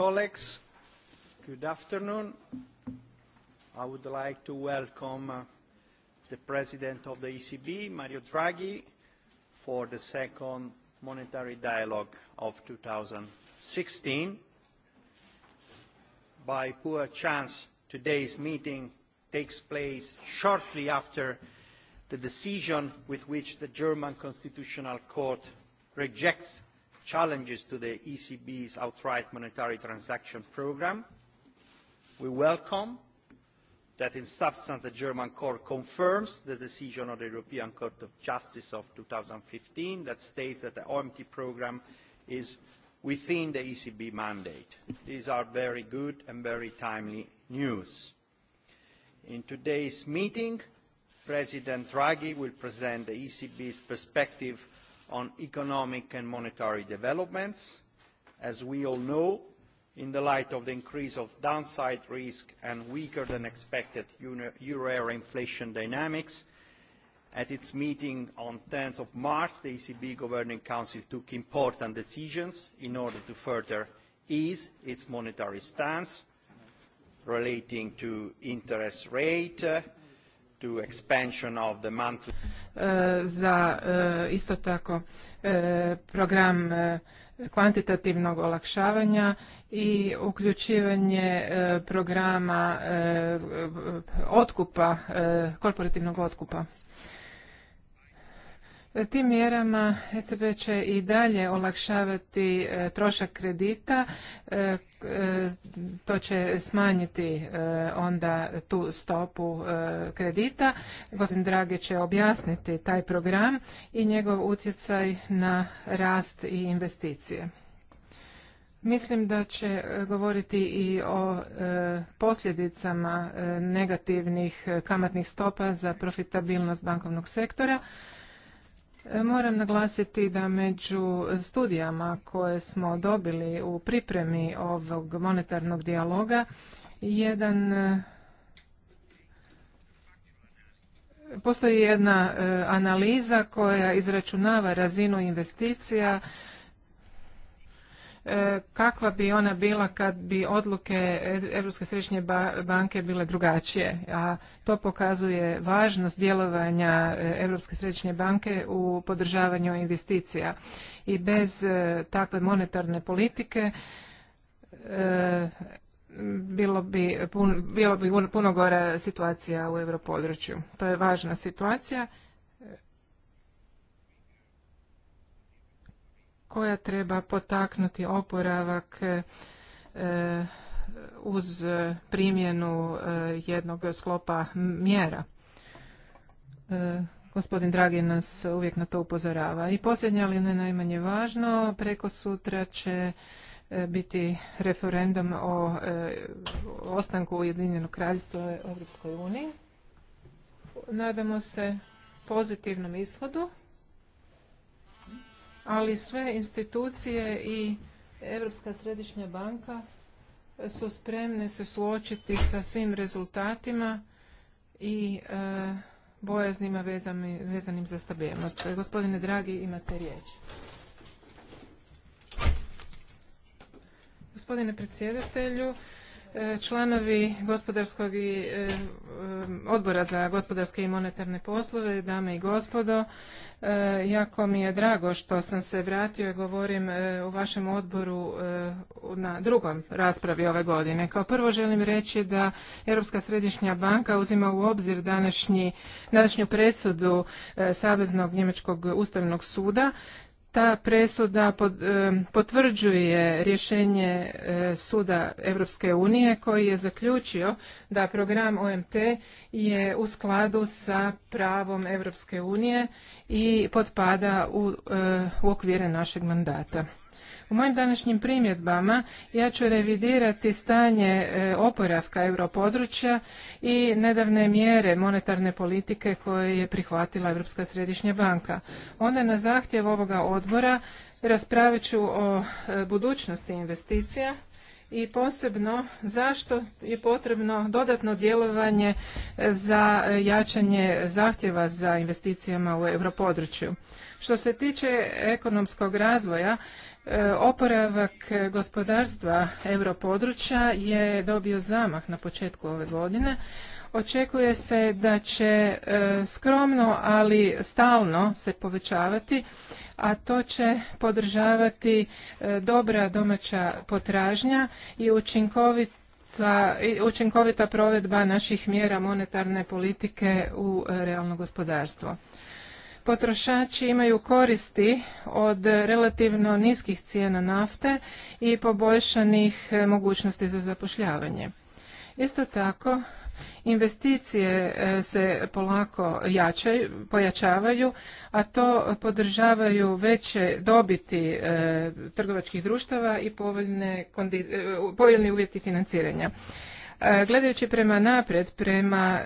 colleagues, good afternoon. I would like to welcome uh, the President of the ECB, Mario Draghi, for the second monetary dialogue of 2016. By poor chance, today's meeting takes place shortly after the decision with which the German Constitutional Court rejects challenges to the ECB's outright monetary transaction programme. We welcome that in substance the German court confirms the decision of the European Court of Justice of 2015 that states that the OMT programme is within the ECB mandate. These are very good and very timely news. In today's meeting, President Draghi will present the ECB's perspective on economic and monetary developments. As we all know, in the light of the increase of downside risk and weaker than expected euro area inflation dynamics, at its meeting on 10th of March, the ECB Governing Council took important decisions in order to further ease its monetary stance relating to interest rate, E, za e, isto tako e, program kvantitativnog olakšavanja i uključivanje programa otkupa korporativnog otkupa Tim mjerama ECB će i dalje olakšavati e, trošak kredita, e, e, to će smanjiti onda tu stopu kredita. Gospodin Drage će objasniti taj program i njegov utjecaj na rast i investicije. Mislim da će govoriti i o posljedicama negativnih kamatnih stopa za profitabilnost bankovnog sektora. Moram naglasiti da među studijama koje smo dobili u pripremi ovog monetarnog dijaloga, jedan postoji jedna e, analiza koja izračunava razinu investicija E, kakva bi ona bila kad bi odluke Europske središnje banke bile drugačije, a to pokazuje važnost djelovanja e, Europske središnje banke u podržavanju investicija. I bez e, takve monetarne politike bilo bi, bilo bi puno gora situacija u europodručju. To je važna situacija koja treba potaknuti oporavak e, e, uz primjenu e, jednog sklopa mjera. Gospodin Dragi nas uvijek na to upozorava. I posljednje, ali ne najmanje važno, preko sutra će biti referendum o ostanku Ujedinjenog kraljstva Europskoj uniji. Nadamo se pozitivnom ishodu ali sve institucije i Europska središnja banka su spremne se suočiti sa svim rezultatima i e, bojaznima vezanim za stabilnost. Gospodine Dragi, imate riječ. Gospodine predsjedatelju, E, članovi gospodarskog i e, e, odbora za gospodarske i monetarne poslove, dame i gospodo, jako mi je drago što sam se vratio i govorim u vašem odboru na drugom raspravi ove godine. Kao prvo želim reći da Europska središnja banka uzima u obzir današnju presudu Saveznog njemačkog ustavnog suda ta presuda e, potvrđuje rješenje e, suda Europske unije koji je zaključio da program OMT je u skladu sa pravom Europske unije i potpada u, e, u okvire našeg mandata. U mojim današnjim primjedbama ja ću revidirati stanje e, oporavka europodručja i nedavne mjere monetarne politike koje je prihvatila Europska središnja banka. Onda na zahtjev ovoga odbora raspravit ću o e, budućnosti investicija i posebno zašto je potrebno dodatno djelovanje e, za jačanje zahtjeva za investicijama u europodručju. Što se tiče ekonomskog razvoja, Oporavak gospodarstva europodručja je dobio zamah na početku ove godine. Očekuje se da će e, skromno, ali stalno se povećavati, a to će podržavati e, dobra domaća potražnja i učinkovit učinkovita provedba naših mjera monetarne politike u e, realno gospodarstvo. Potrošači imaju koristi od relativno niskih cijena nafte i poboljšanih e, mogućnosti za zapošljavanje. Isto tako, investicije e, se polako jačaju, pojačavaju, a to podržavaju veće dobiti e, trgovačkih društava i povoljne, povoljni uvjeti financiranja. gledajući prema naprijed, prema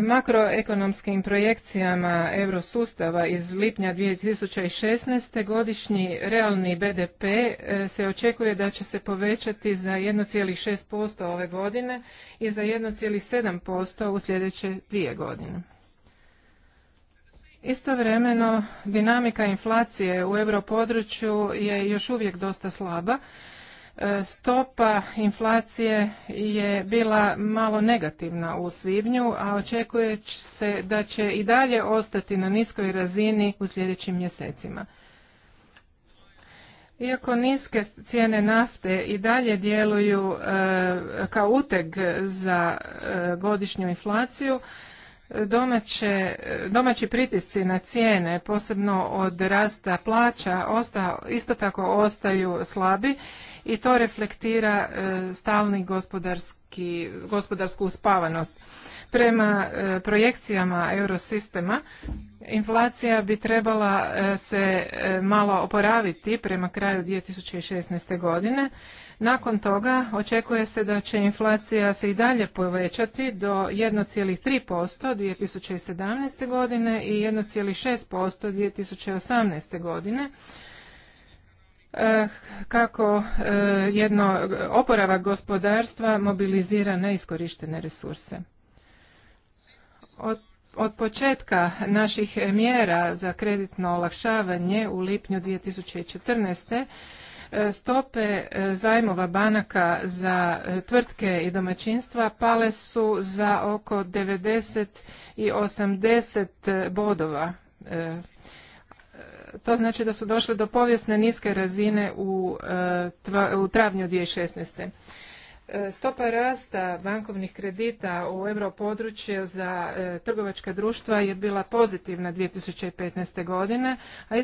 makroekonomskim projekcijama eurosustava iz lipnja 2016. godišnji realni BDP e, se očekuje da će se povećati za 1,6% ove godine i za 1,7% u sljedeće dvije godine. Istovremeno, dinamika inflacije u europodručju je još uvijek dosta slaba, E, stopa inflacije je bila malo negativna u svibnju, a očekuje se da će i dalje ostati na niskoj razini u sljedećim mjesecima. Iako niske cijene nafte i dalje djeluju e, kao uteg za e, godišnju inflaciju, domaće, domaći pritisci na cijene, posebno od rasta plaća, osta, isto tako ostaju slabi i to reflektira e, stalni gospodarski, gospodarsku uspavanost. Prema e, projekcijama Eurosistema, inflacija bi trebala e, se malo oporaviti prema kraju 2016. godine, nakon toga očekuje se da će inflacija se i dalje povećati do 1,3% 2017. godine i 1,6% 2018. godine e, kako e, jedno oporavak gospodarstva mobilizira neiskorištene resurse. Od, početka naših mjera za kreditno olakšavanje u lipnju 2014 stope e, zajmova banaka za e, tvrtke i domaćinstva pale su za oko 90 i 80 e, bodova. To znači da su došle do povijesne niske razine u travnju 2016. E, stopa rasta bankovnih kredita u europodručju za e, trgovačka društva je bila pozitivna 2015. godine, a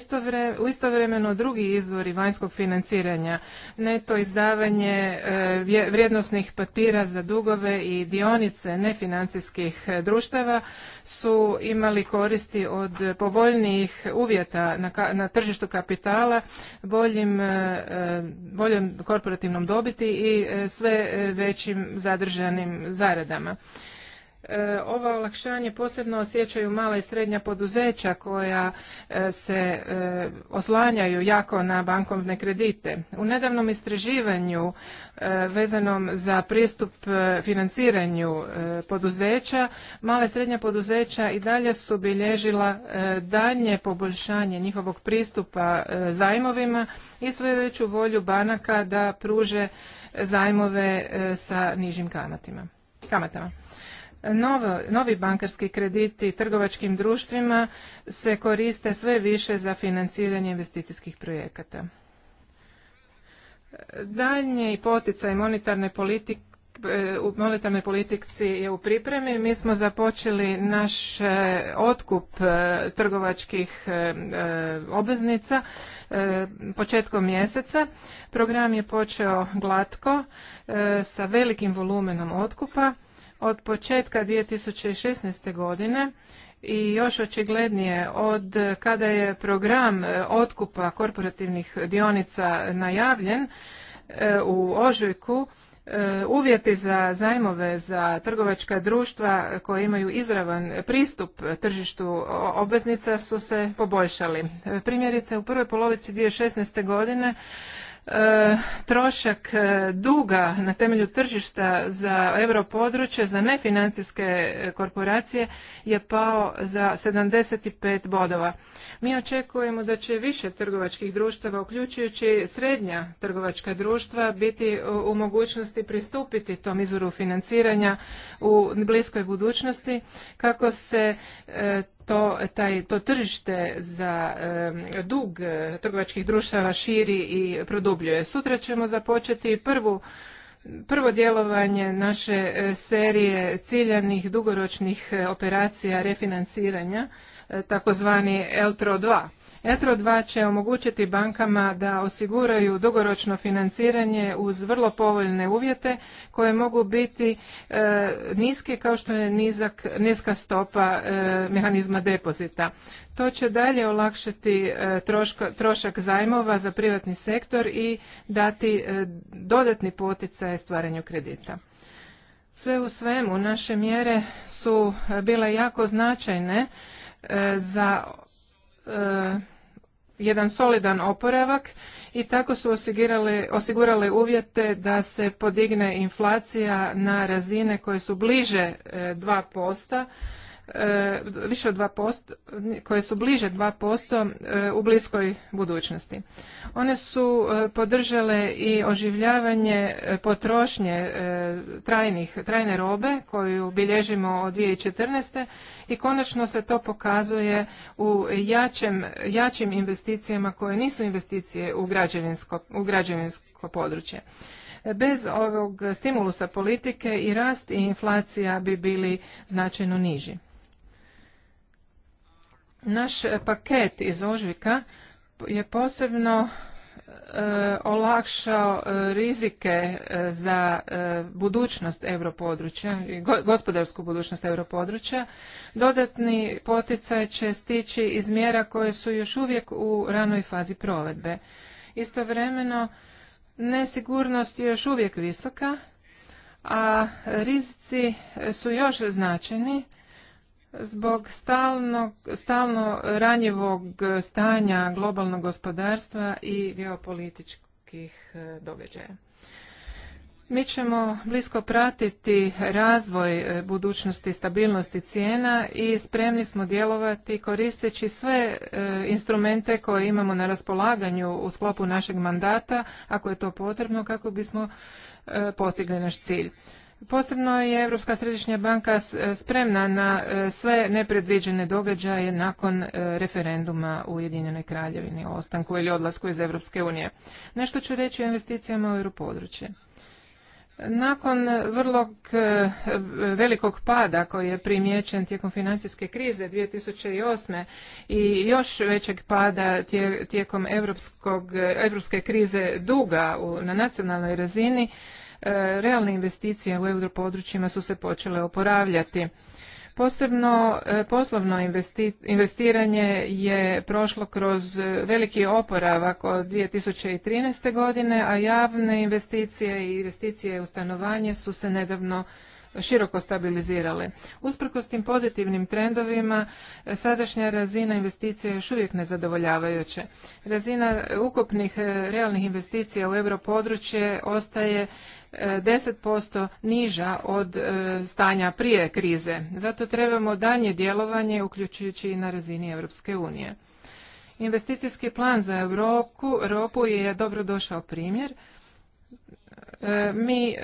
u istovremeno drugi izvori vanjskog financiranja, neto izdavanje e, vrijednosnih papira za dugove i dionice nefinancijskih društava su imali koristi od povoljnijih uvjeta na, tržištu kapitala, boljom korporativnom dobiti i sve većim zadržanim zaradama. E, ova olakšanje posebno osjećaju mala i srednja poduzeća koja e, se e, oslanjaju jako na bankovne kredite. U nedavnom istraživanju vezanom za pristup financiranju poduzeća, mala i srednja poduzeća i dalje su bilježila danje poboljšanje njihovog pristupa zajmovima i sve veću volju banaka da pruže zajmove sa nižim kamatama novi bankarski krediti trgovačkim društvima se koriste sve više za financiranje investicijskih projekata. Daljnji poticaj monetarne politike u monetarnoj politici je u pripremi. Mi smo započeli naš e, otkup e, trgovačkih e, obveznica početkom mjeseca. Program je počeo glatko sa velikim volumenom otkupa od početka 2016. godine i još očiglednije od kada je program e, otkupa korporativnih dionica najavljen e, u ožujku e, uvjeti za zajmove za trgovačka društva koje imaju izravan pristup tržištu obveznica su se poboljšali. Primjerice u prvoj polovici 2016. godine E, trošak e, duga na temelju tržišta za europodručje za nefinancijske e, korporacije je pao za 75 bodova. Mi očekujemo da će više trgovačkih društava, uključujući srednja trgovačka društva, biti u mogućnosti pristupiti tom izvoru financiranja u bliskoj budućnosti kako se to, taj, to tržište za dug eh, trgovačkih društava širi i produbljuje. Sutra ćemo započeti prvu prvo djelovanje naše eh, serije ciljanih dugoročnih eh, operacija refinanciranja takozvani Eltro 2. Eltro 2 će omogućiti bankama da osiguraju dugoročno financiranje uz vrlo povoljne uvjete koje mogu biti niski e, niske kao što je nizak, niska stopa e, mehanizma depozita. To će dalje olakšati e, trošak zajmova za privatni sektor i dati dodatni poticaj stvaranju kredita. Sve u svemu naše mjere su bile jako značajne E, za e, jedan solidan oporavak i tako su osigurale uvjete da se podigne inflacija na razine koje su bliže 2%, e, E, više od 2%, koje su bliže 2% e, u bliskoj budućnosti. One su e, podržale i oživljavanje potrošnje trajnih, trajne robe koju bilježimo od 2014. i konačno se to pokazuje u jačem, jačim investicijama koje nisu investicije u građevinsko, u građevinsko područje. Bez ovog stimulusa politike i rast i inflacija bi bili značajno niži. Naš e, paket iz ožvika je posebno e, olakšao e, rizike za budućnost europodručja i gospodarsku budućnost europodručja. Dodatni poticaj će stići iz mjera koje su još uvijek u ranoj fazi provedbe. Istovremeno, nesigurnost je još uvijek visoka, a rizici su još značajni Zbog stalno, stalno ranjivog stanja globalnog gospodarstva i geopolitičkih e, događaja. Mi ćemo blisko pratiti razvoj e, budućnosti stabilnosti cijena i spremni smo djelovati koristeći sve e, instrumente koje imamo na raspolaganju u sklopu našeg mandata, ako je to potrebno, kako bismo postigli naš cilj. Posebno je Europska središnja banka e, spremna na e, sve nepredviđene događaje nakon e, referenduma u Ujedinjenoj kraljevini o ostanku ili odlasku iz Europske unije. Nešto ću reći o investicijama u europodručje. Nakon vrlog, velikog pada koji je primijećen tijekom financijske krize 2008. i još većeg pada tijekom europske krize duga na nacionalnoj razini, E, realne investicije u europodručjima su se počele oporavljati. Posebno e, poslovno investiranje je prošlo kroz veliki oporavak od 2013. godine, a javne investicije i investicije u stanovanje su se nedavno široko stabilizirale. Usprkos tim pozitivnim trendovima, e, sadašnja razina investicija još uvijek nezadovoljavajuće Razina ukupnih realnih investicija u europodručje ostaje 10% e, niža od e, stanja prije krize. Zato trebamo danje djelovanje uključujući i na razini Europske unije. Investicijski plan za Europu, je dobro došao primjer. E, mi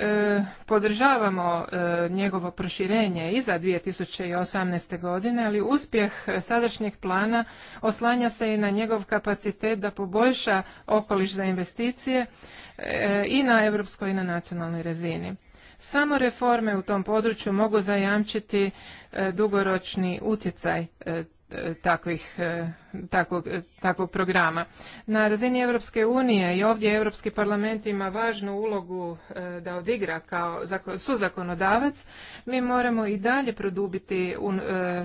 podržavamo njegovo proširenje i za 2018. godine, ali uspjeh sadašnjeg plana oslanja se i na njegov kapacitet da poboljša okoliš za investicije E, i na europskoj i na nacionalnoj razini. Samo reforme u tom području mogu zajamčiti e, dugoročni utjecaj e, takvih, takvog, takvog programa. Na razini Europske unije i ovdje Europski parlament ima važnu ulogu da odigra kao suzakonodavac. Mi moramo i dalje produbiti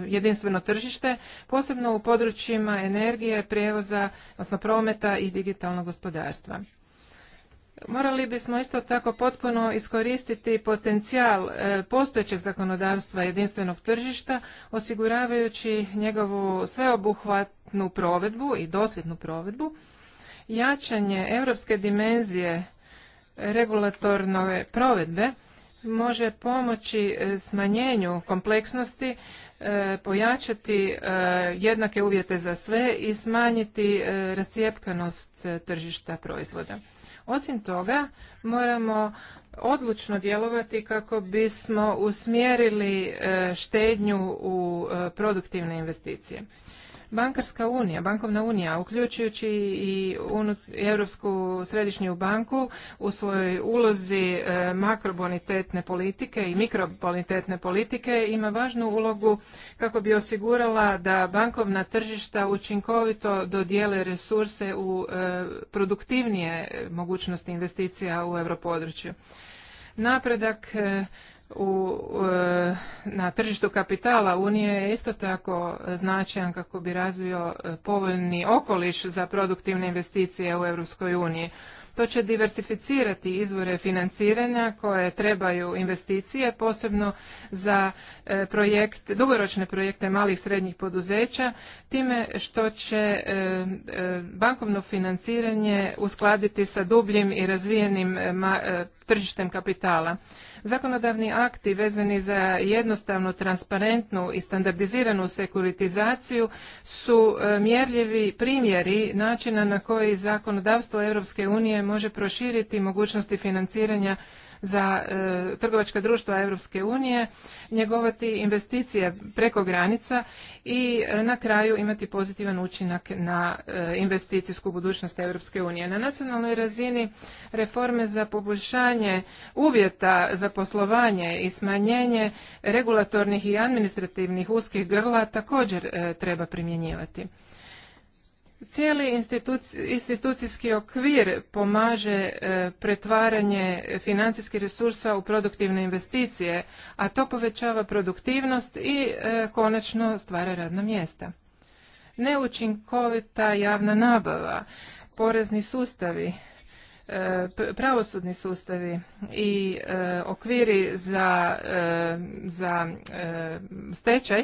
jedinstveno tržište, posebno u područjima energije, prijevoza, odnosno prometa i digitalnog gospodarstva. Morali bismo isto tako potpuno iskoristiti potencijal e, postojećeg zakonodavstva jedinstvenog tržišta, osiguravajući njegovu sveobuhvatnu provedbu i dosljednu provedbu, jačanje europske dimenzije regulatorne provedbe može pomoći e, smanjenju kompleksnosti E, pojačati e, jednake uvjete za sve i smanjiti e, rascijepkanost tržišta proizvoda. Osim toga, moramo odlučno djelovati kako bismo usmjerili štednju u produktivne investicije. Bankarska unija, bankovna unija, uključujući i Europsku središnju banku u svojoj ulozi e, makrobonitetne politike i mikrobonitetne politike ima važnu ulogu kako bi osigurala da bankovna tržišta učinkovito dodijele resurse u e, produktivnije mogućnosti investicija u europodručju. Napredak e, u, e, na tržištu kapitala Unije je isto tako značajan kako bi razvio e, povoljni okoliš za produktivne investicije u Europskoj uniji. To će diversificirati izvore financiranja koje trebaju investicije, posebno za e, projekt, dugoročne projekte malih i srednjih poduzeća, time što će bankovno financiranje uskladiti sa dubljim i razvijenim tržištem kapitala. Zakonodavni akti vezani za jednostavnu, transparentnu i standardiziranu sekuritizaciju su e, mjerljivi primjeri načina na koji zakonodavstvo Europske unije može proširiti mogućnosti financiranja za e, trgovačka društva Europske unije, njegovati investicije preko granica i e, na kraju imati pozitivan učinak na e, investicijsku budućnost Europske unije. Na nacionalnoj razini reforme za poboljšanje uvjeta za poslovanje i smanjenje regulatornih i administrativnih uskih grla također treba primjenjivati. Cijeli institucijski okvir pomaže e, pretvaranje financijskih resursa u produktivne investicije, a to povećava produktivnost i e, konačno stvara radna mjesta. Neučinkovita javna nabava, porezni sustavi, e, pravosudni sustavi i okviri za, za stečaj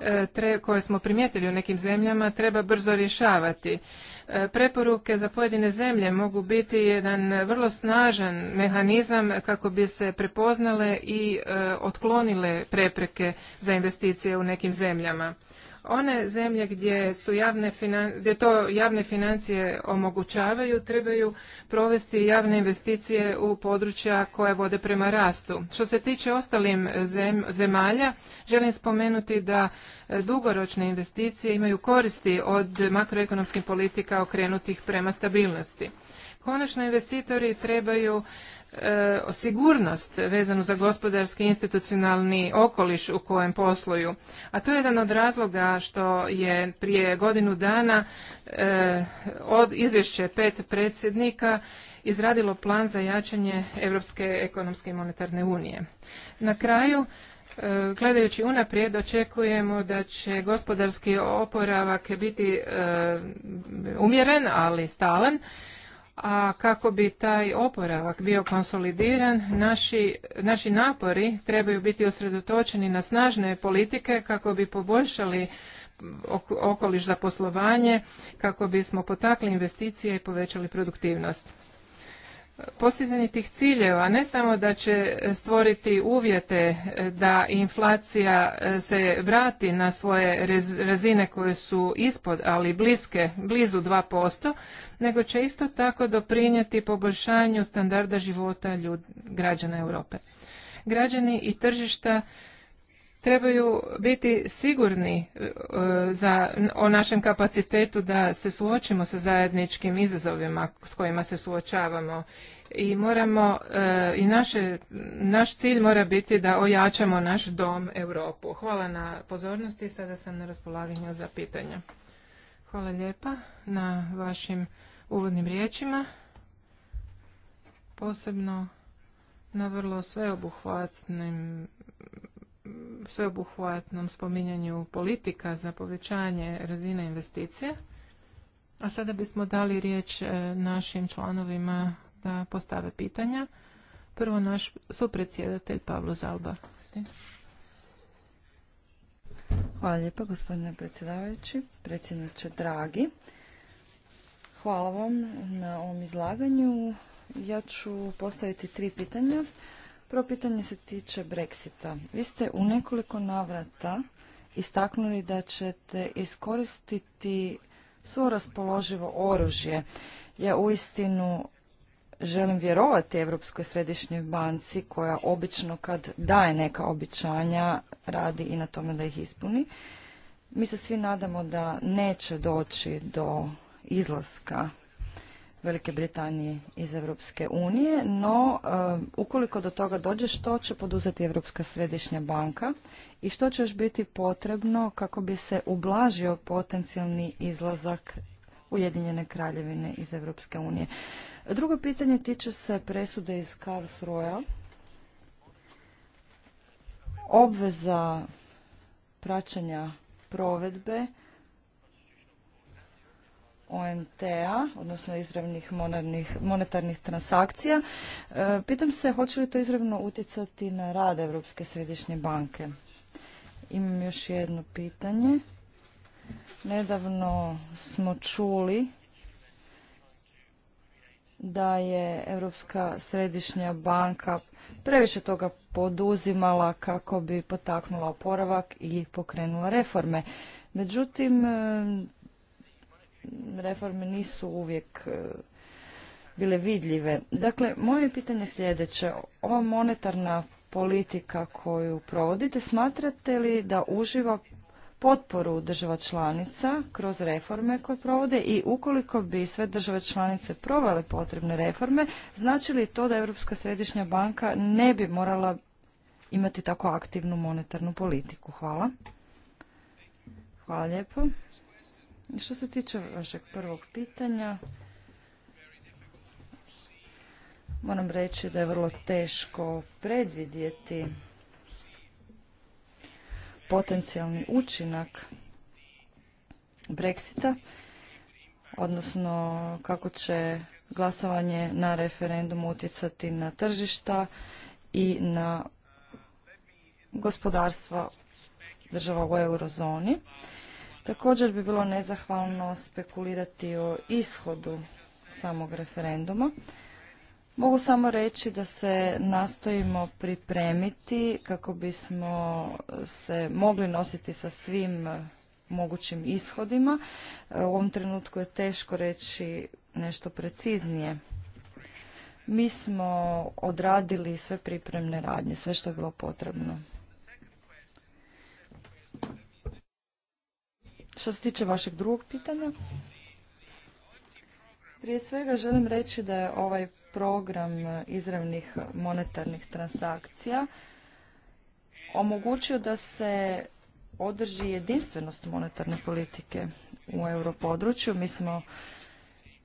E, koje smo primijetili u nekim zemljama treba brzo rješavati. E, preporuke za pojedine zemlje mogu biti jedan vrlo snažan mehanizam kako bi se prepoznale i e, otklonile prepreke za investicije u nekim zemljama one zemlje gdje su javne gdje to javne financije omogućavaju trebaju provesti javne investicije u područja koja vode prema rastu. Što se tiče ostalim zem... zemalja, želim spomenuti da e, dugoročne investicije imaju koristi od makroekonomskih politika okrenutih prema stabilnosti. Konačno investitori trebaju e, sigurnost vezanu za gospodarski institucionalni okoliš u kojem posluju. A to je jedan od razloga što je prije godinu dana e, od izvješće pet predsjednika izradilo plan za jačanje Europske ekonomske i monetarne unije. Na kraju, e, Gledajući unaprijed očekujemo da će gospodarski oporavak biti umjeren, ali stalan a kako bi taj oporavak bio konsolidiran, naši, napori trebaju biti usredotočeni na snažne politike kako bi poboljšali okoliš za poslovanje, kako bismo potakli investicije i povećali produktivnost postizanje tih ciljeva, ne samo da će stvoriti uvjete e, da inflacija e, se vrati na svoje razine koje su ispod, ali bliske, blizu 2%, nego će isto tako doprinijeti poboljšanju standarda života građana Europe. Građani i tržišta trebaju biti sigurni e, za, o našem kapacitetu da se suočimo sa zajedničkim izazovima s kojima se suočavamo i moramo e, i naše, naš cilj mora biti da ojačamo naš dom Europu. Hvala na pozornosti, sada sam na raspolaganju za pitanja. Hvala lijepa na vašim uvodnim riječima, posebno na vrlo sveobuhvatnim sveobuhvatnom spominjanju politika za povećanje razine investicije. A sada bismo dali riječ e, našim članovima da postave pitanja. Prvo naš supredsjedatelj Pavlo Zalba. Hvala lijepa gospodine predsjedavajući, predsjedniče Dragi. Hvala vam na ovom izlaganju. Ja ću postaviti tri pitanja. Prvo pitanje se tiče Brexita. Vi ste u nekoliko navrata istaknuli da ćete iskoristiti svo raspoloživo oružje. Ja uistinu želim vjerovati Europskoj središnjoj banci koja obično kad daje neka običanja radi i na tome da ih ispuni. Mi se svi nadamo da neće doći do izlaska Velike Britanije iz Europske unije, no eh, ukoliko do toga dođe što će poduzeti Europska središnja banka i što će još biti potrebno kako bi se ublažio potencijalni izlazak Ujedinjene kraljevine iz Europske unije. Drugo pitanje tiče se presude iz Karlsruhe. Obveza praćenja provedbe OMT-a, odnosno izravnih monetarnih transakcija. E, pitam se hoće li to izravno utjecati na rad Europske središnje banke. Imam još jedno pitanje. Nedavno smo čuli da je Europska središnja banka previše toga poduzimala kako bi potaknula oporavak i pokrenula reforme. Međutim, reforme nisu uvijek e, bile vidljive. Dakle, moje pitanje je sljedeće. Ova monetarna politika koju provodite, smatrate li da uživa potporu država članica kroz reforme koje provode i ukoliko bi sve države članice provale potrebne reforme, znači li to da Europska središnja banka ne bi morala imati tako aktivnu monetarnu politiku? Hvala. Hvala lijepo. Što se tiče vašeg prvog pitanja, moram reći da je vrlo teško predvidjeti potencijalni učinak Brexita, odnosno kako će glasovanje na referendumu utjecati na tržišta i na gospodarstva država u eurozoni. Također bi bilo nezahvalno spekulirati o ishodu samog referenduma. Mogu samo reći da se nastojimo pripremiti kako bismo se mogli nositi sa svim mogućim ishodima. E, u ovom trenutku je teško reći nešto preciznije. Mi smo odradili sve pripremne radnje, sve što je bilo potrebno. Što se tiče vašeg drugog pitanja, prije svega želim reći da je ovaj program izravnih monetarnih transakcija omogućio da se održi jedinstvenost monetarne politike u europodručju. Mi smo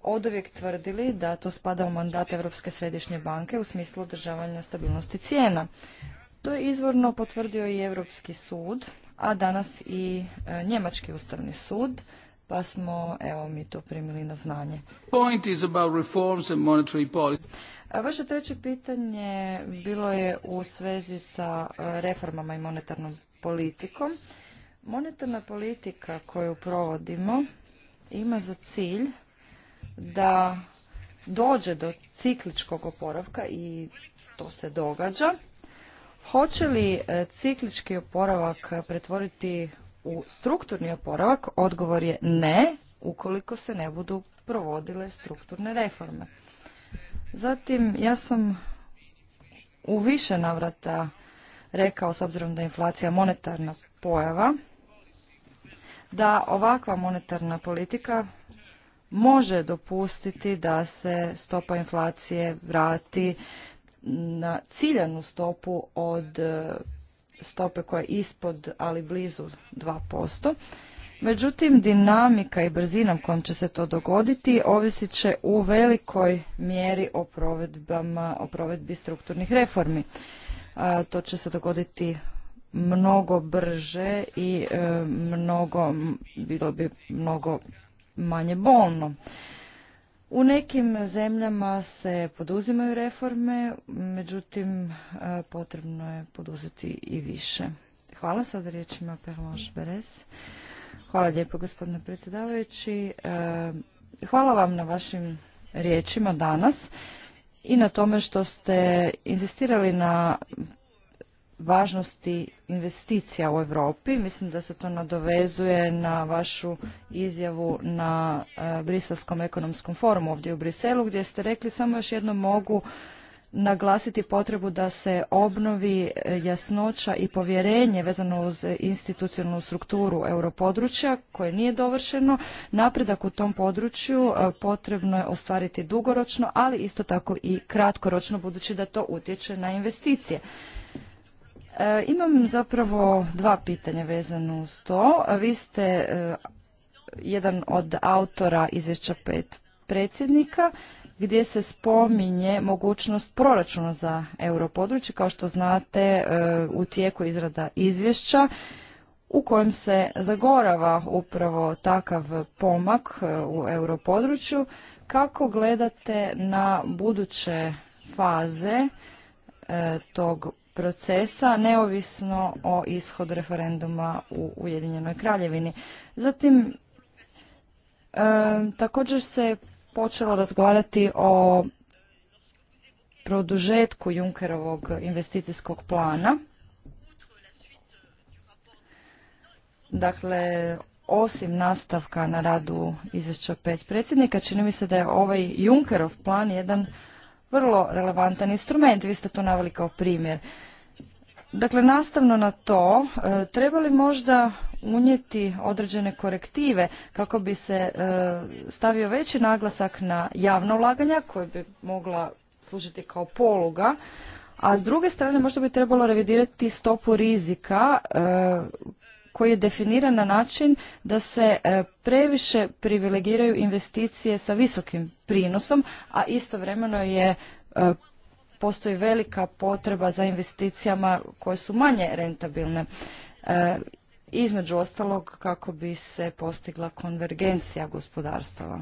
oduvijek tvrdili da to spada u mandat Europske središnje banke u smislu održavanja stabilnosti cijena. To je izvorno potvrdio i Europski sud a danas i e, Njemački ustavni sud, pa smo, evo, mi to primili na znanje. Vaše treće pitanje bilo je u svezi sa e, reformama i monetarnom politikom. Monetarna politika koju provodimo ima za cilj da dođe do cikličkog oporavka i to se događa. Hoće li e, ciklički oporavak pretvoriti u strukturni oporavak? Odgovor je ne, ukoliko se ne budu provodile strukturne reforme. Zatim, ja sam u više navrata rekao, s obzirom da je inflacija monetarna pojava, da ovakva monetarna politika može dopustiti da se stopa inflacije vrati na ciljanu stopu od e, stope koja je ispod, ali blizu 2%. Međutim, dinamika i brzina kojom će se to dogoditi ovisit će u velikoj mjeri o, o provedbi strukturnih reformi. E, to će se dogoditi mnogo brže i e, mnogo, bilo bi mnogo manje bolno. U nekim zemljama se poduzimaju reforme, međutim e, potrebno je poduzeti i više. Hvala sada riječima Beres. Hvala lijepo gospodine predsjedavajući. E, hvala vam na vašim riječima danas i na tome što ste insistirali na važnosti investicija u Europi. Mislim da se to nadovezuje na vašu izjavu na e, Briselskom ekonomskom forumu ovdje u Briselu gdje ste rekli samo još jedno mogu naglasiti potrebu da se obnovi e, jasnoća i povjerenje vezano uz institucionalnu strukturu europodručja koje nije dovršeno. Napredak u tom području e, potrebno je ostvariti dugoročno, ali isto tako i kratkoročno budući da to utječe na investicije. E, imam zapravo dva pitanja vezano uz to. Vi ste e, jedan od autora izvješća pet predsjednika gdje se spominje mogućnost proračuna za europodručje. Kao što znate, e, u tijeku izrada izvješća u kojem se zagorava upravo takav pomak e, u europodručju. Kako gledate na buduće faze tog procesa neovisno o ishod referenduma u Ujedinjenoj Kraljevini. Zatim e, također se počelo razgovarati o produžetku Junkerovog investicijskog plana. Dakle, osim nastavka na radu izvješća pet predsjednika, čini mi se da je ovaj Junkerov plan jedan vrlo relevantan instrument, vi ste to naveli kao primjer. Dakle, nastavno na to, e, treba li možda unijeti određene korektive kako bi se e, stavio veći naglasak na javno ulaganja koje bi mogla služiti kao poluga, a s druge strane možda bi trebalo revidirati stopu rizika e, koji je definiran na način da se e, previše privilegiraju investicije sa visokim prinosom, a istovremeno je e, postoji velika potreba za investicijama koje su manje rentabilne. E, između ostalog kako bi se postigla konvergencija gospodarstava.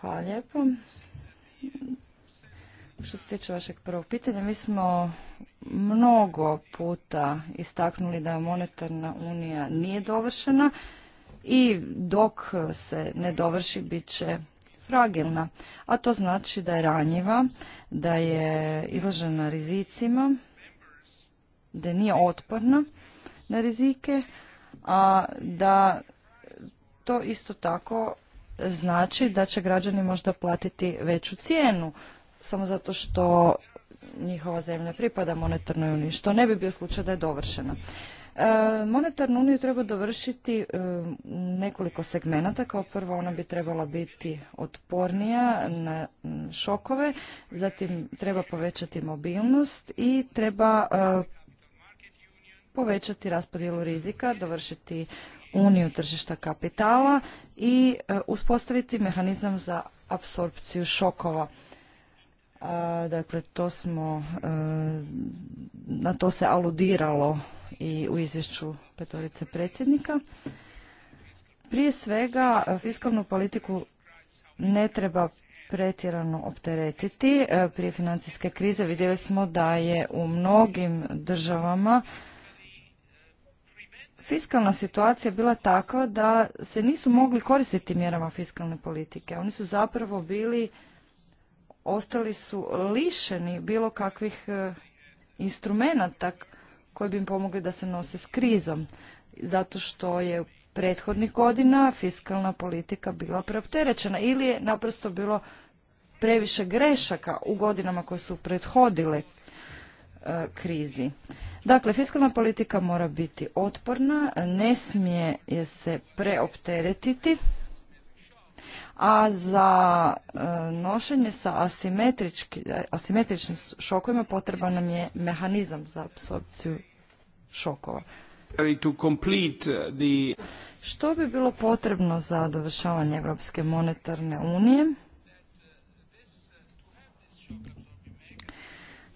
Hvala lijepo. Što se tiče vašeg prvog pitanja, mi smo mnogo puta istaknuli da monetarna unija nije dovršena i dok se ne dovrši bit će fragilna, a to znači da je ranjiva, da je izložena rizicima, da nije otporna na rizike, a da to isto tako znači da će građani možda platiti veću cijenu samo zato što njihova zemlja pripada monetarnoj uniji, što ne bi bio slučaj da je dovršena. E, monetarnu uniju treba dovršiti e, nekoliko segmenata. Kao prvo ona bi trebala biti otpornija na šokove, zatim treba povećati mobilnost i treba e, povećati raspodjelu rizika, dovršiti uniju tržišta kapitala i e, uspostaviti mehanizam za apsorpciju šokova. E, dakle, to smo, e, na to se aludiralo i u izvješću petorice predsjednika. Prije svega, fiskalnu politiku ne treba pretjerano opteretiti. Prije financijske krize vidjeli smo da je u mnogim državama fiskalna situacija bila takva da se nisu mogli koristiti mjerama fiskalne politike. Oni su zapravo bili, ostali su lišeni bilo kakvih e, instrumenata koji bi im pomogli da se nose s krizom. Zato što je prethodnih godina fiskalna politika bila preopterećena ili je naprosto bilo previše grešaka u godinama koje su prethodile e, krizi. Dakle, fiskalna politika mora biti otporna, ne smije je se preopteretiti, a za e, nošenje sa asimetričnim šokovima potreban nam je mehanizam za apsorpciju šokova. Što bi bilo potrebno za dovršavanje Europske monetarne unije?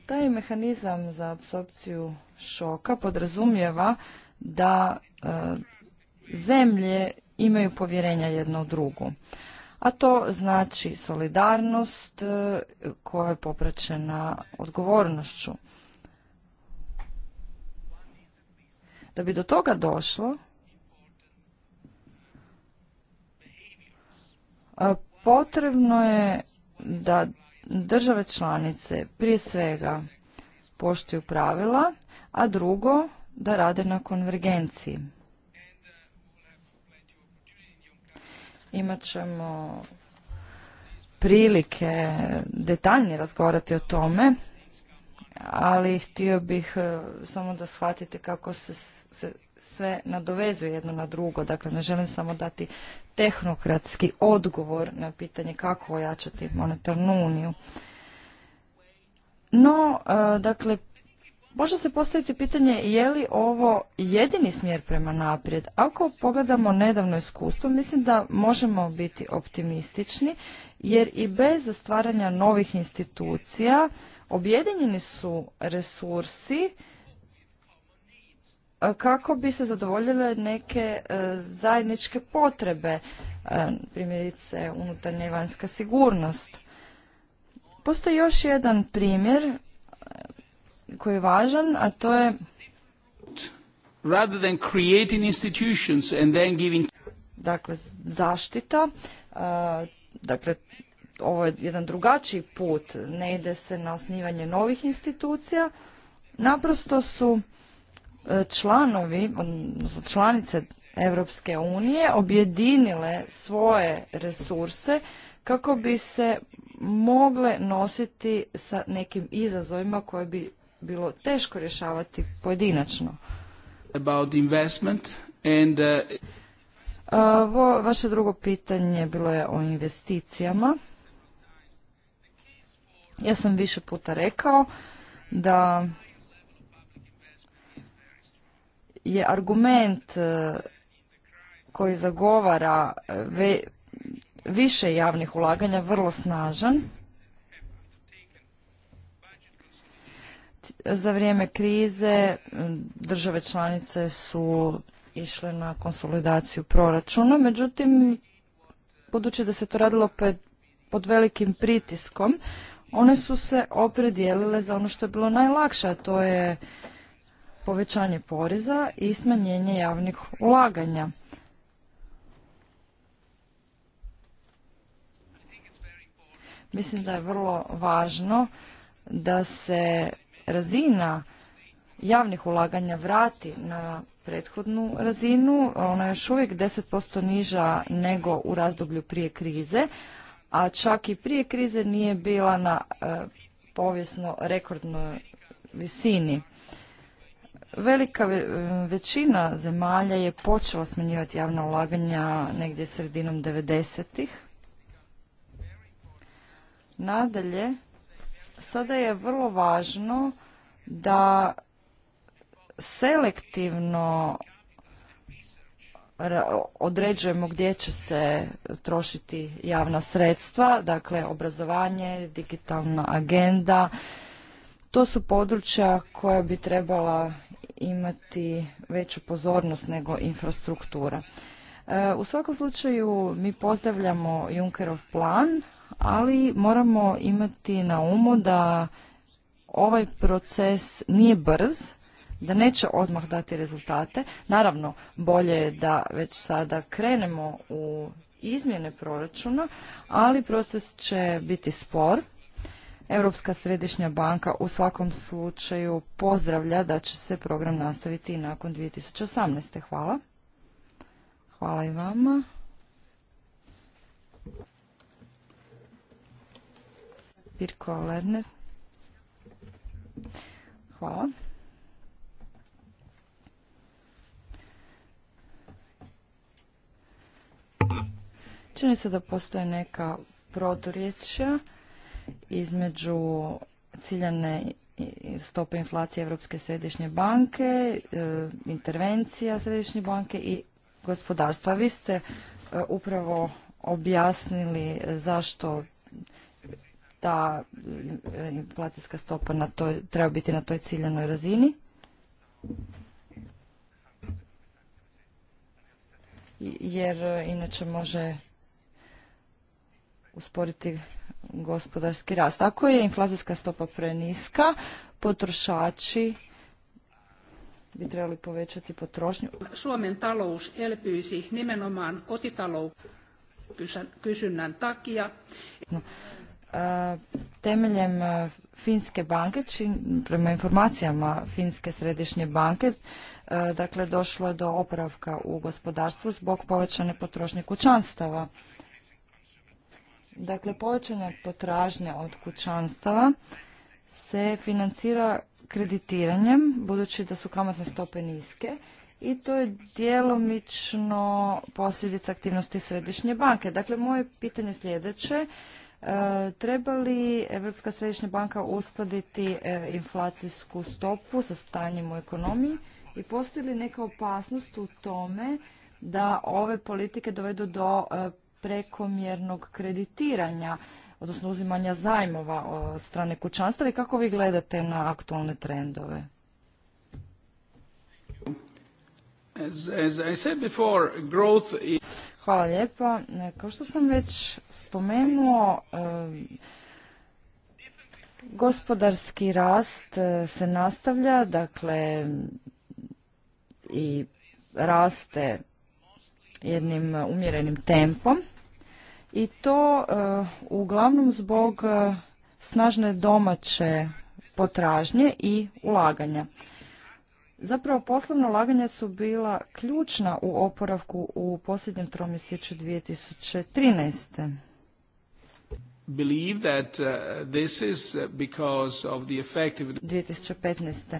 Taj mehanizam za apsorpciju šoka podrazumijeva da e, zemlje imaju povjerenja jedno u drugu. A to znači solidarnost e, koja je popraćena odgovornošću. Da bi do toga došlo, e, potrebno je da države članice prije svega poštuju pravila a drugo da rade na konvergenciji. Imat ćemo prilike detaljnije razgovarati o tome, ali htio bih e, samo da shvatite kako se, se sve nadovezuje jedno na drugo. Dakle, ne želim samo dati tehnokratski odgovor na pitanje kako ojačati monetarnu uniju. No, e, dakle, Može se postaviti pitanje je li ovo jedini smjer prema naprijed. Ako pogledamo nedavno iskustvo, mislim da možemo biti optimistični, jer i bez stvaranja novih institucija objedinjeni su resursi e, kako bi se zadovoljile neke e, zajedničke potrebe, e, primjerice unutarnja i vanjska sigurnost. Postoji još jedan primjer koji je važan, a to je rather than creating institutions and then giving dakle zaštita dakle ovo je jedan drugačiji put ne ide se na osnivanje novih institucija naprosto su e, članovi odnosno članice Europske unije objedinile svoje resurse kako bi se mogle nositi sa nekim izazovima koje bi bilo teško rješavati pojedinačno. About investment and, uh, vaše drugo pitanje bilo je o investicijama. Ja sam više puta rekao da je argument e, koji zagovara e, više javnih ulaganja vrlo snažan za vrijeme krize države članice su išle na konsolidaciju proračuna, međutim, budući da se to radilo pod velikim pritiskom, one su se opredijelile za ono što je bilo najlakše, a to je povećanje poreza i smanjenje javnih ulaganja. Mislim da je vrlo važno da se razina javnih ulaganja vrati na prethodnu razinu, ona je još uvijek 10% niža nego u razdoblju prije krize, a čak i prije krize nije bila na e, povijesno rekordnoj visini. Velika e, većina zemalja je počela smanjivati javna ulaganja negdje sredinom 90-ih. Nadalje, sada je vrlo važno da selektivno određujemo gdje će se trošiti javna sredstva, dakle obrazovanje, digitalna agenda. To su područja koja bi trebala imati veću pozornost nego infrastruktura. E, u svakom slučaju mi pozdravljamo Junckerov plan, ali moramo imati na umu da ovaj proces nije brz, da neće odmah dati rezultate. Naravno, bolje je da već sada krenemo u izmjene proračuna, ali proces će biti spor. Europska središnja banka u svakom slučaju pozdravlja da će se program nastaviti i nakon 2018. Hvala. Hvala i vama. Pirko Lerner. Hvala. Čini se da postoje neka proturječja između ciljane stope inflacije Europske središnje banke, e, intervencija središnje banke i gospodarstva. Vi ste e, upravo objasnili zašto da, e, inflacijska stopa na toj, treba biti na toj ciljanoj razini. Jer e, inače može usporiti gospodarski rast. Ako je inflacijska stopa preniska, potrošači bi trebali povećati potrošnju. Suomen talous elpyisi nimenomaan takia. E, temeljem e, Finske banke, prema informacijama Finske središnje banke, e, dakle došlo je do opravka u gospodarstvu zbog povećane potrošnje kućanstava. Dakle, povećanje potražnje od kućanstava se financira kreditiranjem, budući da su kamatne stope niske, i to je djelomično posljedica aktivnosti Središnje banke. Dakle, moje pitanje sljedeće, E, treba li Europska središnja banka uskladiti e, inflacijsku stopu sa stanjem u ekonomiji i postoji li neka opasnost u tome da ove politike dovedu do e, prekomjernog kreditiranja, odnosno uzimanja zajmova od strane kućanstva i kako vi gledate na aktualne trendove? Hvala lijepa. E, kao što sam već spomenuo, e, gospodarski rast e, se nastavlja, dakle i raste jednim umjerenim tempom i to uglavnom zbog snažne domaće potražnje i ulaganja. Zapravo poslovna ulaganja su bila ključna u oporavku u posljednjem tromjesečju 2013. Believe that uh, this is uh, because of the 2015.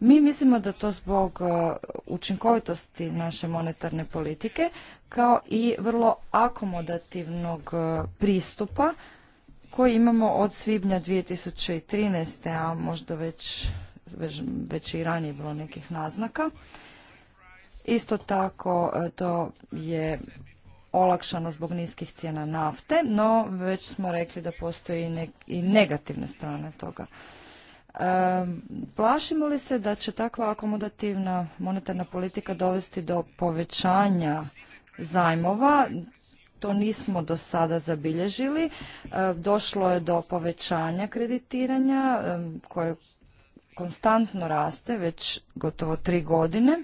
Mi mislimo da to zbog uh, učinkovitosti naše monetarne politike kao i vrlo akomodativnog pristupa koji imamo od svibnja 2013. a možda već već i ranije bilo nekih naznaka. Isto tako e, to je olakšano zbog niskih cijena nafte, no već smo rekli da postoji i, negativne strane toga. E, plašimo li se da će takva akomodativna monetarna politika dovesti do povećanja zajmova? To nismo do sada zabilježili. E, došlo je do povećanja kreditiranja koje konstantno raste već gotovo tri godine.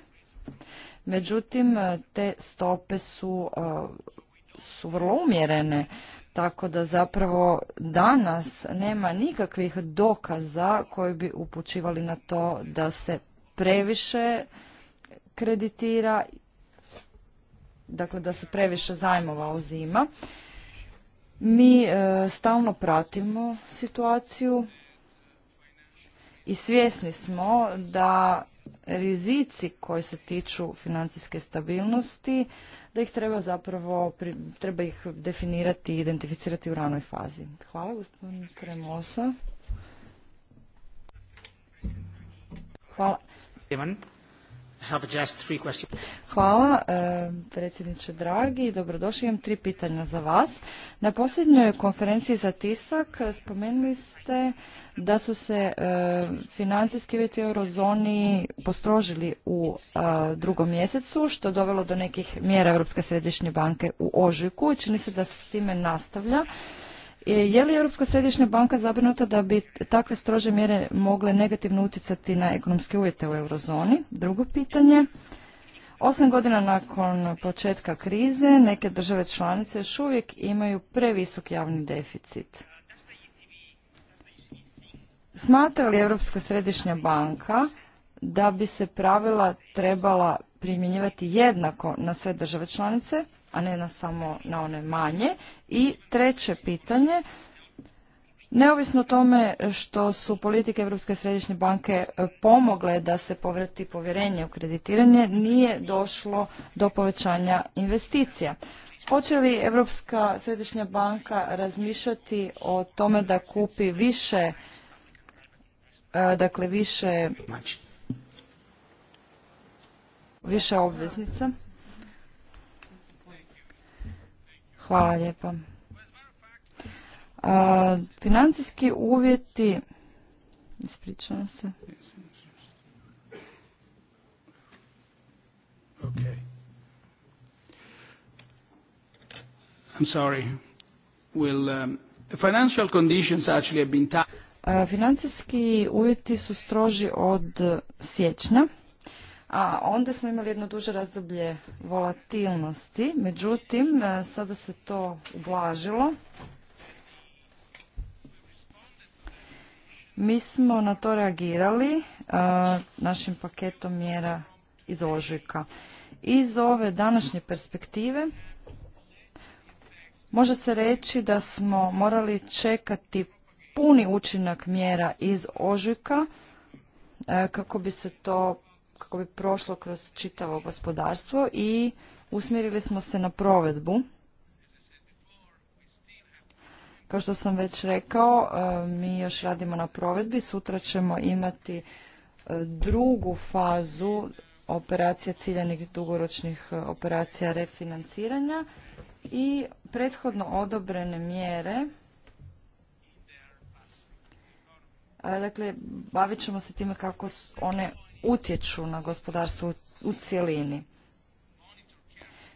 Međutim, te stope su, e, su vrlo umjerene, tako da zapravo danas nema nikakvih dokaza koji bi upućivali na to da se previše kreditira, dakle da se previše zajmova uzima. Mi e, stalno pratimo situaciju, i svjesni smo da rizici koji se tiču financijske stabilnosti, da ih treba zapravo, treba ih definirati i identificirati u ranoj fazi. Hvala gospodin Hvala. Hvala, e, predsjedniče Dragi. Dobrodošli, imam tri pitanja za vas. Na posljednjoj konferenciji za tisak spomenuli ste da su se e, financijski uvjeti u eurozoni postrožili u e, drugom mjesecu, što je dovelo do nekih mjera Europske središnje banke u ožujku i čini se da se s time nastavlja. E, je li Europska središnja banka zabrinuta da bi takve strože mjere mogle negativno utjecati na ekonomske uvjete u eurozoni? Drugo pitanje. Osam godina nakon početka krize neke države članice još uvijek imaju previsok javni deficit. Smatra li Europska središnja banka da bi se pravila trebala primjenjivati jednako na sve države članice a ne na samo na one manje. I treće pitanje, Neovisno o tome što su politike Europske središnje banke e, pomogle da se povrati povjerenje u kreditiranje, nije došlo do povećanja investicija. Hoće li Europska središnja banka razmišljati o tome da kupi više e, dakle više znači. više obveznica? Hvala lijepa. A, financijski uvjeti, ispričavam se. Okay. I'm sorry. Will, um, financial conditions actually have been... A, financijski uvjeti su stroži od siječnja a onda smo imali jedno duže razdoblje volatilnosti, međutim e, sada se to ublažilo. Mi smo na to reagirali e, našim paketom mjera iz ožujka. Iz ove današnje perspektive može se reći da smo morali čekati puni učinak mjera iz ožujka e, kako bi se to kako bi prošlo kroz čitavo gospodarstvo i usmjerili smo se na provedbu. Kao što sam već rekao, e, mi još radimo na provedbi. Sutra ćemo imati e, drugu fazu operacija ciljanih dugoročnih e, operacija refinanciranja i prethodno odobrene mjere dakle bavit ćemo se time kako one utječu na gospodarstvo u cjelini.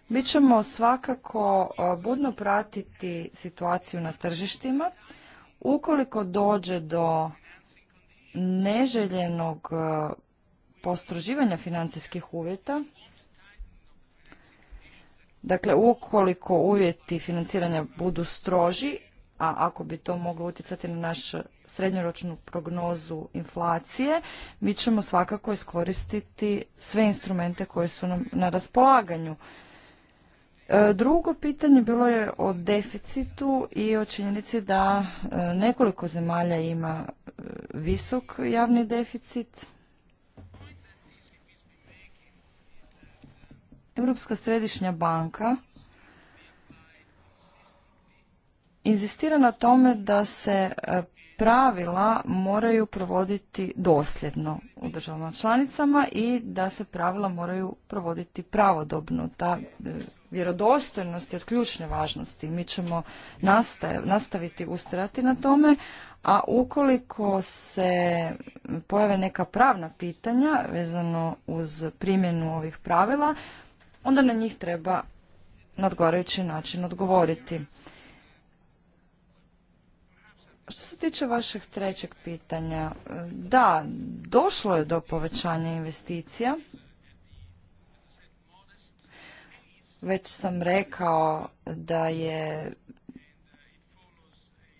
Mi ćemo svakako e, budno pratiti situaciju na tržištima. Ukoliko dođe do neželjenog e, postroživanja financijskih uvjeta, dakle ukoliko uvjeti financiranja budu stroži, a ako bi to moglo utjecati na naš srednjoročnu prognozu inflacije, mi ćemo svakako iskoristiti sve instrumente koji su nam na raspolaganju. E, drugo pitanje bilo je o deficitu i o činjenici da e, nekoliko zemalja ima e, visok javni deficit. Europska središnja banka inzistira na tome da se e, pravila moraju provoditi dosljedno u državama članicama i da se pravila moraju provoditi pravodobno. Ta e, vjerodostojnost je od ključne važnosti. Mi ćemo nastaviti ustrati na tome, a ukoliko se pojave neka pravna pitanja vezano uz primjenu ovih pravila, onda na njih treba na odgovarajući način odgovoriti. Što se tiče vašeg trećeg pitanja, e, da, došlo je do povećanja investicija. Već sam rekao da je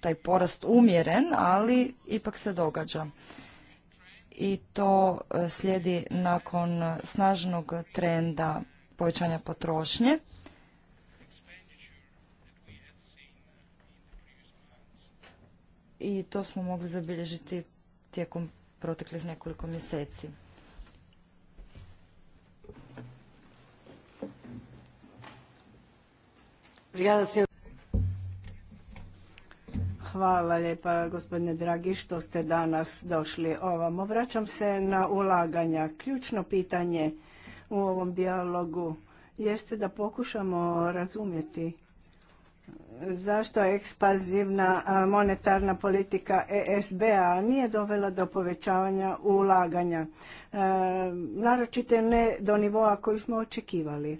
taj porast umjeren, ali ipak se događa. I to e, slijedi nakon snažnog trenda povećanja potrošnje i to smo mogli zabilježiti tijekom proteklih nekoliko mjeseci. Hvala lijepa gospodine dragi što ste danas došli ovamo. Vraćam se na ulaganja. Ključno pitanje u ovom dijalogu jeste da pokušamo razumjeti zašto ekspanzivna monetarna politika ESB-a nije dovela do povećavanja ulaganja, e, naročito ne do nivoa koji smo očekivali. E,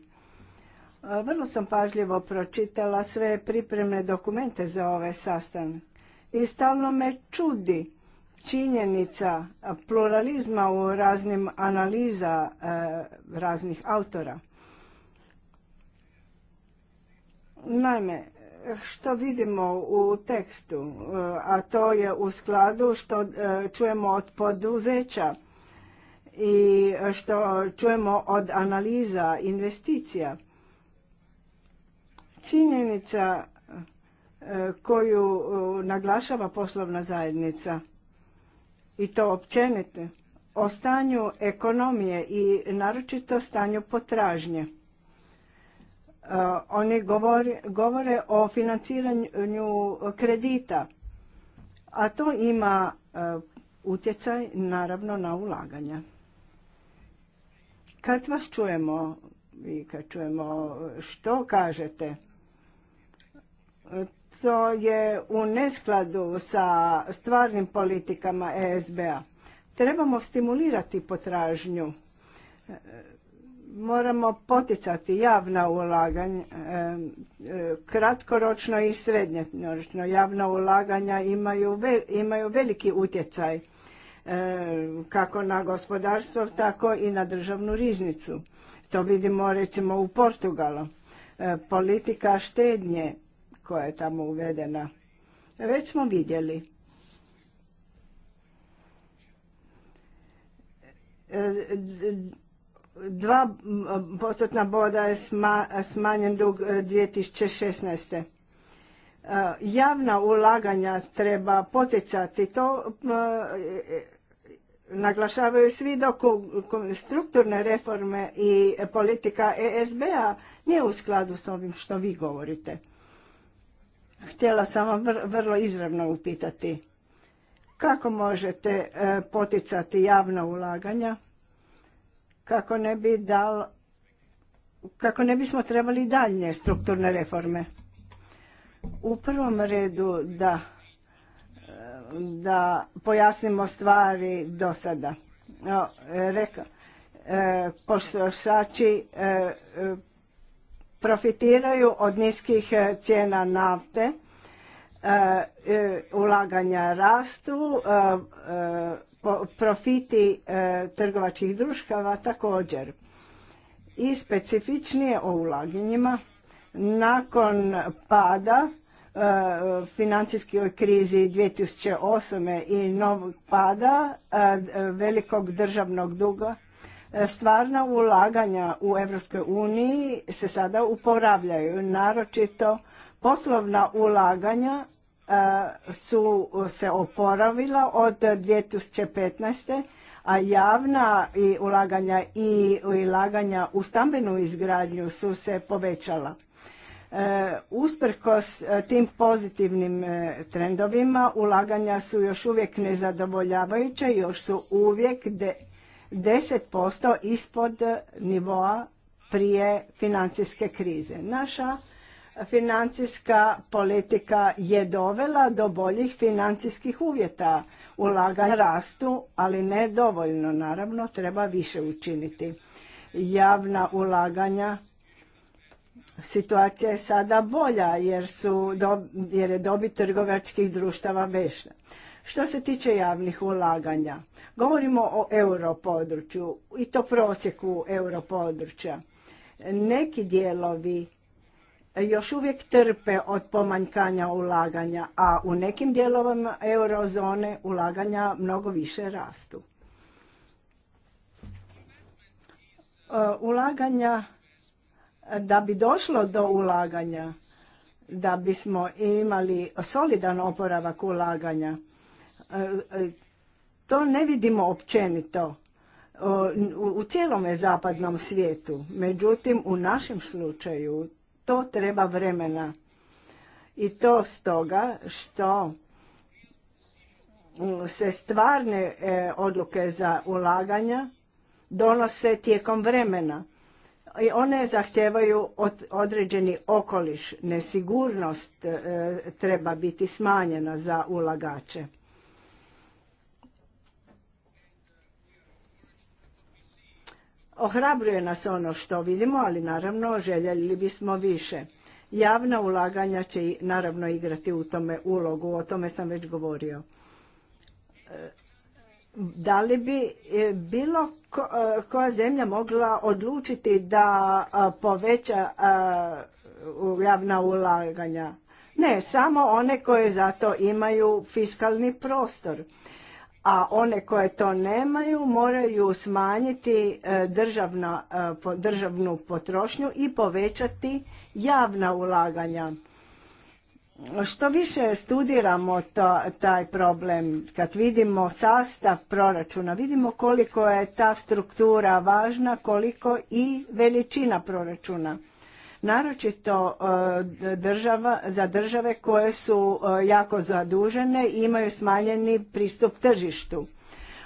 vrlo sam pažljivo pročitala sve pripremne dokumente za ovaj sastanak i stalno me čudi činjenica pluralizma u raznim analiza e, raznih autora. Naime, što vidimo u tekstu, e, a to je u skladu što e, čujemo od poduzeća i što čujemo od analiza investicija. Činjenica e, koju naglašava poslovna zajednica i to općenite o stanju ekonomije i naročito stanju potražnje E, oni govore, o financiranju kredita, a to ima e, utjecaj naravno na ulaganja. Kad vas čujemo i kad čujemo što kažete, to je u neskladu sa stvarnim politikama ESB-a. Trebamo stimulirati potražnju moramo poticati javna ulaganja, kratkoročno i srednjoročno. Javna ulaganja imaju, imaju veliki utjecaj kako na gospodarstvo, tako i na državnu riznicu. To vidimo recimo u Portugalu. Politika štednje koja je tamo uvedena. Već smo vidjeli. Dva postotna boda je smanjen dug 2016. E, e, javna ulaganja treba poticati, to e, naglašavaju svi dok strukturne reforme i politika ESB-a nije u skladu s ovim što vi govorite. Htjela sam vam vrlo izravno upitati kako možete poticati javna ulaganja kako ne bi dal kako ne bismo trebali dalje strukturne reforme. U prvom redu da da pojasnimo stvari do sada. No, rekao, e, e, e, profitiraju od niskih cijena nafte, ulaganja rastu, profiti e, trgovačkih društava također. I specifičnije o ulaganjima nakon pada e, financijskoj krizi 2008. i novog pada e, velikog državnog duga, stvarna ulaganja u EU se sada uporavljaju, naročito poslovna ulaganja su uh, se oporavila od 2015. a javna i ulaganja i ulaganja u stambenu izgradnju su se povećala. E, usprkos e, tim pozitivnim e, trendovima ulaganja su još uvijek nezadovoljavajuće, još su uvijek 10% ispod nivoa prije financijske krize. Naša financijska politika je dovela do boljih financijskih uvjeta. Ulaganja rastu, ali ne dovoljno. Naravno, treba više učiniti. Javna ulaganja, situacija je sada bolja jer, su, jer je dobit trgovačkih društava vešna. Što se tiče javnih ulaganja, govorimo o europodručju i to prosjeku europodručja. Neki dijelovi još uvijek trpe od pomanjkanja ulaganja, a u nekim dijelovima eurozone ulaganja mnogo više rastu. E, ulaganja, da bi došlo do ulaganja, da bismo imali solidan oporavak ulaganja, e, e, to ne vidimo općenito u cijelom zapadnom svijetu. Međutim, u našem slučaju to treba vremena. I to stoga što mm, se stvarne e, odluke za ulaganja donose tijekom vremena. I one zahtijevaju od, određeni okoliš. Nesigurnost e, treba biti smanjena za ulagače. Ohrabruje nas ono što vidimo, ali naravno željeli bismo više. Javna ulaganja će naravno igrati u tome ulogu, o tome sam već govorio. E, da li bi e, bilo e, koja zemlja mogla odlučiti da poveća javna ulaganja? Ne, samo one koje zato imaju fiskalni prostor a one koje to nemaju moraju smanjiti e, e, državnu potrošnju i povećati javna ulaganja. Što više studiramo to, taj problem, kad vidimo sastav proračuna, vidimo koliko je ta struktura važna, koliko i veličina proračuna naročito e, država, za države koje su e, jako zadužene i imaju smanjeni pristup tržištu.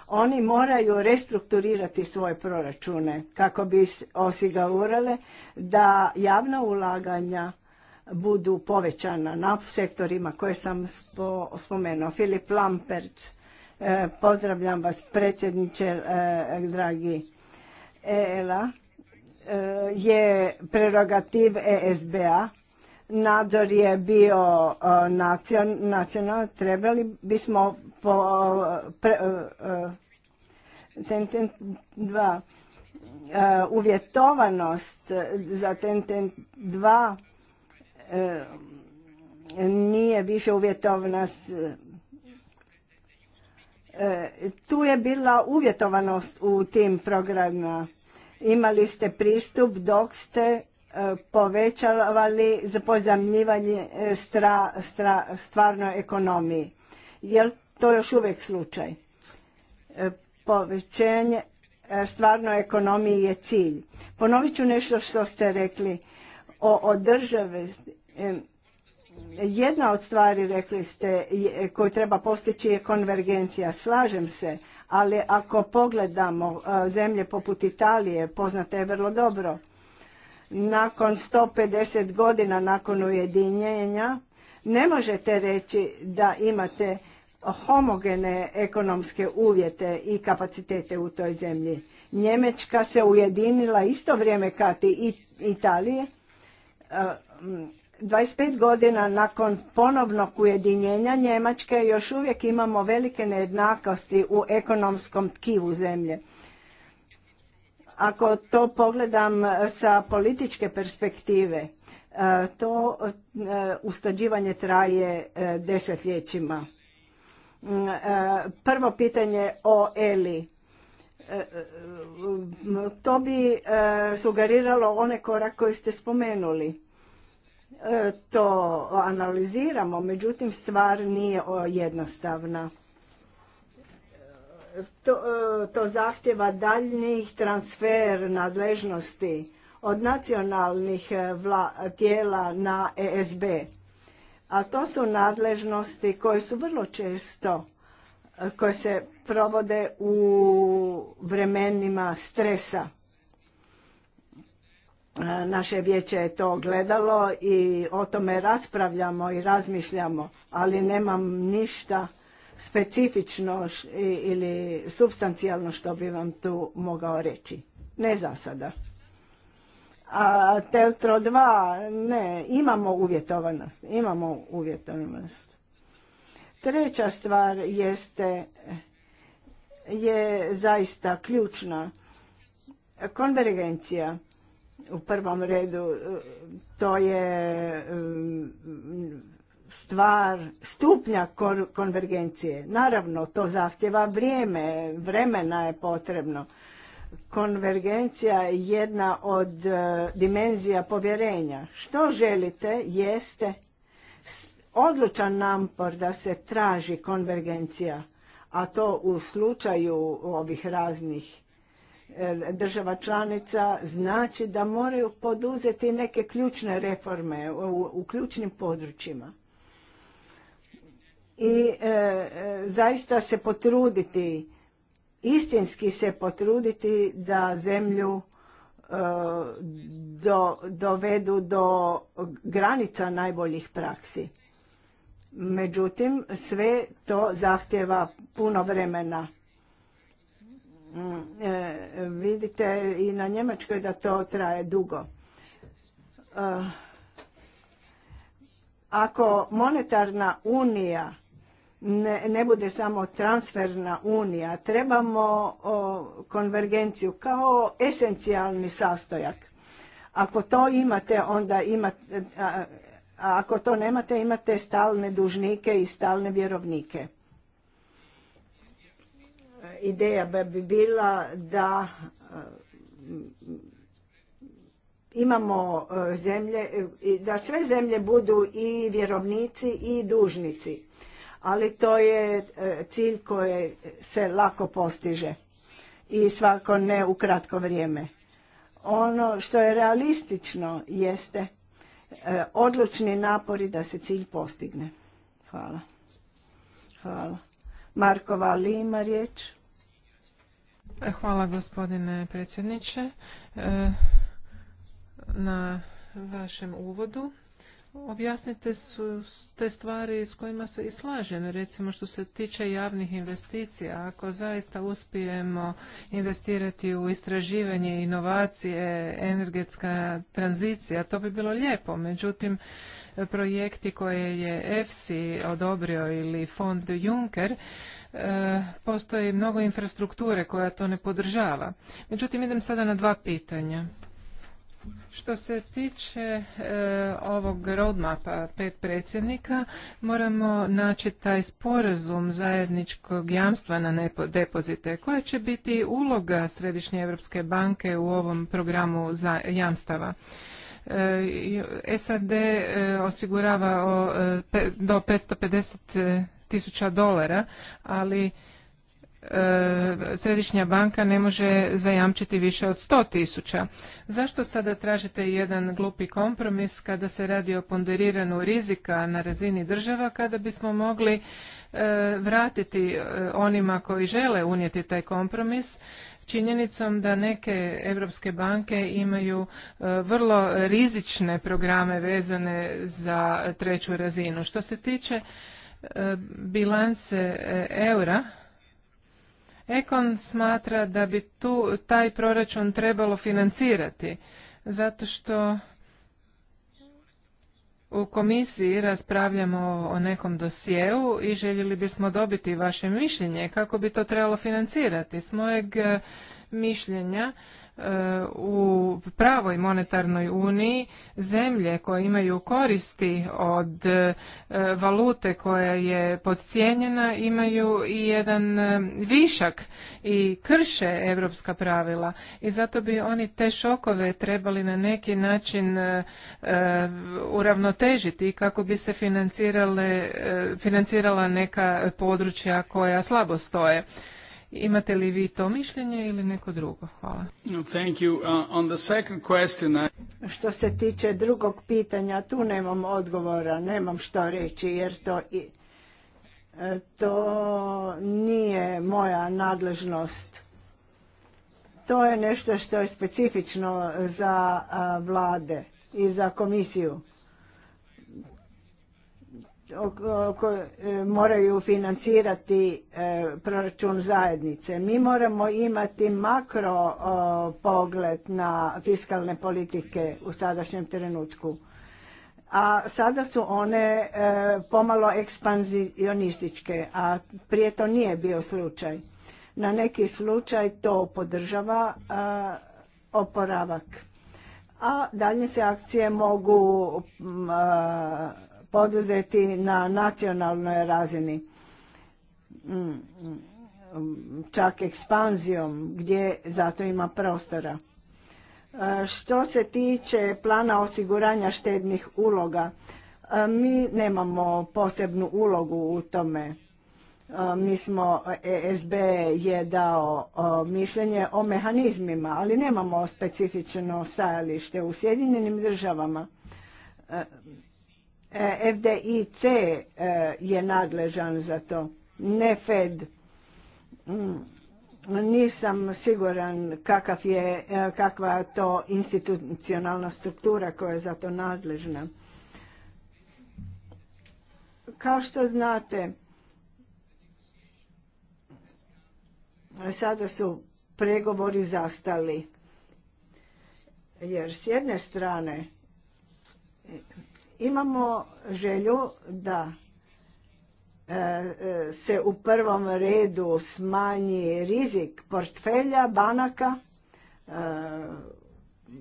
Oni moraju restrukturirati svoje proračune kako bi osigurale da javna ulaganja budu povećana na sektorima koje sam spomenuo. Filip Lampert, e, pozdravljam vas predsjedniče, dragi ELA Eh, je prerogativ ESBA. Nadzor je bio eh, nacional. trebali bismo po eh, dva uvjetovanost za ten, dva nije više uvjetovanost tu je bila uvjetovanost u tim programima imali ste pristup dok ste e, povećavali za pozamljivanje e, stvarnoj ekonomiji. Je li to još uvijek slučaj? E, Povećanje stvarnoj ekonomiji je cilj. Ponovit ću nešto što ste rekli o državi. Jedna od stvari, rekli ste, koju treba postići je konvergencija. Slažem se ali ako pogledamo e, zemlje poput Italije, poznate je vrlo dobro, nakon 150 godina nakon ujedinjenja, ne možete reći da imate homogene ekonomske uvjete i kapacitete u toj zemlji. Njemečka se ujedinila isto vrijeme kad i Italije e, 25 godina nakon ponovnog ujedinjenja Njemačke još uvijek imamo velike nejednakosti u ekonomskom tkivu zemlje. Ako to pogledam sa političke perspektive, e, to e, usklađivanje traje e, desetljećima. Mm, prvo pitanje o Eli. To bi sugeriralo one korak koji ste spomenuli to analiziramo, međutim stvar nije jednostavna. To, e, to zahtjeva daljnji transfer nadležnosti od nacionalnih e, tijela na ESB. A to su nadležnosti koje su vrlo često, e, koje se provode u vremenima stresa naše vijeće je to gledalo i o tome raspravljamo i razmišljamo, ali nemam ništa specifično ili substancijalno što bi vam tu mogao reći. Ne za sada. A Teltro 2, ne, imamo uvjetovanost, imamo uvjetovanost. Treća stvar jeste, je zaista ključna konvergencija u prvom redu e, to je e, stvar stupnja konvergencije. Naravno, to zahtjeva vrijeme, vremena je potrebno. Konvergencija je jedna od e, dimenzija povjerenja. Što želite jeste odlučan nampor da se traži konvergencija, a to u slučaju ovih raznih E, država članica znači da moraju poduzeti neke ključne reforme u, ključnim područjima i e, e, zaista se potruditi istinski se potruditi da zemlju do, dovedu do granica najboljih praksi međutim sve to zahtjeva puno vremena Mm, e, vidite i na Njemačkoj da to traje dugo. E, ako monetarna unija ne, bude samo transferna unija, trebamo konvergenciju kao esencijalni sastojak. Ako to imate, onda imate, ako to nemate, imate stalne dužnike i stalne vjerovnike ideja bi bila da e, imamo e, zemlje, e, da sve zemlje budu i vjerovnici i dužnici. Ali to je cilj koji se lako postiže i svako ne u kratko vrijeme. Ono što je realistično jeste odlučni napori da se cilj postigne. Hvala. Hvala. Markova ali ima riječ. Hvala gospodine predsjedniče e, na vašem uvodu. Objasnite su te stvari s kojima se i slažem, recimo što se tiče javnih investicija. Ako zaista uspijemo investirati u istraživanje, inovacije, energetska tranzicija, to bi bilo lijepo. Međutim, projekti koje je EFSI odobrio ili fond Juncker, E, postoji mnogo infrastrukture koja to ne podržava. Međutim, idem sada na dva pitanja. Što se tiče e, ovog roadmapa pet predsjednika, moramo naći taj sporazum zajedničkog jamstva na depozite. Koja će biti uloga Središnje Europske banke u ovom programu za jamstava? E, SAD e, osigurava o, pe, do 550 tisuća dolara, ali e, središnja banka ne može zajamčiti više od 100 tisuća. Zašto sada tražite jedan glupi kompromis kada se radi o ponderiranu rizika na razini država kada bismo mogli e, vratiti e, onima koji žele unijeti taj kompromis činjenicom da neke europske banke imaju vrlo rizične programe vezane za treću razinu. Što se tiče bilance e, eura, Ekon smatra da bi tu taj proračun trebalo financirati, zato što u komisiji raspravljamo o nekom dosjeu i željeli bismo dobiti vaše mišljenje kako bi to trebalo financirati. S mojeg e, mišljenja E, u pravoj monetarnoj uniji zemlje koje imaju koristi od e, valute koja je podcijenjena imaju i jedan e, višak i krše europska pravila i zato bi oni te šokove trebali na neki način uravnotežiti kako bi se financirala neka područja koja slabo stoje. Imate li vi to mišljenje ili neko drugo? Hvala. Uh, što se tiče drugog pitanja, tu nemam odgovora, nemam što reći jer to i, e, to nije moja nadležnost. To je nešto što je specifično za vlade i za komisiju koje moraju financirati e, proračun zajednice. Mi moramo imati makro pogled na fiskalne politike u sadašnjem trenutku. A sada su one e, pomalo ekspanzionističke, a prije to nije bio slučaj. Na neki slučaj to podržava oporavak. A dalje se akcije mogu poduzeti na nacionalnoj razini mm, mm, čak ekspanzijom gdje zato ima prostora. E, što se tiče plana osiguranja štednih uloga, e, mi nemamo posebnu ulogu u tome. E, mi smo, ESB je dao mišljenje o mehanizmima, ali nemamo specifično stajalište u Sjedinjenim državama E, FDIC e, je nadležan za to, ne Fed. Mm, nisam siguran kakav je, e, kakva je to institucionalna struktura koja je za to nadležna. Kao što znate, sada su pregovori zastali. Jer s jedne strane Imamo želju da e, e, se u prvom redu smanji rizik portfelja banaka e,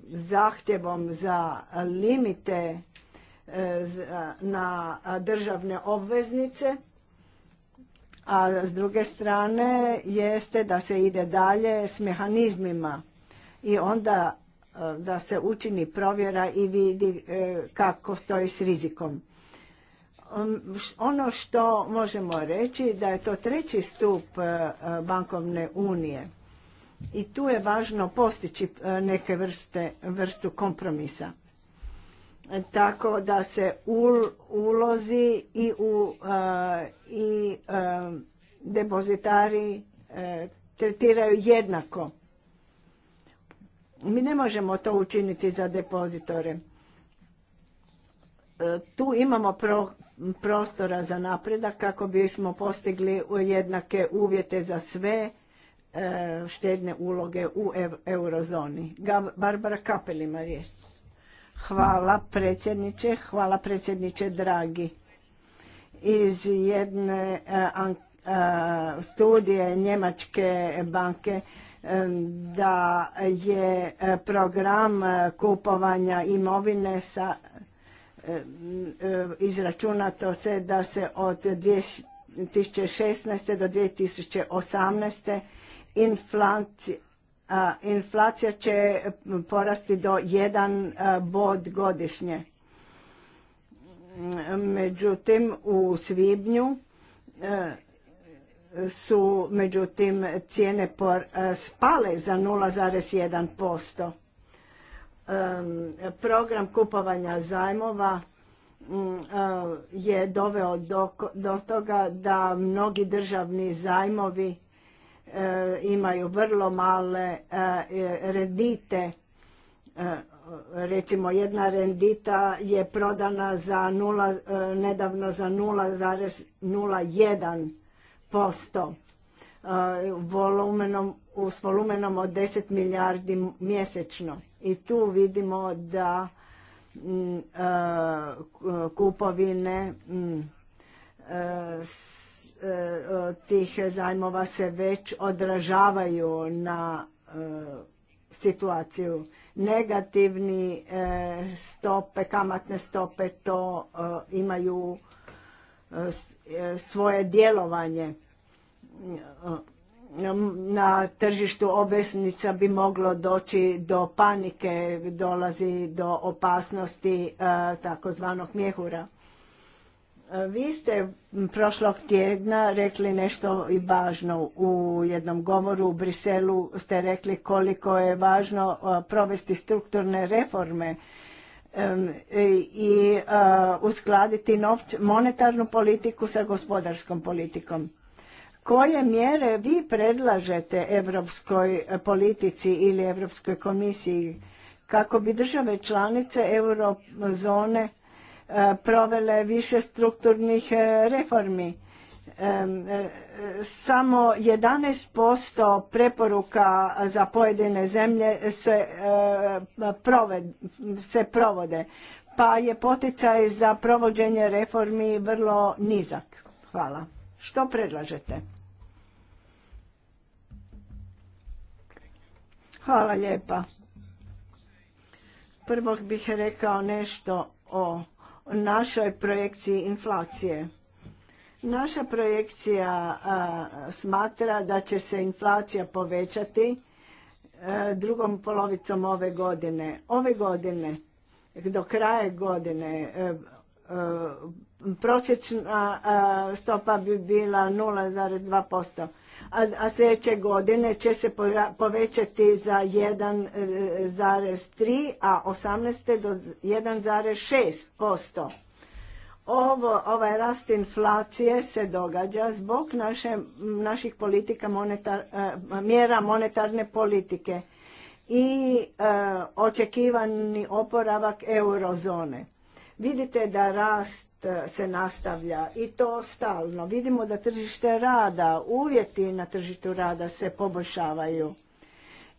zahtjevom za limite na državne obveznice, a s druge strane jeste da se ide dalje s mehanizmima i onda da se učini provjera i vidi e, kako stoji s rizikom. Um, ono što možemo reći da je to treći stup e, bankovne unije i tu je važno postići e, neke vrste, vrstu kompromisa. Tako da se ulozi i, u, i depozitari tretiraju jednako mi ne možemo to učiniti za depozitore. E, tu imamo prostora za napredak kako bismo postigli jednake uvjete za sve e, štedne uloge u eurozoni. Barbara Kapel ima riječ. Hvala predsjedniče, hvala predsjedniče dragi. Iz jedne e, studije Njemačke banke da je e, program e, kupovanja imovine sa e, izračunato se da se od 2016. do 2018. inflacija inflacija će porasti do jedan bod godišnje. Međutim, u svibnju su međutim cijene e, spale za 0,1%. Program kupovanja zajmova mm, e, je doveo do, toga da mnogi državni zajmovi e, imaju vrlo male rendite. Recimo jedna rendita je prodana za nedavno za 0,01 posto uh, s volumenom od 10 milijardi mjesečno. I tu vidimo da mm, uh, kupovine mm, uh, tih zajmova se već odražavaju na situaciju. Negativni stope, kamatne stope to imaju svoje djelovanje na tržištu obveznica bi moglo doći do panike, dolazi do opasnosti e, takozvanog mjehura. E, vi ste prošlog tjedna rekli nešto i važno u jednom govoru u Briselu ste rekli koliko je važno e, provesti strukturne reforme i uskladiti monetarnu politiku sa gospodarskom politikom koje mjere vi predlažete Europskoj politici ili Europskoj komisiji kako bi države članice eurozone e, provele više strukturnih e, reformi? E, samo 11% preporuka za pojedine zemlje se, se provode, pa je poticaj za provođenje reformi vrlo nizak. Hvala. Što predlažete? Hvala lijepa. Prvo bih rekao nešto o našoj projekciji inflacije. Naša projekcija smatra da će se inflacija povećati e, drugom polovicom ove godine. Ove godine, do kraja godine, e, e, prosječna stopa bi bila 0,2% a sljedeće godine će se povećati za 1,3, e, a 18. do 1,6%. Ovo, ovaj rast inflacije se događa zbog naše, naših politika monetar, e, mjera monetarne politike i e, očekivani oporavak eurozone. Vidite da rast E, se nastavlja i to stalno. Vidimo da tržište rada, uvjeti na tržištu rada se poboljšavaju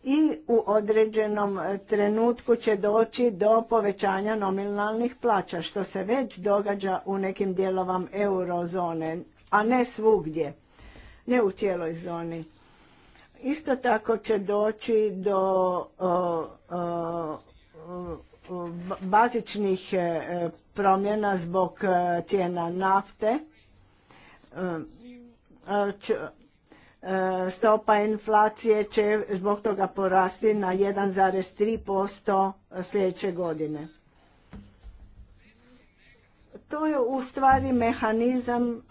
i u određenom trenutku će doći do povećanja nominalnih plaća, što se već događa u nekim dijelovam eurozone, a ne svugdje, ne u cijeloj zoni. Isto tako će doći do bazičnih e, promjena zbog e, cijena nafte. E, e, stopa inflacije će zbog toga porasti na 1,3% sljedeće godine. To je u stvari mehanizam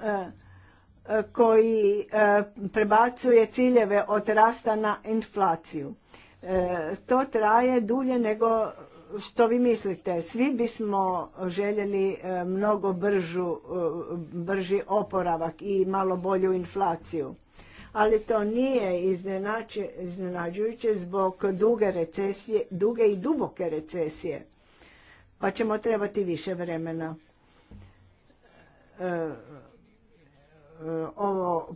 koji prebacuje ciljeve od rasta na inflaciju. To traje dulje nego što vi mislite? Svi bismo željeli e, mnogo bržu, e, brži oporavak i malo bolju inflaciju. Ali to nije iznenađujuće zbog duge, recesije, duge i duboke recesije. Pa ćemo trebati više vremena. E, ovo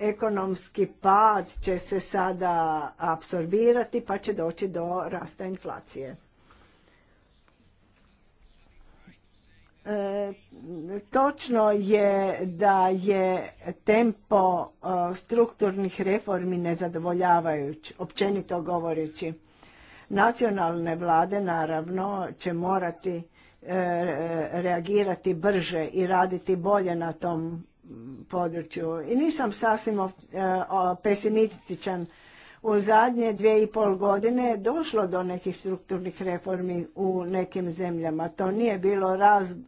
ekonomski pad će se sada apsorbirati pa će doći do rasta inflacije. E, točno je da je tempo e, strukturnih reformi nezadovoljavajući, općenito govoreći. Nacionalne vlade naravno će morati e, reagirati brže i raditi bolje na tom području. I nisam sasvim pesimističan u zadnje dvije i pol godine došlo do nekih strukturnih reformi u nekim zemljama. To nije bilo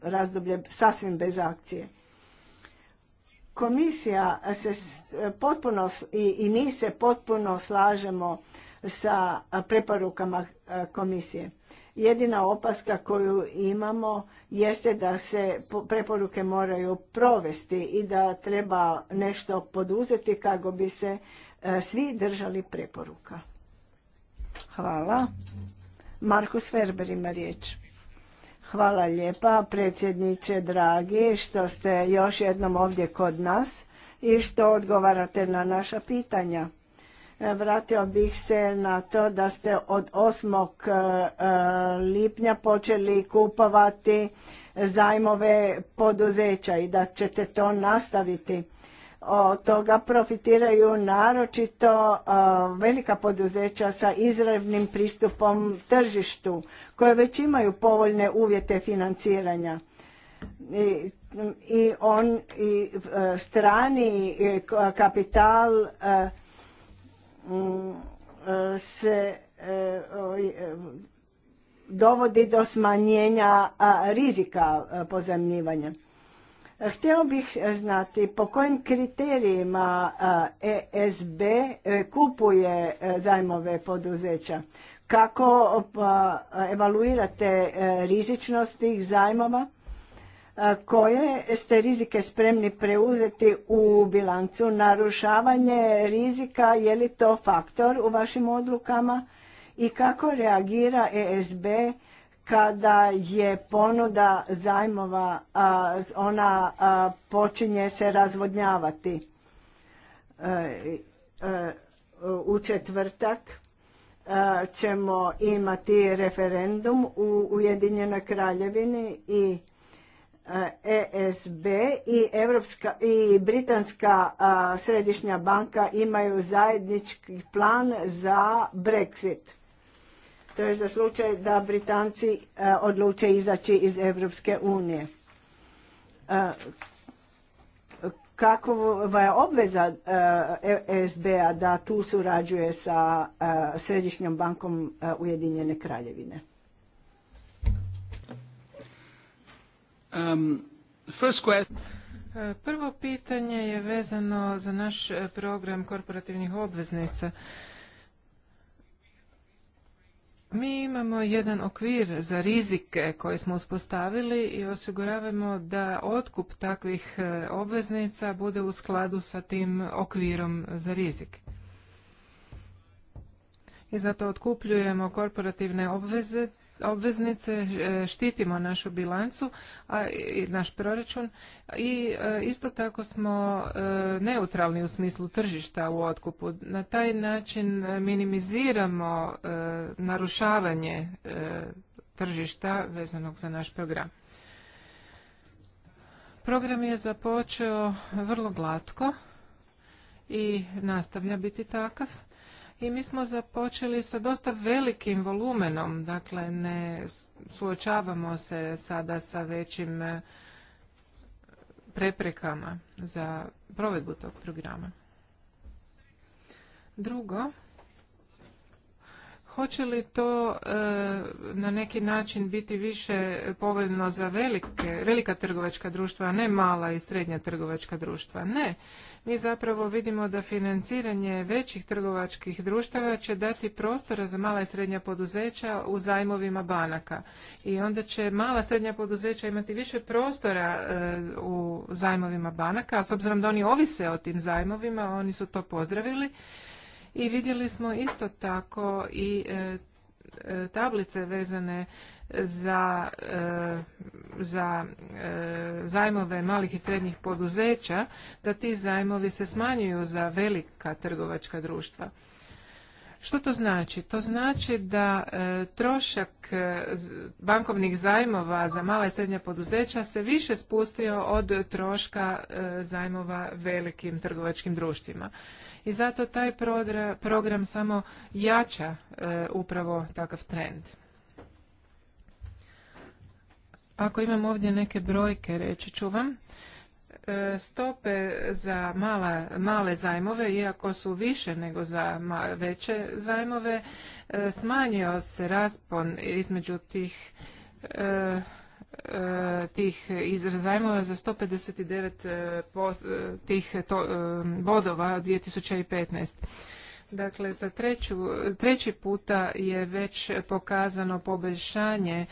razdoblje sasvim bez akcije. Komisija se potpuno i, i mi se potpuno slažemo sa preporukama e, komisije. Jedina opaska koju imamo jeste da se preporuke moraju provesti i da treba nešto poduzeti kako bi se E, svi držali preporuka. Hvala. Markus Sverber ima riječ. Hvala lijepa predsjedniče dragi što ste još jednom ovdje kod nas i što odgovarate na naša pitanja. E, vratio bih se na to da ste od 8. E, lipnja počeli kupovati zajmove poduzeća i da ćete to nastaviti. Od toga profitiraju naročito velika poduzeća sa izravnim pristupom tržištu koje već imaju povoljne uvjete financiranja. I, on i e, strani e, kapital e, se dovodi do smanjenja rizika pozemljivanja. Htio bih e, znati po kojim kriterijima ESB e, kupuje e, zajmove poduzeća. Kako pa, evaluirate rizičnost tih zajmova? Koje ste rizike spremni preuzeti u bilancu? Narušavanje rizika, je li to faktor u vašim odlukama? I kako reagira ESB kada je ponuda zajmova, ona počinje se razvodnjavati. E, e, u četvrtak ćemo imati referendum u Ujedinjenoj kraljevini i ESB i, Evropska, i Britanska središnja banka imaju zajednički plan za Brexit to je za slučaj da Britanci e, odluče izaći iz Europske unije. E, Kakva je obveza e, SBA da tu surađuje sa Središnjom bankom Ujedinjene kraljevine? Um, prvo pitanje je vezano za naš program korporativnih obveznica. Mi imamo jedan okvir za rizike koje smo uspostavili i osiguravamo da otkup takvih e, obveznica bude u skladu sa tim okvirom za rizike. I zato otkupljujemo korporativne obveze obveznice, e, štitimo našu bilancu a i naš proračun i e, isto tako smo e, neutralni u smislu tržišta u otkupu. Na taj način minimiziramo narušavanje tržišta vezanog za naš program. Program je započeo vrlo glatko i nastavlja biti takav i mi smo započeli sa dosta velikim volumenom, dakle ne suočavamo se sada sa većim e, preprekama za provedbu tog programa. Drugo, Hoće li to e, na neki način biti više povoljno za velike, velika trgovačka društva, a ne mala i srednja trgovačka društva? Ne. Mi zapravo vidimo da financiranje većih trgovačkih društava će dati prostora za mala i srednja poduzeća u zajmovima banaka. I onda će mala i srednja poduzeća imati više prostora e, u zajmovima banaka, a s obzirom da oni ovise o tim zajmovima, oni su to pozdravili i vidjeli smo isto tako i e, e, tablice vezane za, e, zajmove malih i srednjih poduzeća, da ti zajmovi se smanjuju za velika trgovačka društva. Što to znači? To znači da trošak bankovnih zajmova za mala i srednja poduzeća se više spustio od troška zajmova velikim trgovačkim društvima. I zato taj program samo jača e, upravo takav trend. Ako imam ovdje neke brojke, reći ću vam, e, stope za mala, male zajmove, iako su više nego za veće zajmove, e, smanjio se raspon između tih E, tih izrazajmova za 159 e, e, tih to, bodova 2015. Dakle, za treću, treći puta je već pokazano poboljšanje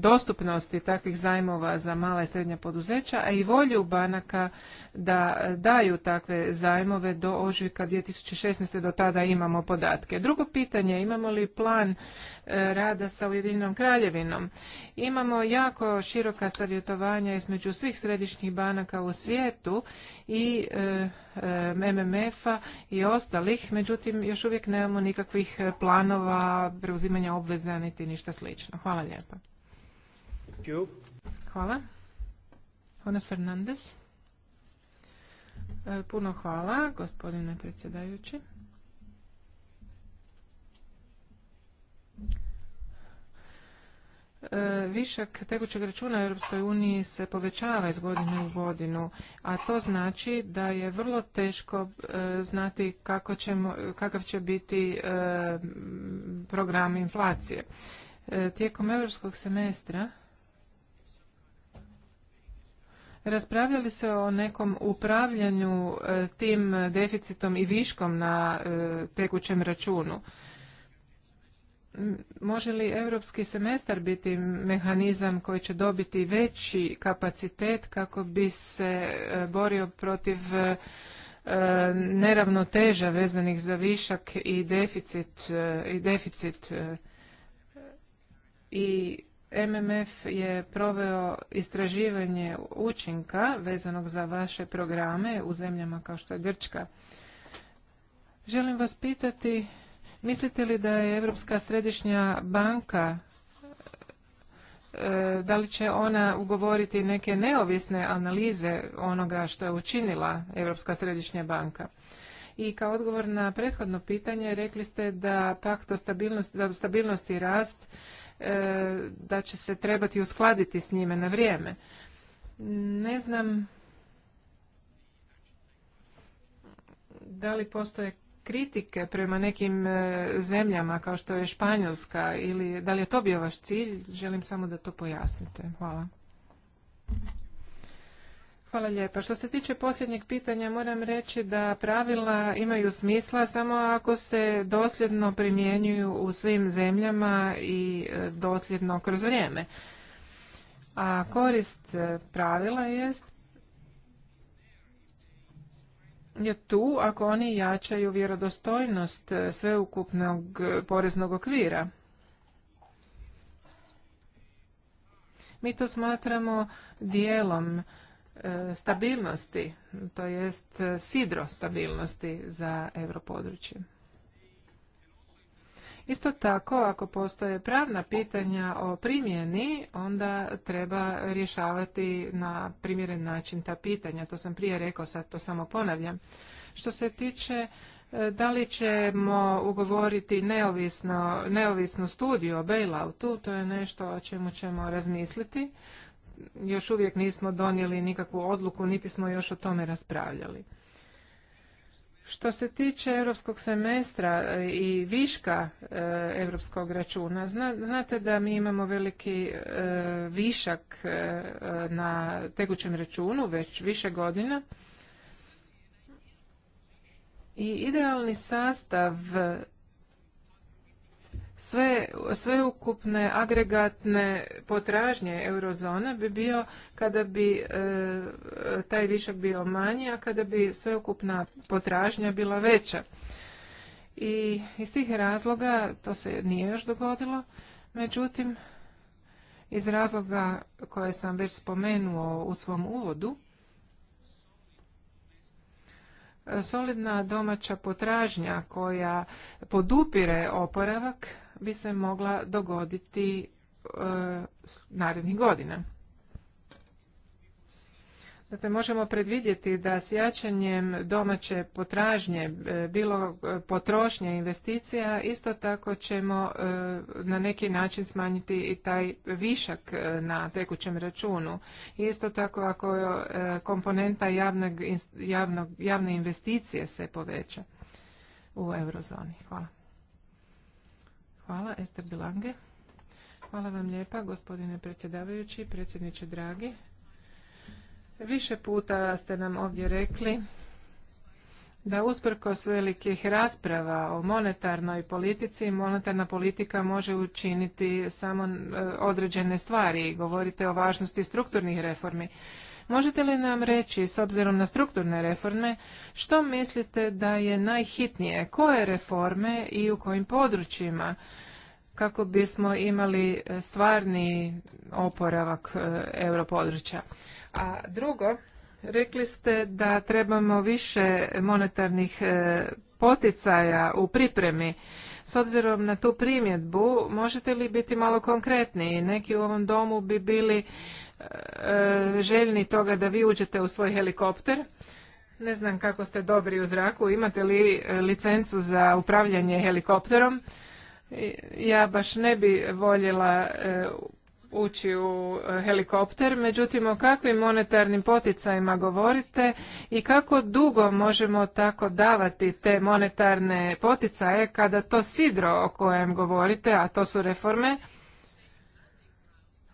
dostupnosti takvih zajmova za mala i srednja poduzeća, a i volju banaka da daju takve zajmove do ožujka 2016. do tada imamo podatke. Drugo pitanje, imamo li plan e, rada sa Ujedinjenom kraljevinom? Imamo jako široka savjetovanja između svih središnjih banaka u svijetu i e, e, MMF-a i ostalih, međutim još uvijek nemamo nikakvih planova preuzimanja obveza niti ništa slično. Hvala lijepa. Hvala. Jonas Fernandez. E, puno hvala, gospodine predsjedajući. E, višak tekućeg računa u Europskoj uniji se povećava iz godine u godinu, a to znači da je vrlo teško e, znati kako ćemo, kakav će biti program inflacije. Tijekom europskog semestra Raspravljali se o nekom upravljanju e, tim deficitom i viškom na e, tekućem računu. Može li europski semestar biti mehanizam koji će dobiti veći kapacitet kako bi se e, borio protiv neravnoteža vezanih za višak i deficit i deficit i MMF je proveo istraživanje učinka vezanog za vaše programe u zemljama kao što je Grčka. Želim vas pitati, mislite li da je Europska središnja banka e, da li će ona ugovoriti neke neovisne analize onoga što je učinila Europska središnja banka? I kao odgovor na prethodno pitanje rekli ste da pakt o stabilnosti, i rast E, da će se trebati uskladiti s njime na vrijeme. Ne znam da li postoje kritike prema nekim e, zemljama kao što je Španjolska ili da li je to bio vaš cilj? Želim samo da to pojasnite. Hvala. Hvala lijepa. Što se tiče posljednjeg pitanja, moram reći da pravila imaju smisla samo ako se dosljedno primjenjuju u svim zemljama i e, dosljedno kroz vrijeme. A korist e, pravila jest je tu ako oni jačaju vjerodostojnost e, sveukupnog poreznog okvira. Mi to smatramo dijelom E, stabilnosti, to jest e, sidro stabilnosti za europodručje. Isto tako, ako postoje pravna pitanja o primjeni, onda treba rješavati na primjeren način ta pitanja. To sam prije rekao, sad to samo ponavljam. Što se tiče e, da li ćemo ugovoriti neovisno, neovisnu studiju o bailoutu, to je nešto o čemu ćemo razmisliti još uvijek nismo donijeli nikakvu odluku, niti smo još o tome raspravljali. Što se tiče europskog semestra e, i viška e, europskog računa, znate da mi imamo veliki e, višak na tekućem računu već više godina. I idealni sastav sve, sveukupne agregatne potražnje eurozone bi bio kada bi e, taj višak bio manji, a kada bi sveukupna potražnja bila veća. I iz tih razloga to se nije još dogodilo, međutim iz razloga koje sam već spomenuo u svom uvodu, solidna domaća potražnja koja podupire oporavak bi se mogla dogoditi e, narednih godina. Dakle, možemo predvidjeti da s jačanjem domaće potražnje, e, bilo e, potrošnje investicija, isto tako ćemo na neki način smanjiti i taj višak na tekućem računu. Isto tako ako komponenta javne investicije se poveća u eurozoni. Hvala. Hvala, Ester Bilange. Hvala vam lijepa, gospodine predsjedavajući, predsjedniče dragi. Više puta ste nam ovdje rekli da usprkos velikih rasprava o monetarnoj politici, monetarna politika može učiniti samo e, određene stvari. i Govorite o važnosti strukturnih reformi. Možete li nam reći, s obzirom na strukturne reforme, što mislite da je najhitnije? Koje reforme i u kojim područjima? kako bismo imali e, stvarni oporavak e, europodručja. A drugo, rekli ste da trebamo više monetarnih e, poticaja u pripremi. S obzirom na tu primjedbu, možete li biti malo konkretniji? Neki u ovom domu bi bili E, željni toga da vi uđete u svoj helikopter. Ne znam kako ste dobri u zraku, imate li e, licencu za upravljanje helikopterom? Ja baš ne bi voljela e, ući u helikopter, međutim o kakvim monetarnim poticajima govorite i kako dugo možemo tako davati te monetarne poticaje kada to sidro o kojem govorite, a to su reforme,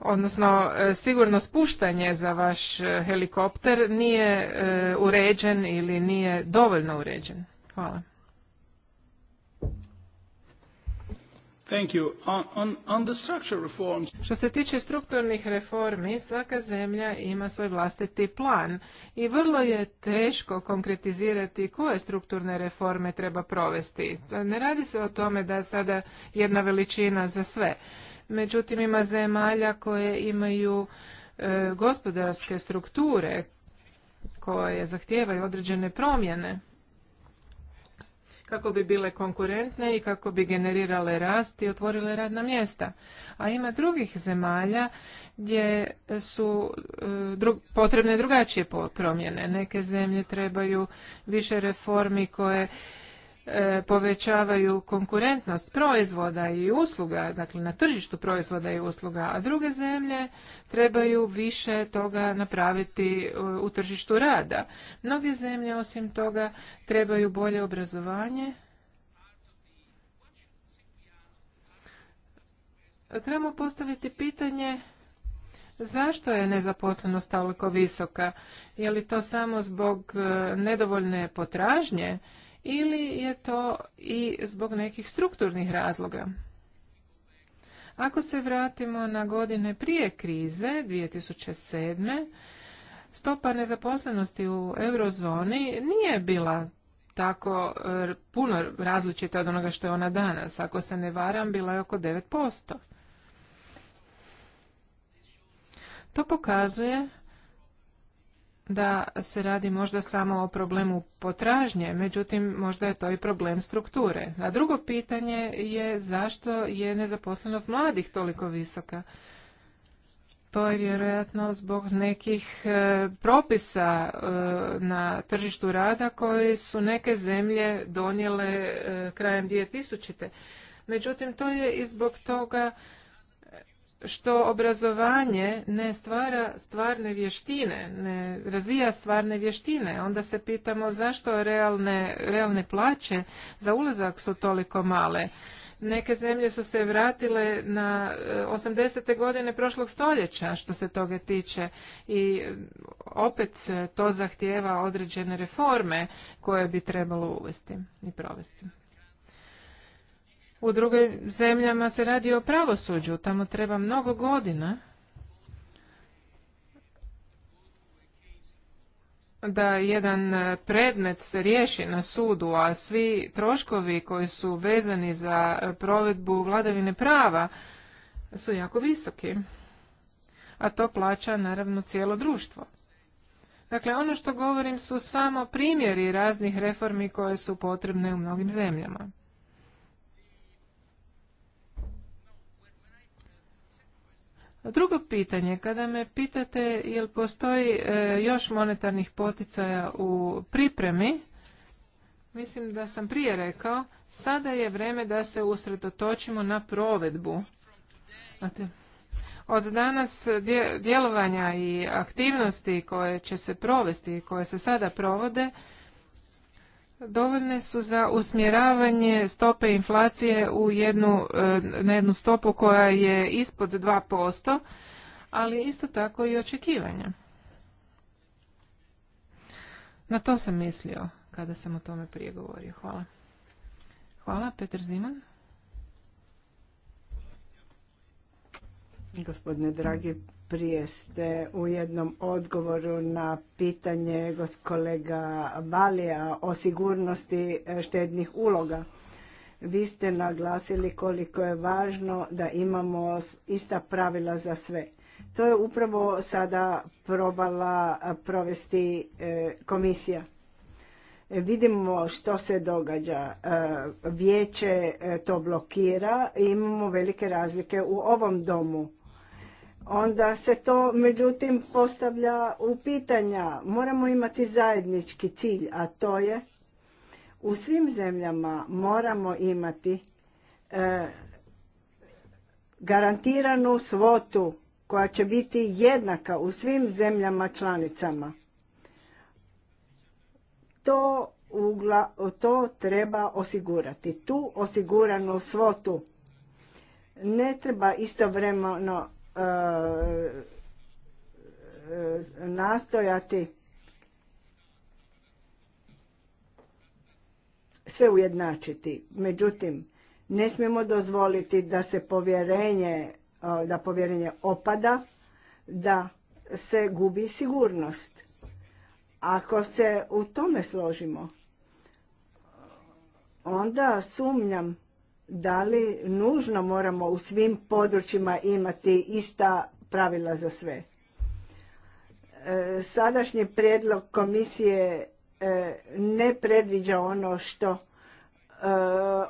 odnosno e, sigurno spuštanje za vaš e, helikopter nije e, uređen ili nije dovoljno uređen. Hvala. Thank you. On, on, the reforms. Što se tiče strukturnih reformi, svaka zemlja ima svoj vlastiti plan i vrlo je teško konkretizirati koje strukturne reforme treba provesti. Ne radi se o tome da je sada jedna veličina za sve međutim ima zemalja koje imaju e, gospodarske strukture koje zahtijevaju određene promjene kako bi bile konkurentne i kako bi generirale rast i otvorile radna mjesta. A ima drugih zemalja gdje su e, potrebne drugačije promjene. Neke zemlje trebaju više reformi koje E, povećavaju konkurentnost proizvoda i usluga, dakle na tržištu proizvoda i usluga, a druge zemlje trebaju više toga napraviti e, u tržištu rada. Mnoge zemlje osim toga trebaju bolje obrazovanje. Trebamo postaviti pitanje Zašto je nezaposlenost toliko visoka? Je li to samo zbog e, nedovoljne potražnje? ili je to i zbog nekih strukturnih razloga. Ako se vratimo na godine prije krize 2007. stopa nezaposlenosti u eurozoni nije bila tako eh, puno različita od onoga što je ona danas. Ako se ne varam, bila je oko 9%. To pokazuje da se radi možda samo o problemu potražnje, međutim možda je to i problem strukture. A drugo pitanje je zašto je nezaposlenost mladih toliko visoka? To je vjerojatno zbog nekih e, propisa e, na tržištu rada koji su neke zemlje donijele e, krajem 2000. Međutim, to je i zbog toga što obrazovanje ne stvara stvarne vještine, ne razvija stvarne vještine. Onda se pitamo zašto realne, realne plaće za ulazak su toliko male. Neke zemlje su se vratile na 80. E, godine prošlog stoljeća što se toga tiče i e, opet to zahtijeva određene reforme koje bi trebalo uvesti i provesti. U drugim zemljama se radi o pravosuđu, tamo treba mnogo godina da jedan predmet se riješi na sudu, a svi troškovi koji su vezani za provedbu vladavine prava su jako visoki. A to plaća naravno cijelo društvo. Dakle, ono što govorim su samo primjeri raznih reformi koje su potrebne u mnogim zemljama. Drugo pitanje, kada me pitate jel postoji e, još monetarnih poticaja u pripremi, mislim da sam prije rekao, sada je vrijeme da se usredotočimo na provedbu. Od danas djelovanja i aktivnosti koje će se provesti i koje se sada provode, dovoljne su za usmjeravanje stope inflacije u jednu, e, na jednu stopu koja je ispod 2%, ali isto tako i očekivanja. Na to sam mislio kada sam o tome prije govorio. Hvala. Hvala, Petar Ziman. Gospodine dragi, prije ste u jednom odgovoru na pitanje kolega Balija o sigurnosti e, štednih uloga. Vi ste naglasili koliko je važno da imamo ista pravila za sve. To je upravo sada probala e, provesti e, komisija. Vidimo što se događa. Vijeće to blokira i imamo velike razlike u ovom domu onda se to međutim postavlja u pitanja. Moramo imati zajednički cilj, a to je u svim zemljama moramo imati e, garantiranu svotu koja će biti jednaka u svim zemljama članicama. To, ugla, to treba osigurati. Tu osiguranu svotu ne treba istovremeno E, e, nastojati sve ujednačiti. Međutim, ne smijemo dozvoliti da se povjerenje, e, da povjerenje opada, da se gubi sigurnost. Ako se u tome složimo, onda sumnjam da li nužno moramo u svim područjima imati ista pravila za sve. E, sadašnji prijedlog komisije e, ne predviđa ono što e,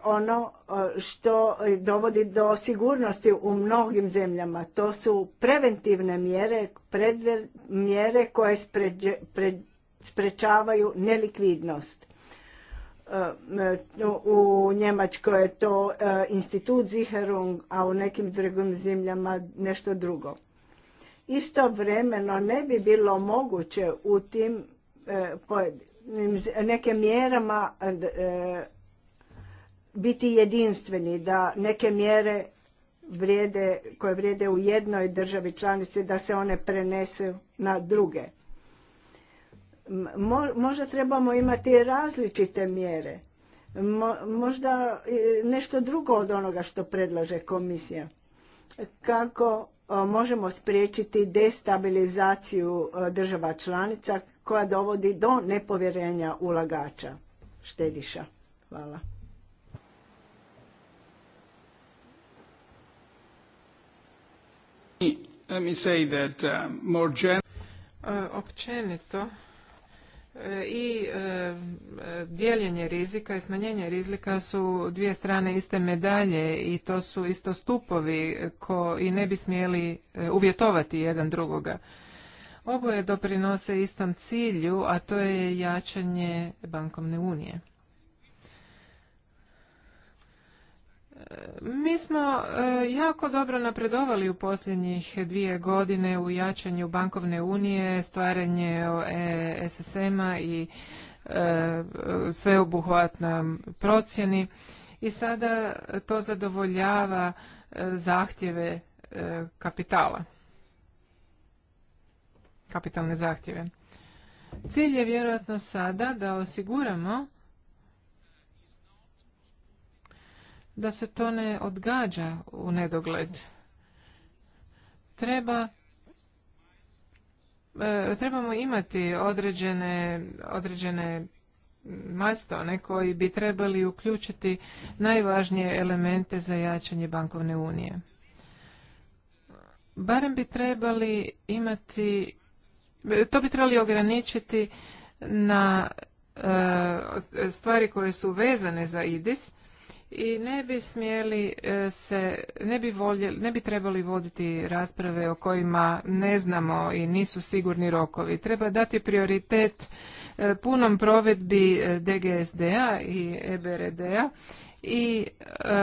ono što dovodi do sigurnosti u mnogim zemljama. To su preventivne mjere, mjere koje sprečavaju nelikvidnost. Eh, u Njemačkoj je to eh, institut Ziherung, a u nekim drugim zemljama nešto drugo. Istovremeno ne bi bilo moguće u tim eh, nekim mjerama biti jedinstveni, da neke mjere koje vrijede u jednoj državi članici, da se one prenesu na druge Možda trebamo imati različite mjere. Možda nešto drugo od onoga što predlaže komisija. Kako možemo spriječiti destabilizaciju država članica koja dovodi do nepovjerenja ulagača, štediša. Hvala. Let me uh, e, općenito i e, dijeljenje rizika i smanjenje rizika su dvije strane iste medalje i to su isto stupovi koji ne bi smjeli e, uvjetovati jedan drugoga. Oboje doprinose istom cilju, a to je jačanje bankovne unije. Mi smo e, jako dobro napredovali u posljednjih dvije godine u jačanju bankovne unije, stvaranje e SSM-a i e, sveobuhvatna procjeni i sada to zadovoljava zahtjeve kapitala, kapitalne zahtjeve. Cilj je vjerojatno sada da osiguramo da se to ne odgađa u nedogled. Treba e, trebamo imati određene, određene majstone koji bi trebali uključiti najvažnije elemente za jačanje bankovne unije. Barem bi trebali imati, to bi trebali ograničiti na e, stvari koje su vezane za IDIS, i ne bi smjeli e, se, ne bi, voljeli, ne bi trebali voditi rasprave o kojima ne znamo i nisu sigurni rokovi. Treba dati prioritet e, punom provedbi e, DGSD-a i EBRD-a i e,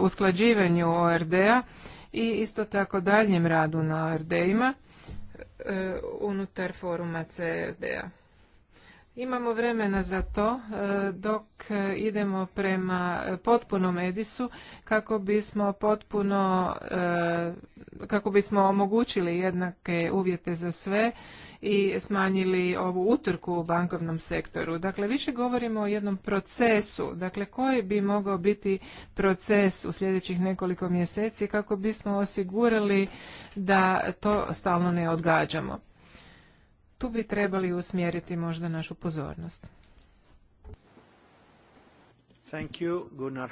usklađivanju ORD-a i isto tako daljem radu na ORD-ima unutar foruma CRD-a. Imamo vremena za to e, dok e, idemo prema potpunom Edisu kako bismo potpuno e, kako bismo omogućili jednake uvjete za sve i smanjili ovu utrku u bankovnom sektoru. Dakle, više govorimo o jednom procesu. Dakle, koji bi mogao biti proces u sljedećih nekoliko mjeseci kako bismo osigurali da to stalno ne odgađamo bi trebali usmjeriti možda našu pozornost. Thank you, Gunnar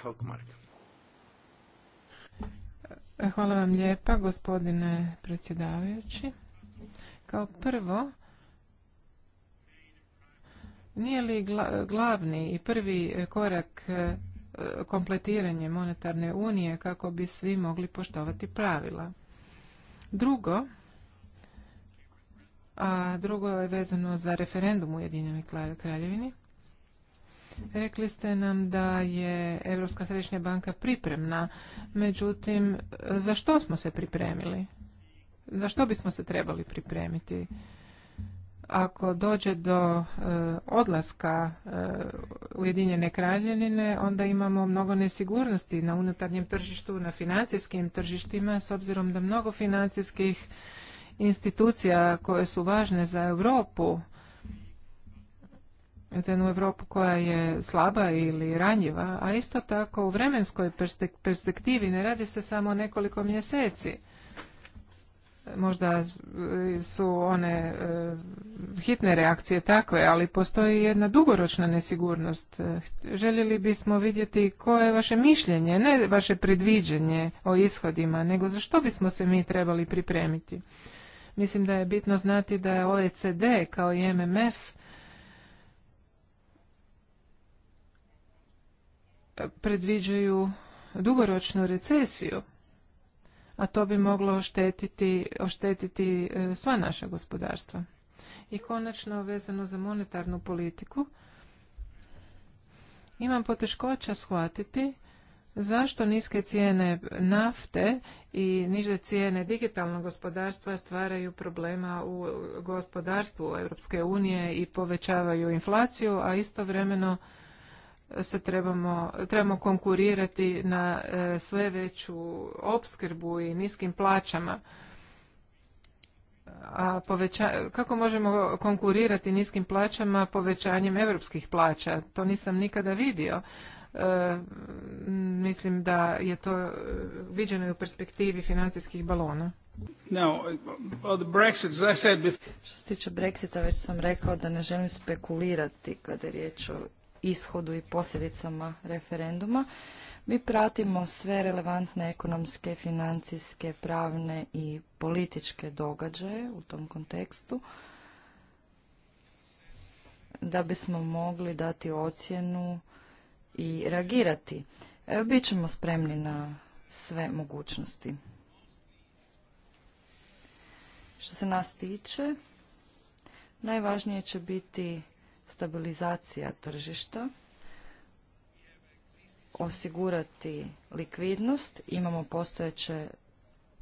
Hvala vam lijepa, gospodine predsjedavajući. Kao prvo, nije li glavni i prvi korak e, kompletiranje monetarne unije kako bi svi mogli poštovati pravila? Drugo, a drugo je vezano za referendum u Ujedinjenoj kraljevini. Rekli ste nam da je Europska središnja banka pripremna, međutim, za što smo se pripremili? Za što bismo se trebali pripremiti? Ako dođe do e, odlaska e, Ujedinjene kraljevine, onda imamo mnogo nesigurnosti na unutarnjem tržištu, na financijskim tržištima, s obzirom da mnogo financijskih institucija koje su važne za Europu, za jednu Europu koja je slaba ili ranjiva, a isto tako u vremenskoj perspektivi ne radi se samo nekoliko mjeseci. Možda su one e, hitne reakcije takve, ali postoji jedna dugoročna nesigurnost. E, željeli bismo vidjeti koje je vaše mišljenje, ne vaše predviđenje o ishodima, nego za što bismo se mi trebali pripremiti. Mislim da je bitno znati da je OECD kao i MMF predviđaju dugoročnu recesiju, a to bi moglo oštetiti, oštetiti e, sva naša gospodarstva. I konačno vezano za monetarnu politiku, imam poteškoća shvatiti Zašto niske cijene nafte i niže cijene digitalnog gospodarstva stvaraju problema u gospodarstvu Europske unije i povećavaju inflaciju, a istovremeno se trebamo, trebamo konkurirati na e, sve veću opskrbu i niskim plaćama. A poveća, kako možemo konkurirati niskim plaćama povećanjem europskih plaća? To nisam nikada vidio. E, mislim da je to e, viđeno i u perspektivi financijskih balona. Što se tiče Brexita, već sam rekao da ne želim spekulirati kada je riječ o ishodu i posljedicama referenduma. Mi pratimo sve relevantne ekonomske, financijske, pravne i političke događaje u tom kontekstu da bismo mogli dati ocjenu i reagirati. Bićemo spremni na sve mogućnosti. Što se nas tiče, najvažnije će biti stabilizacija tržišta, osigurati likvidnost, imamo postojeće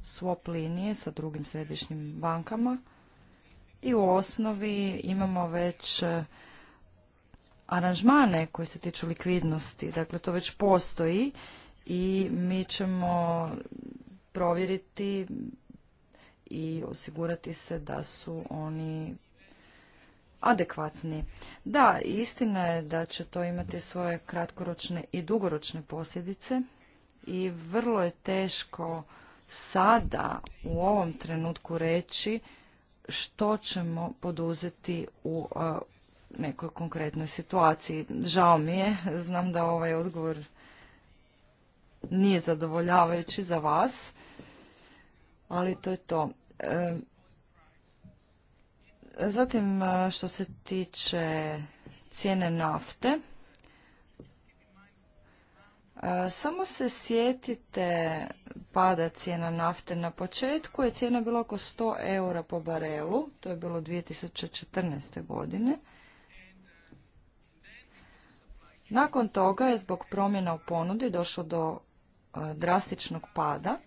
swap linije sa drugim središnjim bankama i u osnovi imamo već aranžmane koji se tiču likvidnosti. Dakle, to već postoji i mi ćemo provjeriti i osigurati se da su oni adekvatni. Da, istina je da će to imati svoje kratkoročne i dugoročne posljedice i vrlo je teško sada u ovom trenutku reći što ćemo poduzeti u e, nekoj konkretnoj situaciji. Žao mi je, znam da ovaj odgovor nije zadovoljavajući za vas, ali to je to. E, zatim, e, što se tiče cijene nafte, e, samo se sjetite pada cijena nafte. Na početku je cijena bila oko 100 eura po barelu, to je bilo 2014. godine. Nakon toga je zbog promjena u ponudi došlo do e, drastičnog pada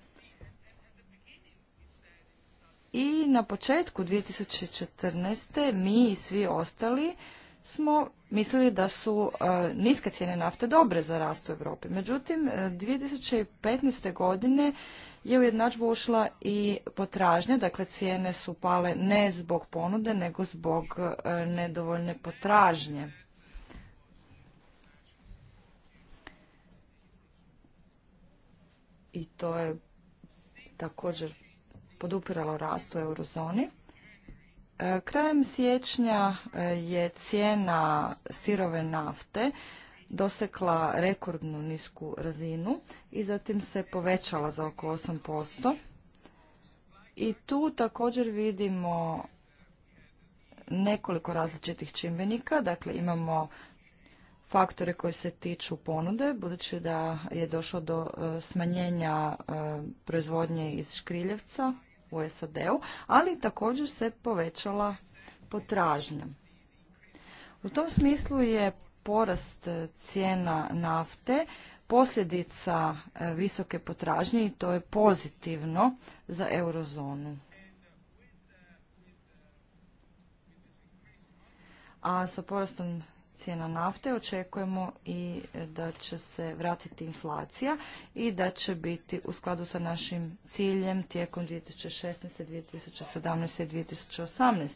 i na početku 2014. mi i svi ostali smo mislili da su e, niske cijene nafte dobre za rast u Europi. Međutim, 2015. E, godine je u jednadžbu ušla i potražnja, dakle cijene su pale ne zbog ponude, nego zbog nedovoljne potražnje. i to je također podupiralo rast u eurozoni. E, krajem siječnja e, je cijena sirove nafte dosekla rekordnu nisku razinu i zatim se povećala za oko 8%. I tu također vidimo nekoliko različitih čimbenika, dakle imamo faktore koji se tiču ponude, budući da je došlo do e, smanjenja e, proizvodnje iz škriljevca u SAD-u, ali također se povećala potražnja. U tom smislu je porast e, cijena nafte posljedica visoke potražnje i to je pozitivno za eurozonu. A sa porastom cijena nafte, očekujemo i da će se vratiti inflacija i da će biti u skladu sa našim ciljem tijekom 2016., 2017. i 2018.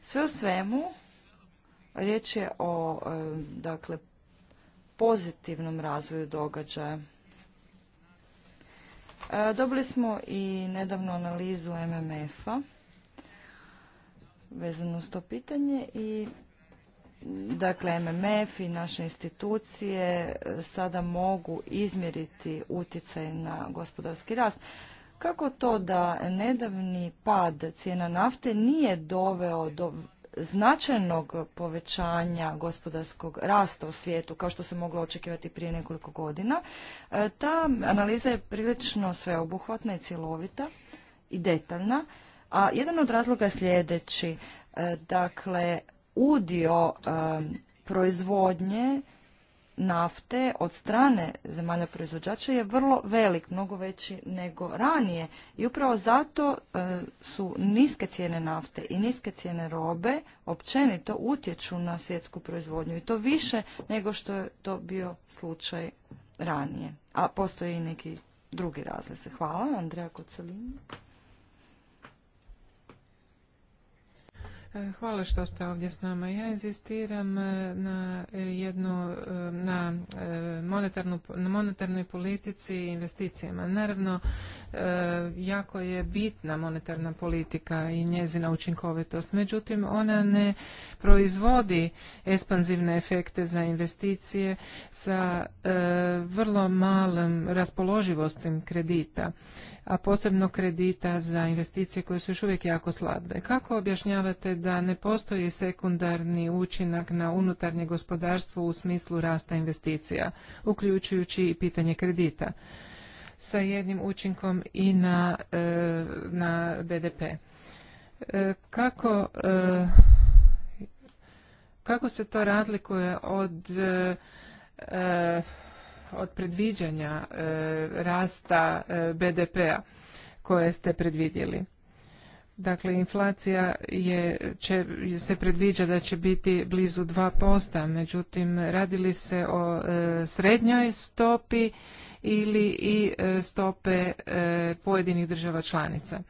Sve u svemu, riječ je o e, dakle, pozitivnom razvoju događaja. E, dobili smo i nedavno analizu MMF-a vezano s to pitanje i Dakle, MMF i naše institucije e, sada mogu izmjeriti utjecaj na gospodarski rast. Kako to da nedavni pad cijena nafte nije doveo do značajnog povećanja gospodarskog rasta u svijetu, kao što se moglo očekivati prije nekoliko godina. E, ta analiza je prilično sveobuhvatna i cjelovita i detaljna, a jedan od razloga je sljedeći. E, dakle, udio proizvodnje nafte od strane zemalja proizvođača je vrlo velik, mnogo veći nego ranije. I upravo zato su niske cijene nafte i niske cijene robe općenito utječu na svjetsku proizvodnju i to više nego što je to bio slučaj ranije. A postoje i neki drugi razlice. Hvala, Andreja Kocolini. E, hvala što ste ovdje s nama. Ja insistiram e, na jednu, e, na monetarnu, na monetarnoj politici i investicijama. Naravno, jako je bitna monetarna politika i njezina učinkovitost. Međutim, ona ne proizvodi ekspanzivne efekte za investicije sa vrlo malom raspoloživostim kredita a posebno kredita za investicije koje su još uvijek jako slabe. Kako objašnjavate da ne postoji sekundarni učinak na unutarnje gospodarstvo u smislu rasta investicija, uključujući i pitanje kredita, sa jednim učinkom i na, e, na BDP. E, kako, e, kako se to razlikuje od od predviđanja rasta BDP-a koje ste predvidjeli. Dakle, inflacija je, će, se predviđa da će biti blizu 2%, međutim, radili se o e, srednjoj stopi ili i e, stope e, pojedinih država članica.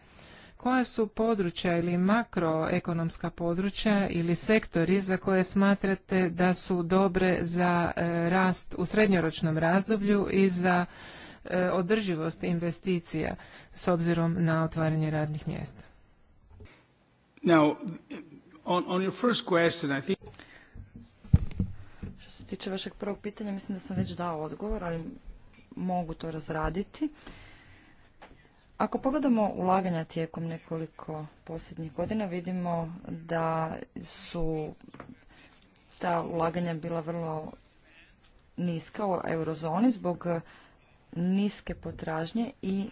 Koja su područja ili makroekonomska područja ili sektori za koje smatrate da su dobre za rast u srednjoročnom razdoblju i za održivost investicija s obzirom na otvaranje radnih mjesta? Now, on, on your first question, I think... Što se tiče vašeg prvog pitanja, mislim da sam već dao odgovor, ali mogu to razraditi. Ako pogledamo ulaganja tijekom nekoliko posljednjih godina, vidimo da su ta ulaganja bila vrlo niska u eurozoni zbog niske potražnje i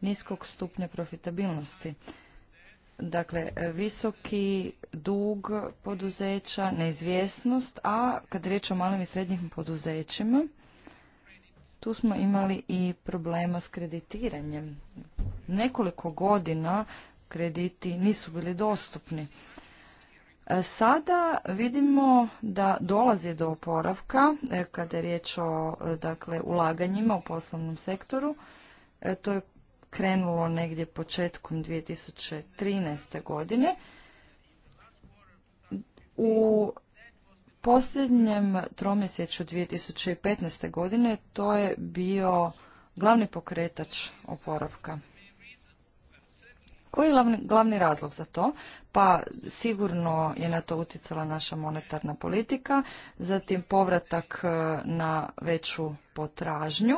niskog stupnja profitabilnosti. Dakle, visoki dug poduzeća, neizvjesnost, a kad je riječ o malim i srednjim poduzećima, tu smo imali i problema s kreditiranjem. Nekoliko godina krediti nisu bili dostupni. E, sada vidimo da dolazi do oporavka e, kada je riječ o e, dakle, ulaganjima u poslovnom sektoru. To je krenulo negdje početkom 2013. godine. U posljednjem tromjesečju 2015. godine to je bio glavni pokretač oporavka. Koji je glavni, glavni razlog za to? Pa sigurno je na to utjecala naša monetarna politika, zatim povratak eh, na veću potražnju,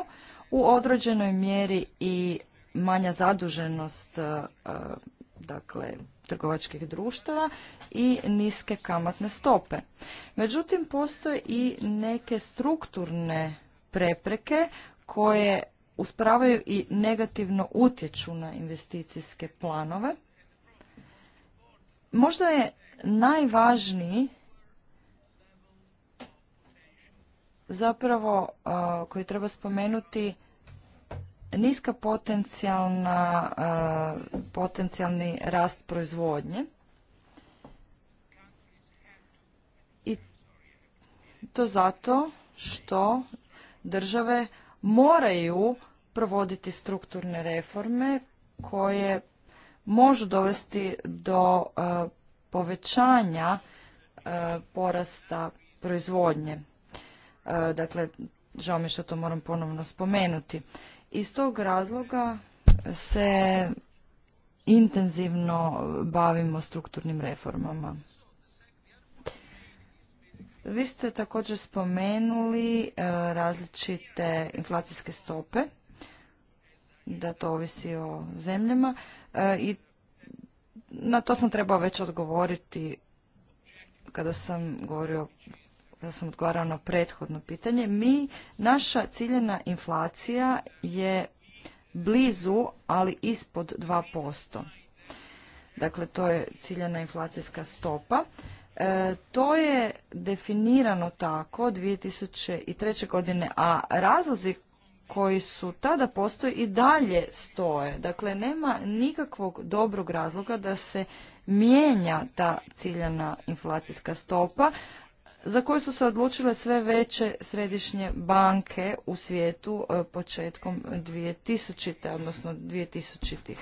u određenoj mjeri i manja zaduženost e, e, dakle trgovačkih društava i niske kamatne stope. Međutim, postoje i neke strukturne prepreke koje uspravaju i negativno utječu na investicijske planove. Možda je najvažniji zapravo koji treba spomenuti niska potencijalna, e, potencijalni rast proizvodnje. I to zato što države moraju provoditi strukturne reforme koje može dovesti do e, povećanja e, porasta proizvodnje. Dakle, žao mi što to moram ponovno spomenuti. Iz tog razloga se intenzivno bavimo strukturnim reformama. Vi ste također spomenuli e, različite inflacijske stope, da to ovisi o zemljama e, i na to sam trebao već odgovoriti kada sam govorio da sam odgovarala na prethodno pitanje, mi, naša ciljena inflacija je blizu, ali ispod 2%. Dakle, to je ciljena inflacijska stopa. E, to je definirano tako 2003. godine, a razlozi koji su tada postoji i dalje stoje. Dakle, nema nikakvog dobrog razloga da se mijenja ta ciljana inflacijska stopa za koje su se odlučile sve veće središnje banke u svijetu e, početkom 2000. odnosno 2000-ih.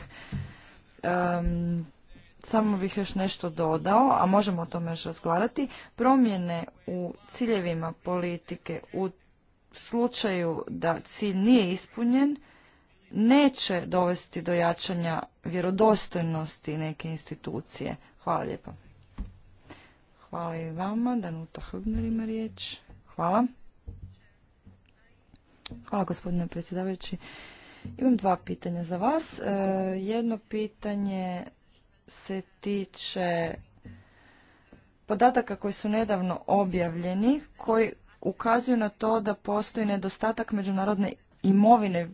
samo bih još nešto dodao, a možemo o tome još razgovarati. Promjene u ciljevima politike u slučaju da cilj nije ispunjen, neće dovesti do jačanja vjerodostojnosti neke institucije. Hvala lijepa. Hvala i vama. Danuta Hrbner ima riječ. Hvala. Hvala gospodine predsjedavajući. Imam dva pitanja za vas. E, jedno pitanje se tiče podataka koji su nedavno objavljeni, koji ukazuju na to da postoji nedostatak međunarodne imovine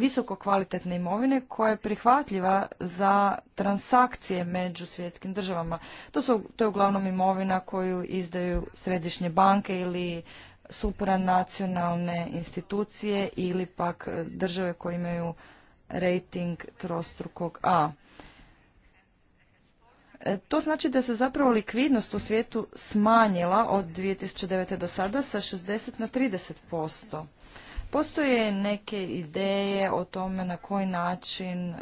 visoko kvalitetne imovine koja je prihvatljiva za transakcije među svjetskim državama. To, su, to je uglavnom imovina koju izdaju središnje banke ili supranacionalne institucije ili pak države koje imaju rating trostrukog A. E, to znači da se zapravo likvidnost u svijetu smanjila od 2009. do sada sa 60 na 30%. Postoje neke ideje o tome na koji način e,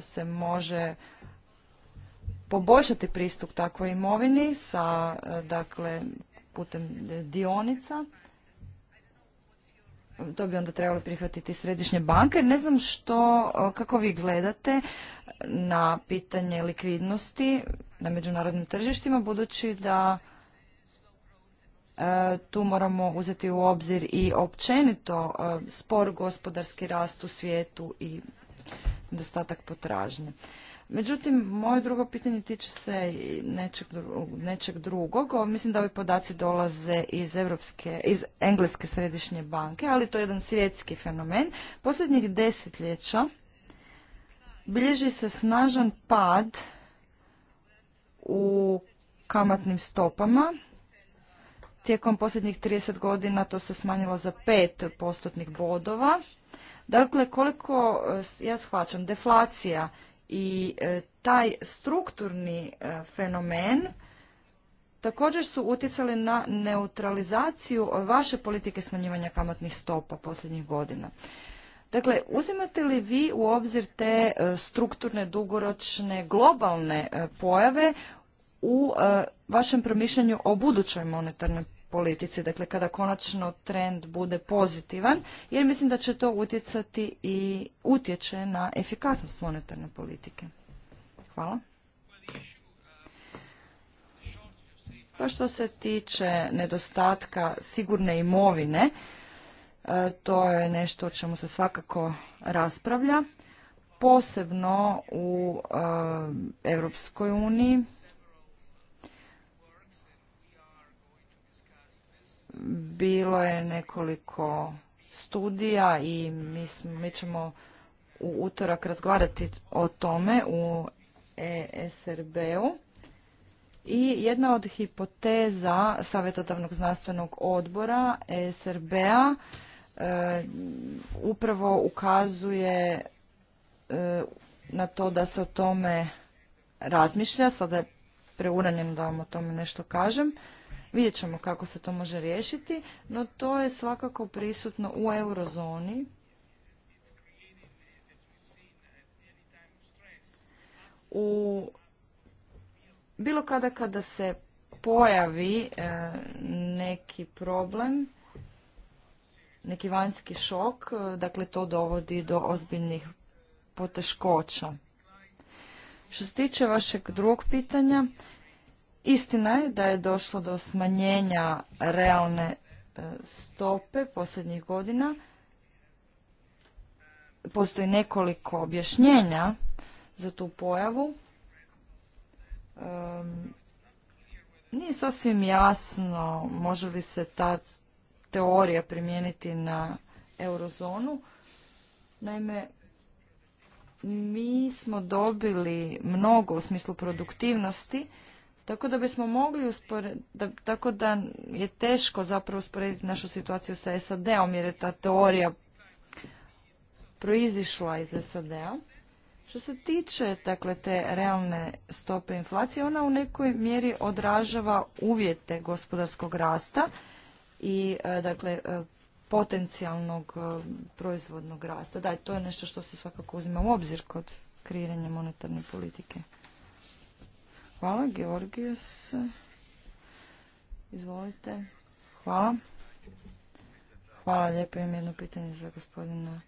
se može poboljšati pristup takvoj imovini sa, e, dakle, putem dionica. To bi onda trebalo prihvatiti središnje banke. Ne znam što, e, kako vi gledate na pitanje likvidnosti na međunarodnim tržištima, budući da tu moramo uzeti u obzir i općenito e, spor gospodarski rast u svijetu i nedostatak potražnje. Međutim, moje drugo pitanje tiče se nečeg, nečeg drugog. Mislim da ovi podaci dolaze iz, Evropske, iz Engleske središnje banke, ali to je jedan svjetski fenomen. Posljednjih desetljeća bilježi se snažan pad u kamatnim stopama Tijekom posljednjih 30 godina to se smanjilo za 5 postotnih bodova. Dakle, koliko e, ja shvaćam, deflacija i e, taj strukturni e, fenomen također su utjecali na neutralizaciju vaše politike smanjivanja kamatnih stopa posljednjih godina. Dakle, uzimate li vi u obzir te strukturne, dugoročne, globalne pojave u vašem promišljanju o budućoj monetarnoj politici, dakle kada konačno trend bude pozitivan, jer mislim da će to utjecati i utječe na efikasnost monetarne politike. Hvala. Pa što se tiče nedostatka sigurne imovine, e, to je nešto o čemu se svakako raspravlja, posebno u e, Europskoj uniji, bilo je nekoliko studija i mi, mi ćemo u utorak razgovarati o tome u ESRB-u. I jedna od hipoteza Savjetodavnog znanstvenog odbora ESRB-a e, upravo ukazuje e, na to da se o tome razmišlja. Sada je preuranjen da vam o tome nešto kažem. Vidjet ćemo kako se to može riješiti, no to je svakako prisutno u eurozoni. U bilo kada kada se pojavi e, neki problem, neki vanjski šok, e, dakle to dovodi do ozbiljnih poteškoća. Što se tiče vašeg drugog pitanja, Istina je da je došlo do smanjenja realne e, stope posljednjih godina. Postoji nekoliko objašnjenja za tu pojavu. nije sasvim jasno može li se ta teorija primijeniti na eurozonu. Naime, mi smo dobili mnogo u smislu produktivnosti, tako da bismo mogli usporediti, tako da je teško zapravo usporediti našu situaciju sa SAD-om jer je ta teorija proizišla iz SAD-a. Što se tiče dakle, te realne stope inflacije, ona u nekoj mjeri odražava uvjete gospodarskog rasta i e, dakle e, potencijalnog e, proizvodnog rasta. Da, to je nešto što se svakako uzima u obzir kod kreiranja monetarne politike. Hvala, georgios Izvolite. Hvala. Hvala lijepo. Imam jedno pitanje za gospodina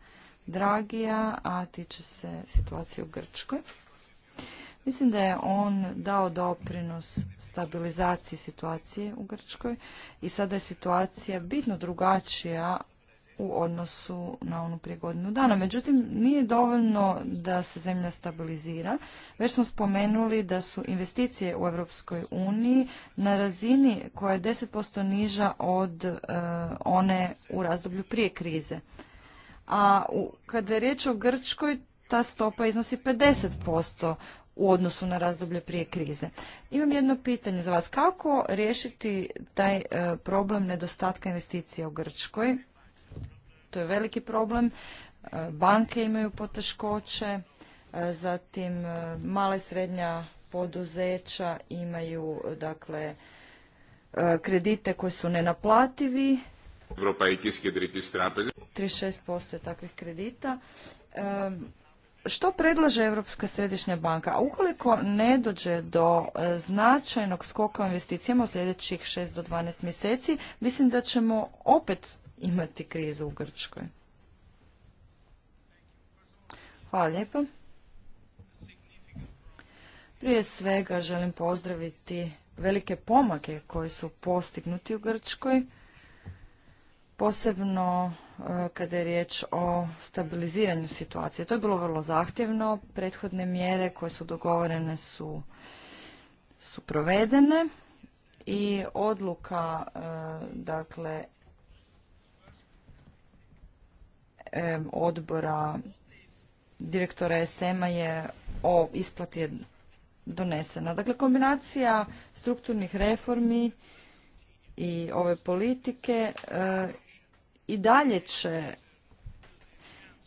Dragija, a tiče se situacije u Grčkoj. Mislim da je on dao doprinos stabilizaciji situacije u Grčkoj i sada je situacija bitno drugačija u odnosu na onu prije godinu dana. Međutim, nije dovoljno da se zemlja stabilizira. Već smo spomenuli da su investicije u Europskoj uniji na razini koja je 10% niža od e, one u razdoblju prije krize. A u, kada je riječ o Grčkoj, ta stopa iznosi 50% u odnosu na razdoblje prije krize. Imam jedno pitanje za vas. Kako riješiti taj e, problem nedostatka investicija u Grčkoj? to je veliki problem. E, banke imaju poteškoće, e, zatim e, male i srednja poduzeća imaju dakle kredite koji su nenaplativi. 36% je takvih kredita. Što predlaže Europska središnja banka? A ukoliko ne dođe do značajnog skoka u investicijama u sljedećih 6 do 12 mjeseci, mislim da ćemo opet imati krizu u Grčkoj. Hvala lijepo. Prije svega želim pozdraviti velike pomake koje su postignuti u Grčkoj, posebno e, kada je riječ o stabiliziranju situacije. To je bilo vrlo zahtjevno, prethodne mjere koje su dogovorene su, su provedene i odluka e, dakle odbora direktora SM-a je o isplati donesena. Dakle, kombinacija strukturnih reformi i ove politike eh, i dalje će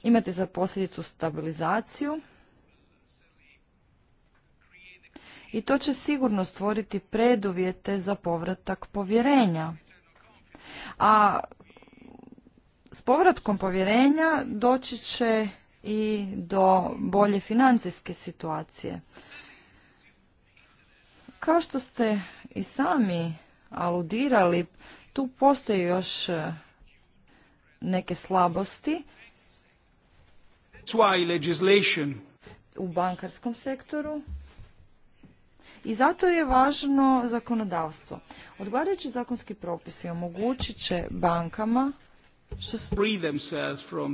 imati za posljedicu stabilizaciju i to će sigurno stvoriti preduvjete za povratak povjerenja. A s povratkom povjerenja doći će i do bolje financijske situacije. Kao što ste i sami aludirali, tu postoji još neke slabosti u bankarskom sektoru i zato je važno zakonodavstvo. Odgovarajući zakonski propisi omogućit će bankama Uh,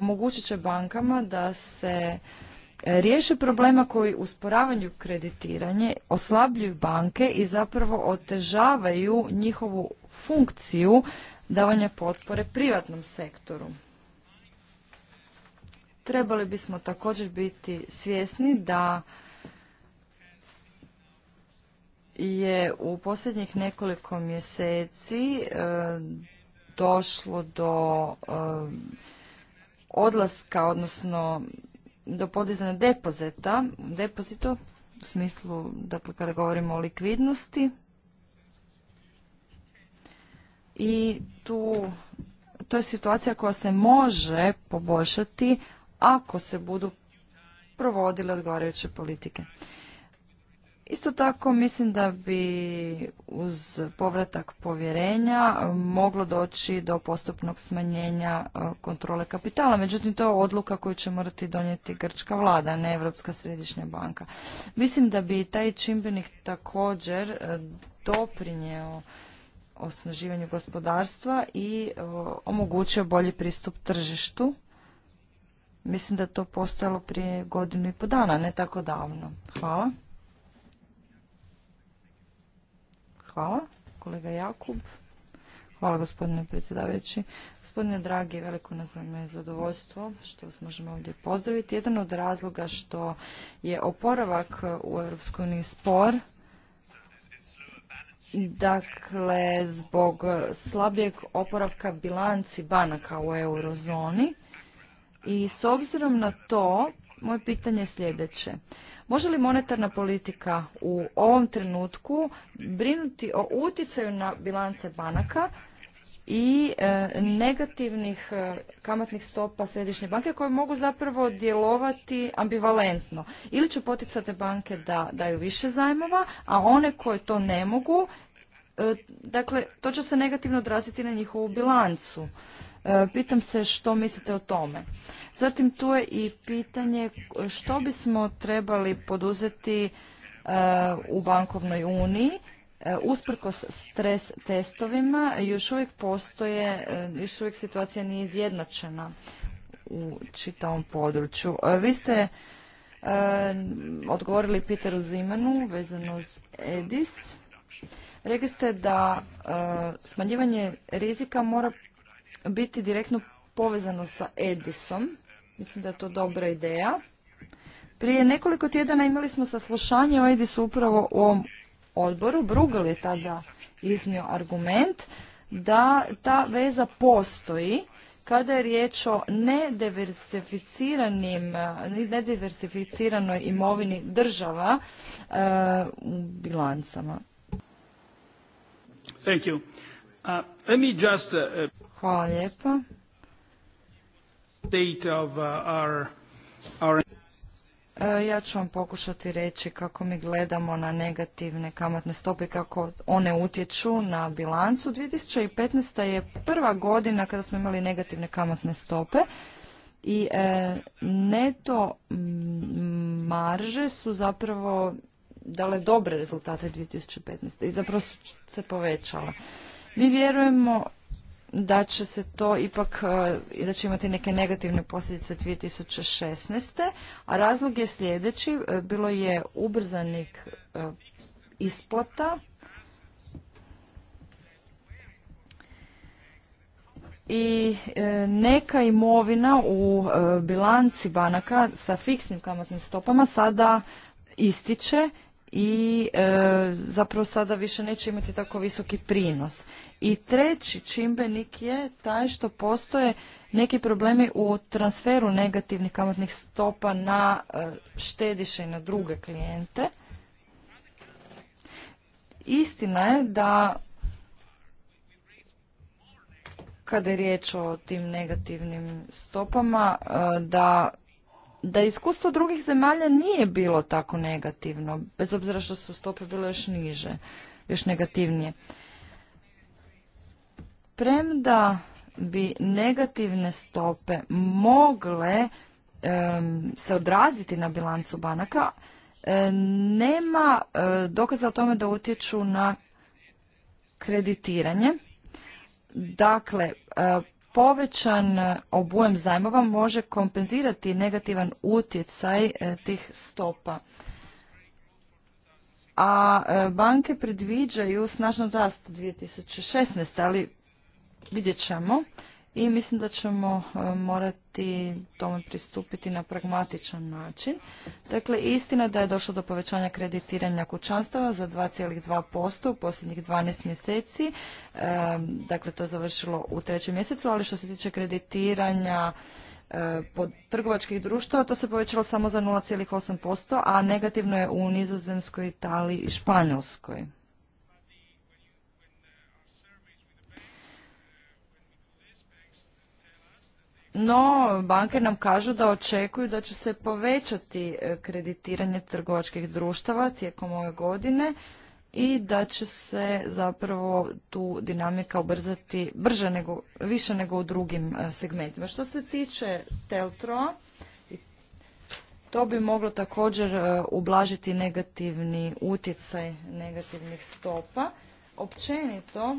Omogućit će bankama da se e, riješe problema koji usporavaju kreditiranje, oslabljuju banke i zapravo otežavaju njihovu funkciju davanja potpore privatnom sektoru. Trebali bismo također biti svjesni da je u posljednjih nekoliko mjeseci e, došlo do e, odlaska, odnosno do podizanja depozita, depozito u smislu, dakle, kada govorimo o likvidnosti. I tu, to je situacija koja se može poboljšati ako se budu provodile odgovarajuće politike. Isto tako mislim da bi uz povratak povjerenja moglo doći do postupnog smanjenja e, kontrole kapitala. Međutim, to je odluka koju će morati donijeti grčka vlada, ne Europska središnja banka. Mislim da bi taj čimbenik također e, doprinjeo osnaživanju gospodarstva i e, omogućio bolji pristup tržištu. Mislim da je to postalo prije godinu i po dana, ne tako davno. Hvala. Hvala, kolega Jakub. Hvala gospodine predsjedavajući. Gospodine dragi, veliko nas je zadovoljstvo što vas možemo ovdje pozdraviti. Jedan od razloga što je oporavak u EU spor, dakle zbog slabijeg oporavka bilanci banaka u eurozoni i s obzirom na to moje pitanje je sljedeće. Može li monetarna politika u ovom trenutku brinuti o utjecaju na bilance banaka i e, negativnih e, kamatnih stopa središnje banke koje mogu zapravo djelovati ambivalentno. Ili će poticati banke da daju više zajmova, a one koje to ne mogu, e, dakle, to će se negativno odraziti na njihovu bilancu. E, pitam se što mislite o tome. Zatim tu je i pitanje što bismo trebali poduzeti e, u bankovnoj uniji. E, usprkos stres testovima još uvijek postoje, još uvijek situacija nije izjednačena u čitavom području. Vi ste odgovorili Peteru Zimanu vezano uz EDIS. Rekli ste da smanjivanje rizika mora biti direktno povezano sa Edisom. Mislim da je to dobra ideja. Prije nekoliko tjedana imali smo saslušanje o Edisu upravo u ovom odboru. Brugal je tada iznio argument da ta veza postoji kada je riječ o nediversificiranim, nediversificiranoj imovini država e, u bilancama. Thank you. Uh, uh, Hvala lijepa. Uh, e, ja ću vam pokušati reći kako mi gledamo na negativne kamatne stope, kako one utječu na bilancu. 2015. je prva godina kada smo imali negativne kamatne stope i e, neto marže su zapravo dale dobre rezultate 2015. i zapravo se povećala. Mi vjerujemo da će se to ipak e, i da će imati neke negativne posljedice 2016. A razlog je sljedeći, e, bilo je ubrzanih e, isplata i neka imovina u bilanci banaka sa fiksnim kamatnim stopama sada ističe i zapravo sada više neće imati tako visoki prinos. I treći čimbenik je taj što postoje neki problemi u transferu negativnih kamatnih stopa na e, štediše i na druge klijente. Istina je da kada je riječ o tim negativnim stopama, e, da, da iskustvo drugih zemalja nije bilo tako negativno, bez obzira što su stope bile još niže, još negativnije. Premda bi negativne stope mogle se odraziti na bilancu banaka, nema e, dokaza o tome da utječu na kreditiranje. Dakle, e, povećan obujem zajmova može kompenzirati negativan utjecaj e, tih stopa. A banke predviđaju snažan rast 2016. ali vidjet ćemo i mislim da ćemo e, morati tome pristupiti na pragmatičan način. Dakle, istina da je došlo do povećanja kreditiranja kućanstava za 2,2% u posljednjih 12 mjeseci. E, dakle, to je završilo u trećem mjesecu, ali što se tiče kreditiranja e, pod trgovačkih društava, to se povećalo samo za 0,8%, a negativno je u Nizozemskoj, Italiji i Španjolskoj. No, banke nam kažu da očekuju da će se povećati e, kreditiranje trgovačkih društava tijekom ove godine i da će se zapravo tu dinamika ubrzati brže nego, više nego u drugim e, segmentima. Što se tiče Teltroa, to bi moglo također e, ublažiti negativni utjecaj negativnih stopa. Općenito,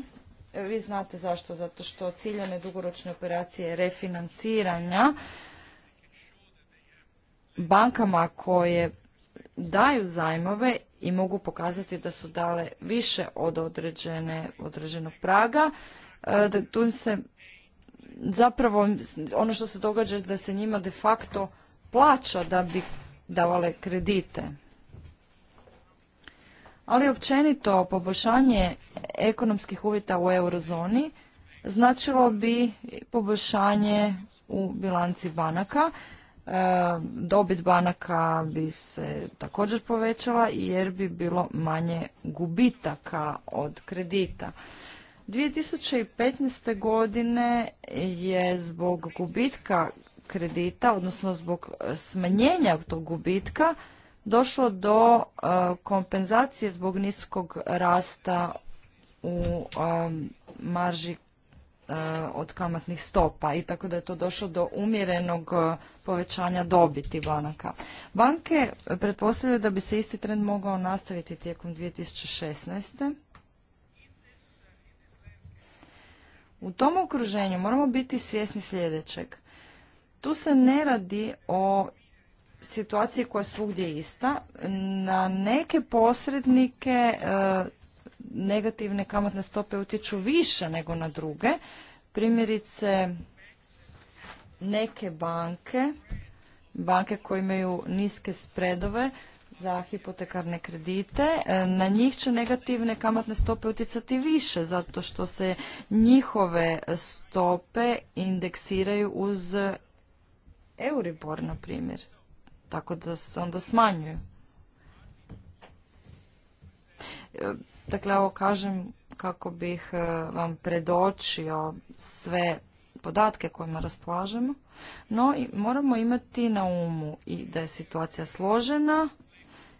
vi znate zašto, zato što ciljane dugoročne operacije refinanciranja bankama koje daju zajmove i mogu pokazati da su dale više od određene, određenog praga, e, da tu se zapravo ono što se događa je da se njima de facto plaća da bi davale kredite ali općenito poboljšanje ekonomskih uvjeta u eurozoni značilo bi poboljšanje u bilanci banaka. E, dobit banaka bi se također povećala jer bi bilo manje gubitaka od kredita. 2015. godine je zbog gubitka kredita, odnosno zbog smanjenja tog gubitka, došlo do e, kompenzacije zbog niskog rasta u e, marži e, od kamatnih stopa i tako da je to došlo do umjerenog povećanja dobiti banaka. Banke pretpostavljaju da bi se isti trend mogao nastaviti tijekom 2016. U tom okruženju moramo biti svjesni sljedećeg. Tu se ne radi o situacije koja je svugdje ista. Na neke posrednike e, negativne kamatne stope utječu više nego na druge. Primjerice, neke banke, banke koje imaju niske spredove za hipotekarne kredite, e, na njih će negativne kamatne stope utjecati više, zato što se njihove stope indeksiraju uz Euribor, na primjer tako da se onda smanjuju. E, dakle, ovo kažem kako bih e, vam predočio sve podatke kojima raspolažemo, no moramo imati na umu i da je situacija složena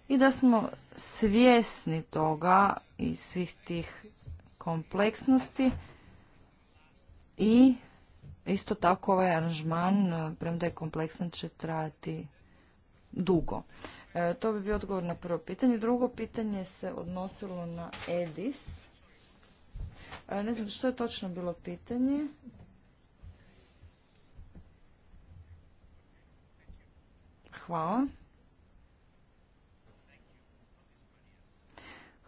i da smo svjesni toga i svih tih kompleksnosti i isto tako ovaj aranžman, e, premda je kompleksan, će trajati dugo. E, to bi bio odgovor na prvo pitanje. Drugo pitanje se odnosilo na EDIS. E, ne znam što je točno bilo pitanje. Hvala.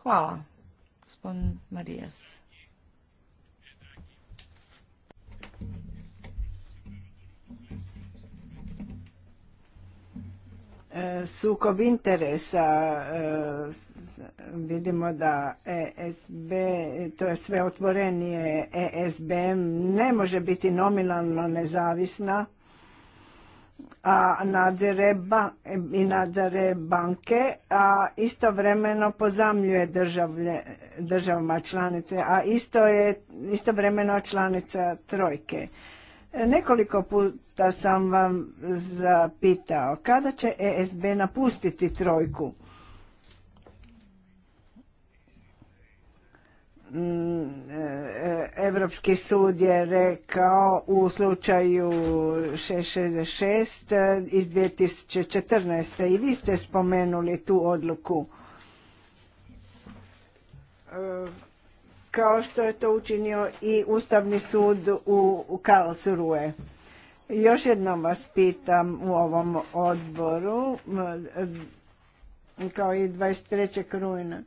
Hvala, gospodin Marijas. E, sukob interesa, e, vidimo da ESB, to je sve otvorenije, ESB ne može biti nominalno nezavisna, a nadzire i banke, a istovremeno pozamljuje državama članice, a isto je istovremeno članica trojke. Nekoliko puta sam vam zapitao kada će ESB napustiti trojku. Mm, e, Evropski sud je rekao u slučaju 666 e, iz 2014. i vi ste spomenuli tu odluku e, kao što je to učinio i Ustavni sud u, Karlsruhe. Još jednom vas pitam u ovom odboru, kao i 23. rujna.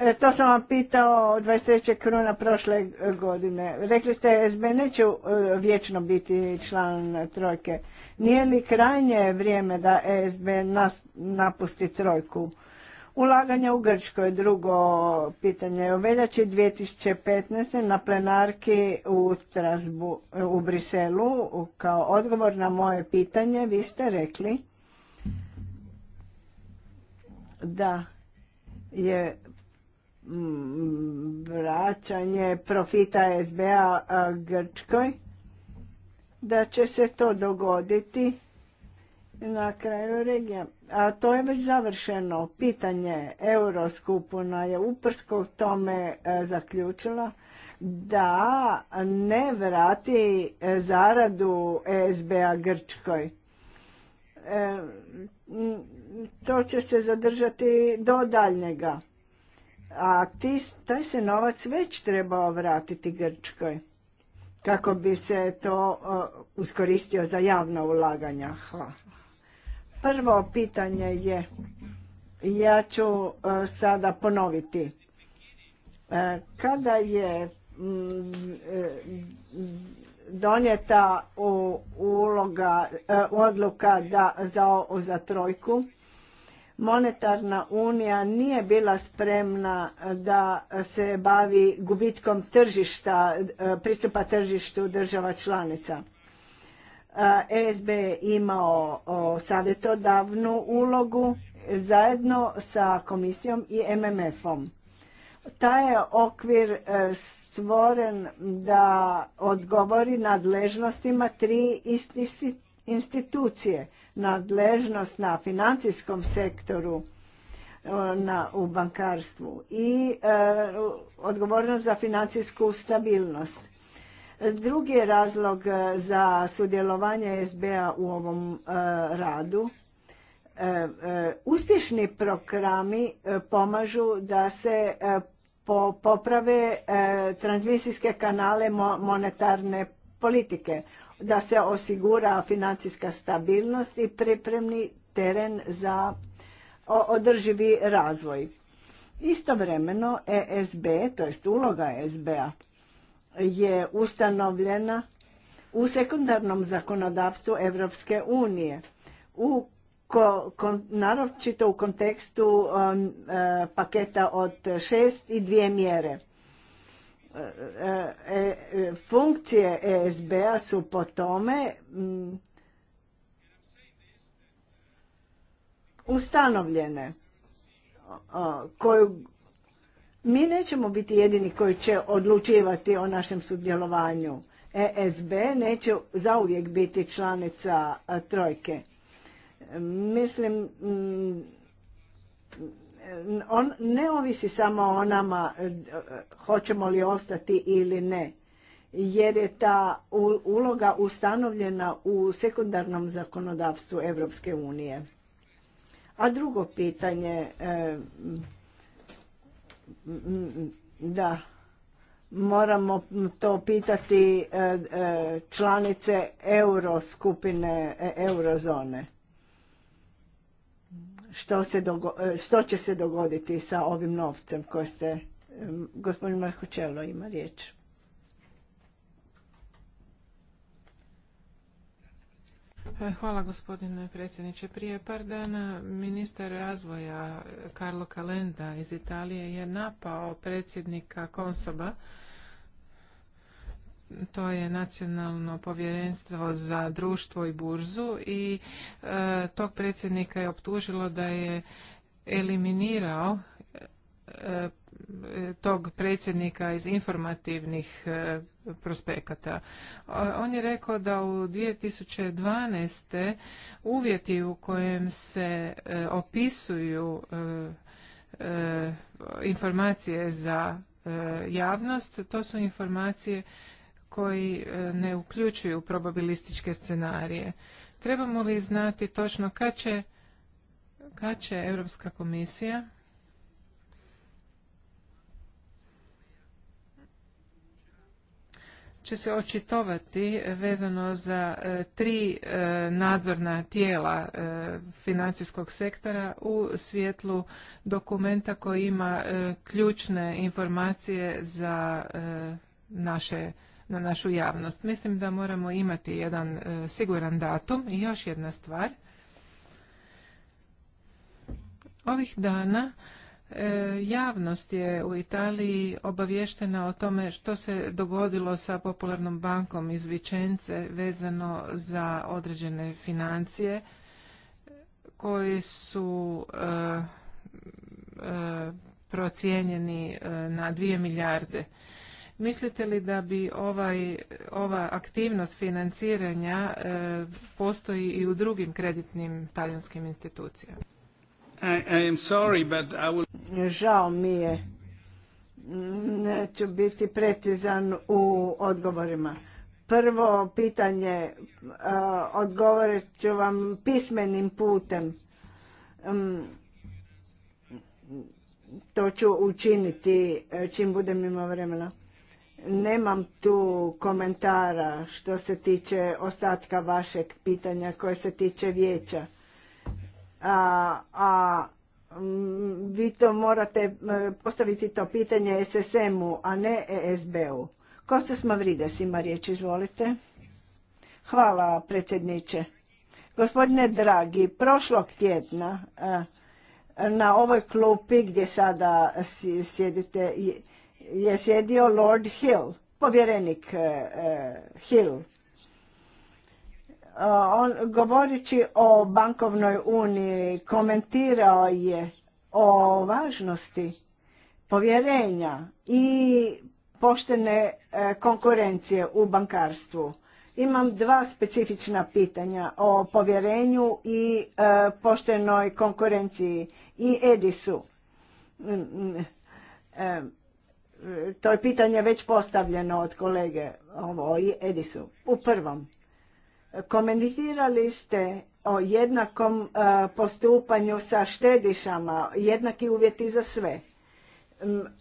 E, to sam vam pitao 23. rujna prošle godine. Rekli ste, SB neće vječno biti član trojke. Nije li krajnje vrijeme da e SB nas, napusti trojku? Ulaganja u je drugo pitanje. U veljači 2015. na plenarki u, Strasbu, u Briselu, kao odgovor na moje pitanje, vi ste rekli da je mm, vraćanje profita SBA Grčkoj, da će se to dogoditi na kraju regija a to je već završeno. Pitanje Euroskupuna je uprsko tome e, zaključila da ne vrati e, zaradu ESB-a Grčkoj. E, to će se zadržati do daljnjega. A ti, taj se novac već trebao vratiti Grčkoj kako bi se to uh, uskoristio za javna ulaganja. Hvala. Prvo pitanje je, ja ću e, sada ponoviti. E, kada je mm, e, donijeta uloga, odluka da, za, za trojku, monetarna unija nije bila spremna da se bavi gubitkom tržišta, pristupa tržištu država članica. ESB je imao savjetodavnu ulogu zajedno sa komisijom i MMF-om. Taj je okvir e, stvoren da odgovori nadležnostima tri institucije. Nadležnost na financijskom sektoru, e, u bankarstvu i e, odgovornost za financijsku stabilnost. Drugi razlog e, za sudjelovanje SBA u ovom e, radu e, uspješni programi pomažu da se poprave transmisijske kanale monetarne politike, da se osigura financijska stabilnost i pripremni teren za održivi razvoj. Istovremeno ESB, to jest uloga SB-a, je ustanovljena u sekundarnom zakonodavstvu Europske unije, u, naročito u kontekstu um, e, paketa od šest i dvije mjere. E, e, funkcije ESB-a su po tome ustanovljene, koju mi nećemo biti jedini koji će odlučivati o našem sudjelovanju. ESB neće zauvijek biti članica trojke. Mislim, mm, on ne ovisi samo o nama e, hoćemo li ostati ili ne, jer je ta uloga ustanovljena u sekundarnom zakonodavstvu Europske unije. A drugo pitanje, e, da moramo to pitati e, e, članice euro skupine e, eurozone. Što, se što će se dogoditi sa ovim novcem koje ste, gospodin Markočelo ima riječ. E, hvala gospodine predsjedniče. Prije par dana ministar razvoja Carlo Calenda iz Italije je napao predsjednika Konsoba. To je nacionalno povjerenstvo za društvo i burzu i e, tog predsjednika je optužilo da je eliminirao E, tog predsjednika iz informativnih e, prospekata. On je rekao da u 2012. uvjeti u kojem se e, opisuju informacije za javnost, to su informacije koji ne uključuju probabilističke scenarije. Trebamo li znati točno kad će, kad će Europska komisija će se očitovati vezano za e, tri e, nadzorna tijela e, financijskog sektora u svjetlu dokumenta koji ima ključne informacije za naše na našu javnost. Mislim da moramo imati jedan siguran datum i još jedna stvar. Ovih dana E, javnost je u Italiji obavještena o tome što se dogodilo sa popularnom bankom iz Vičence vezano za određene financije koji su e, e, procijenjeni na 2 milijarde. Mislite li da bi ovaj, ova aktivnost financiranja postoji i u drugim kreditnim talijanskim institucijama? I, I Žao mi je, neću biti precizan u odgovorima. Prvo pitanje e, odgovorit ću vam pismenim putem. Mm, to ću učiniti e, čim budem imao vremena. Nemam tu komentara što se tiče ostatka vašeg pitanja koje se tiče vijeća. A, a Mm, vi to morate e, postaviti to pitanje SSM-u, a ne ESB-u. Kostas Mavrides ima riječ, izvolite. Hvala, predsjedniče. Gospodine dragi, prošlog tjedna e, na ovoj klupi gdje sada sjedite je sjedio Lord Hill, povjerenik e, Hill Uh, on, govoreći o bankovnoj uniji, komentirao je o važnosti povjerenja i poštene uh, konkurencije u bankarstvu. Imam dva specifična pitanja o povjerenju i uh, poštenoj konkurenciji i Edisu. Mm, mm, to je pitanje već postavljeno od kolege ovo, i Edisu. U prvom Komentirali ste o jednakom e, postupanju sa štedišama, jednaki uvjeti za sve.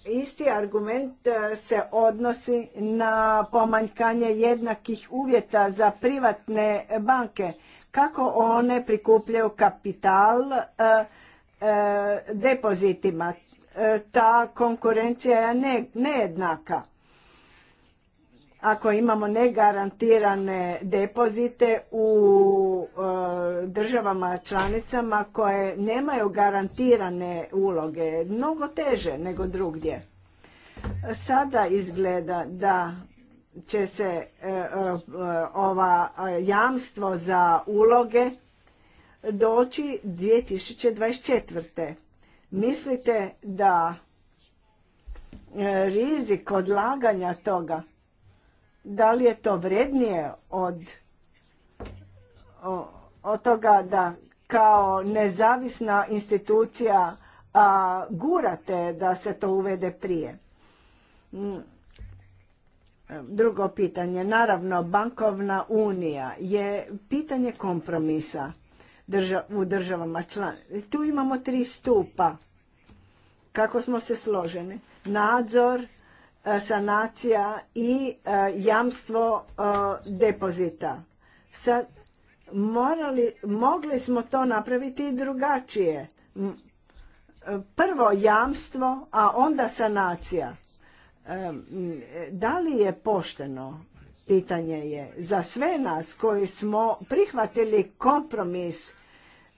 Isti argument e, se odnosi na pomanjkanje jednakih uvjeta za privatne banke. Kako one prikupljaju kapital e, depozitima? ta konkurencija je nejednaka. Ako imamo negarantirane depozite u e, državama članicama koje nemaju garantirane uloge, mnogo teže nego drugdje. Sada izgleda da će se e, e, ova jamstvo za uloge doći 2024. Mislite da rizik odlaganja toga da li je to vrednije od, od toga da kao nezavisna institucija gurate da se to uvede prije? Mm. Drugo pitanje, naravno bankovna unija je pitanje kompromisa u državama član. Tu imamo tri stupa. Kako smo se složeni? Nadzor, E, sanacija i e, jamstvo e, depozita. Sad, mogli smo to napraviti i drugačije. Prvo jamstvo, a onda sanacija. Da li je pošteno? Pitanje je za sve nas koji smo prihvatili kompromis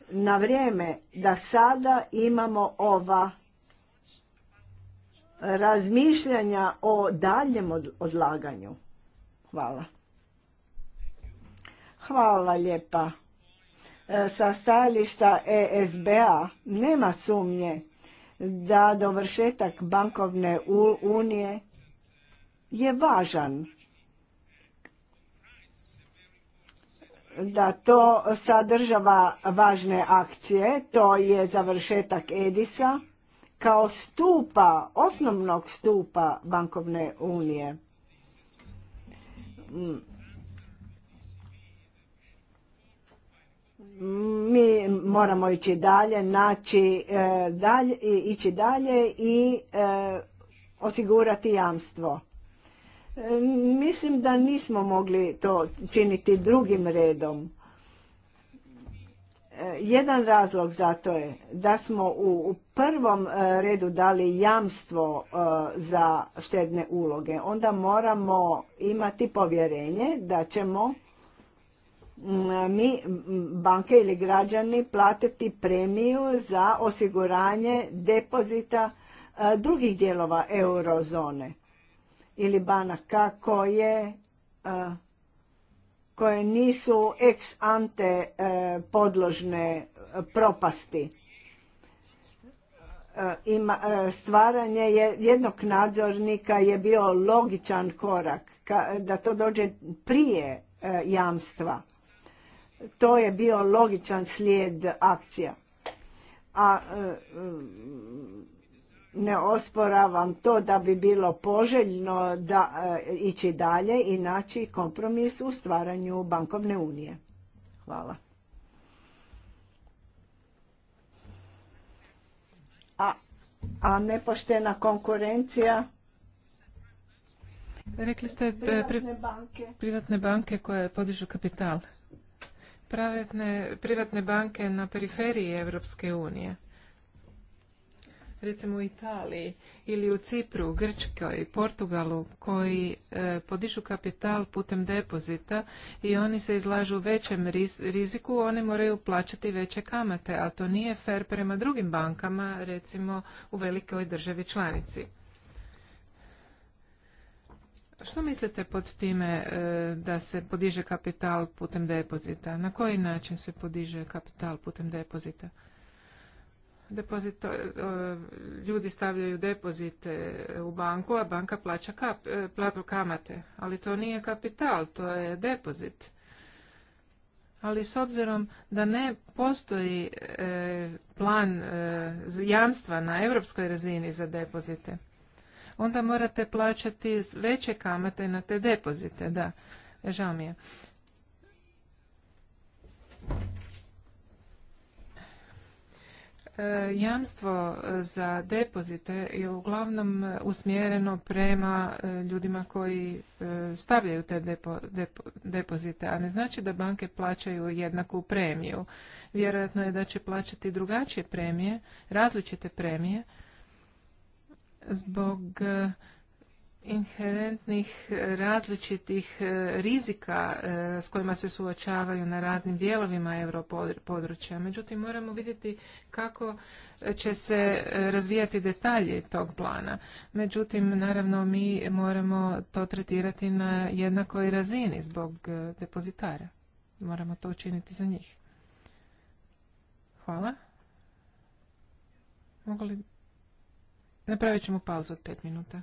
na vrijeme da sada imamo ova razmišljanja o daljem odlaganju. Hvala. Hvala lijepa. E, sa stajališta ESBA nema sumnje da dovršetak bankovne unije je važan. Da to sadržava važne akcije, to je završetak Edisa kao stupa, osnovnog stupa bankovne unije. Mi moramo ići dalje, naći e, dalje, ići dalje i e, osigurati jamstvo. E, mislim da nismo mogli to činiti drugim redom. Jedan razlog za to je da smo u prvom e, redu dali jamstvo e, za štedne uloge. Onda moramo imati povjerenje da ćemo mi banke ili građani platiti premiju za osiguranje depozita e, drugih dijelova eurozone ili banaka koje koje nisu ex ante e, podložne e, propasti. E, ima, stvaranje jednog nadzornika je bio logičan korak ka, da to dođe prije jamstva. To je bio logičan slijed akcija. A ne osporavam to da bi bilo poželjno da e, ići dalje i naći kompromis u stvaranju bankovne unije. Hvala. A, nepoštena konkurencija? Rekli ste e, privatne banke, koje podižu kapital. Privatne, privatne banke na periferiji Europske unije recimo u Italiji ili u Cipru, Grčkoj, Portugalu koji e, podižu kapital putem depozita i oni se izlažu većem riziku, oni moraju plaćati veće kamate, a to nije fer prema drugim bankama, recimo u velikoj državi članici. Što mislite pod time e, da se podiže kapital putem depozita? Na koji način se podiže kapital putem depozita? depozito, e, ljudi stavljaju depozite u banku, a banka plaća kap, e, kamate. Ali to nije kapital, to je depozit. Ali s obzirom da ne postoji e, plan jamstva na europskoj razini za depozite, onda morate plaćati veće kamate na te depozite, da. Žao mi je. E, jamstvo e, za depozite je uglavnom usmjereno prema e, ljudima koji stavljaju te depo, depozite, a ne znači da banke plaćaju jednaku premiju. Vjerojatno je da će plaćati drugačije premije, različite premije, zbog inherentnih e, različitih e, rizika e, s kojima se suočavaju na raznim dijelovima europodručja. Međutim, moramo vidjeti kako će se razvijati detalje tog plana. Međutim, naravno, mi moramo to tretirati na jednakoj razini zbog depozitara. Moramo to učiniti za njih. Hvala. Mogu li... Napravit ćemo pauzu od pet minuta.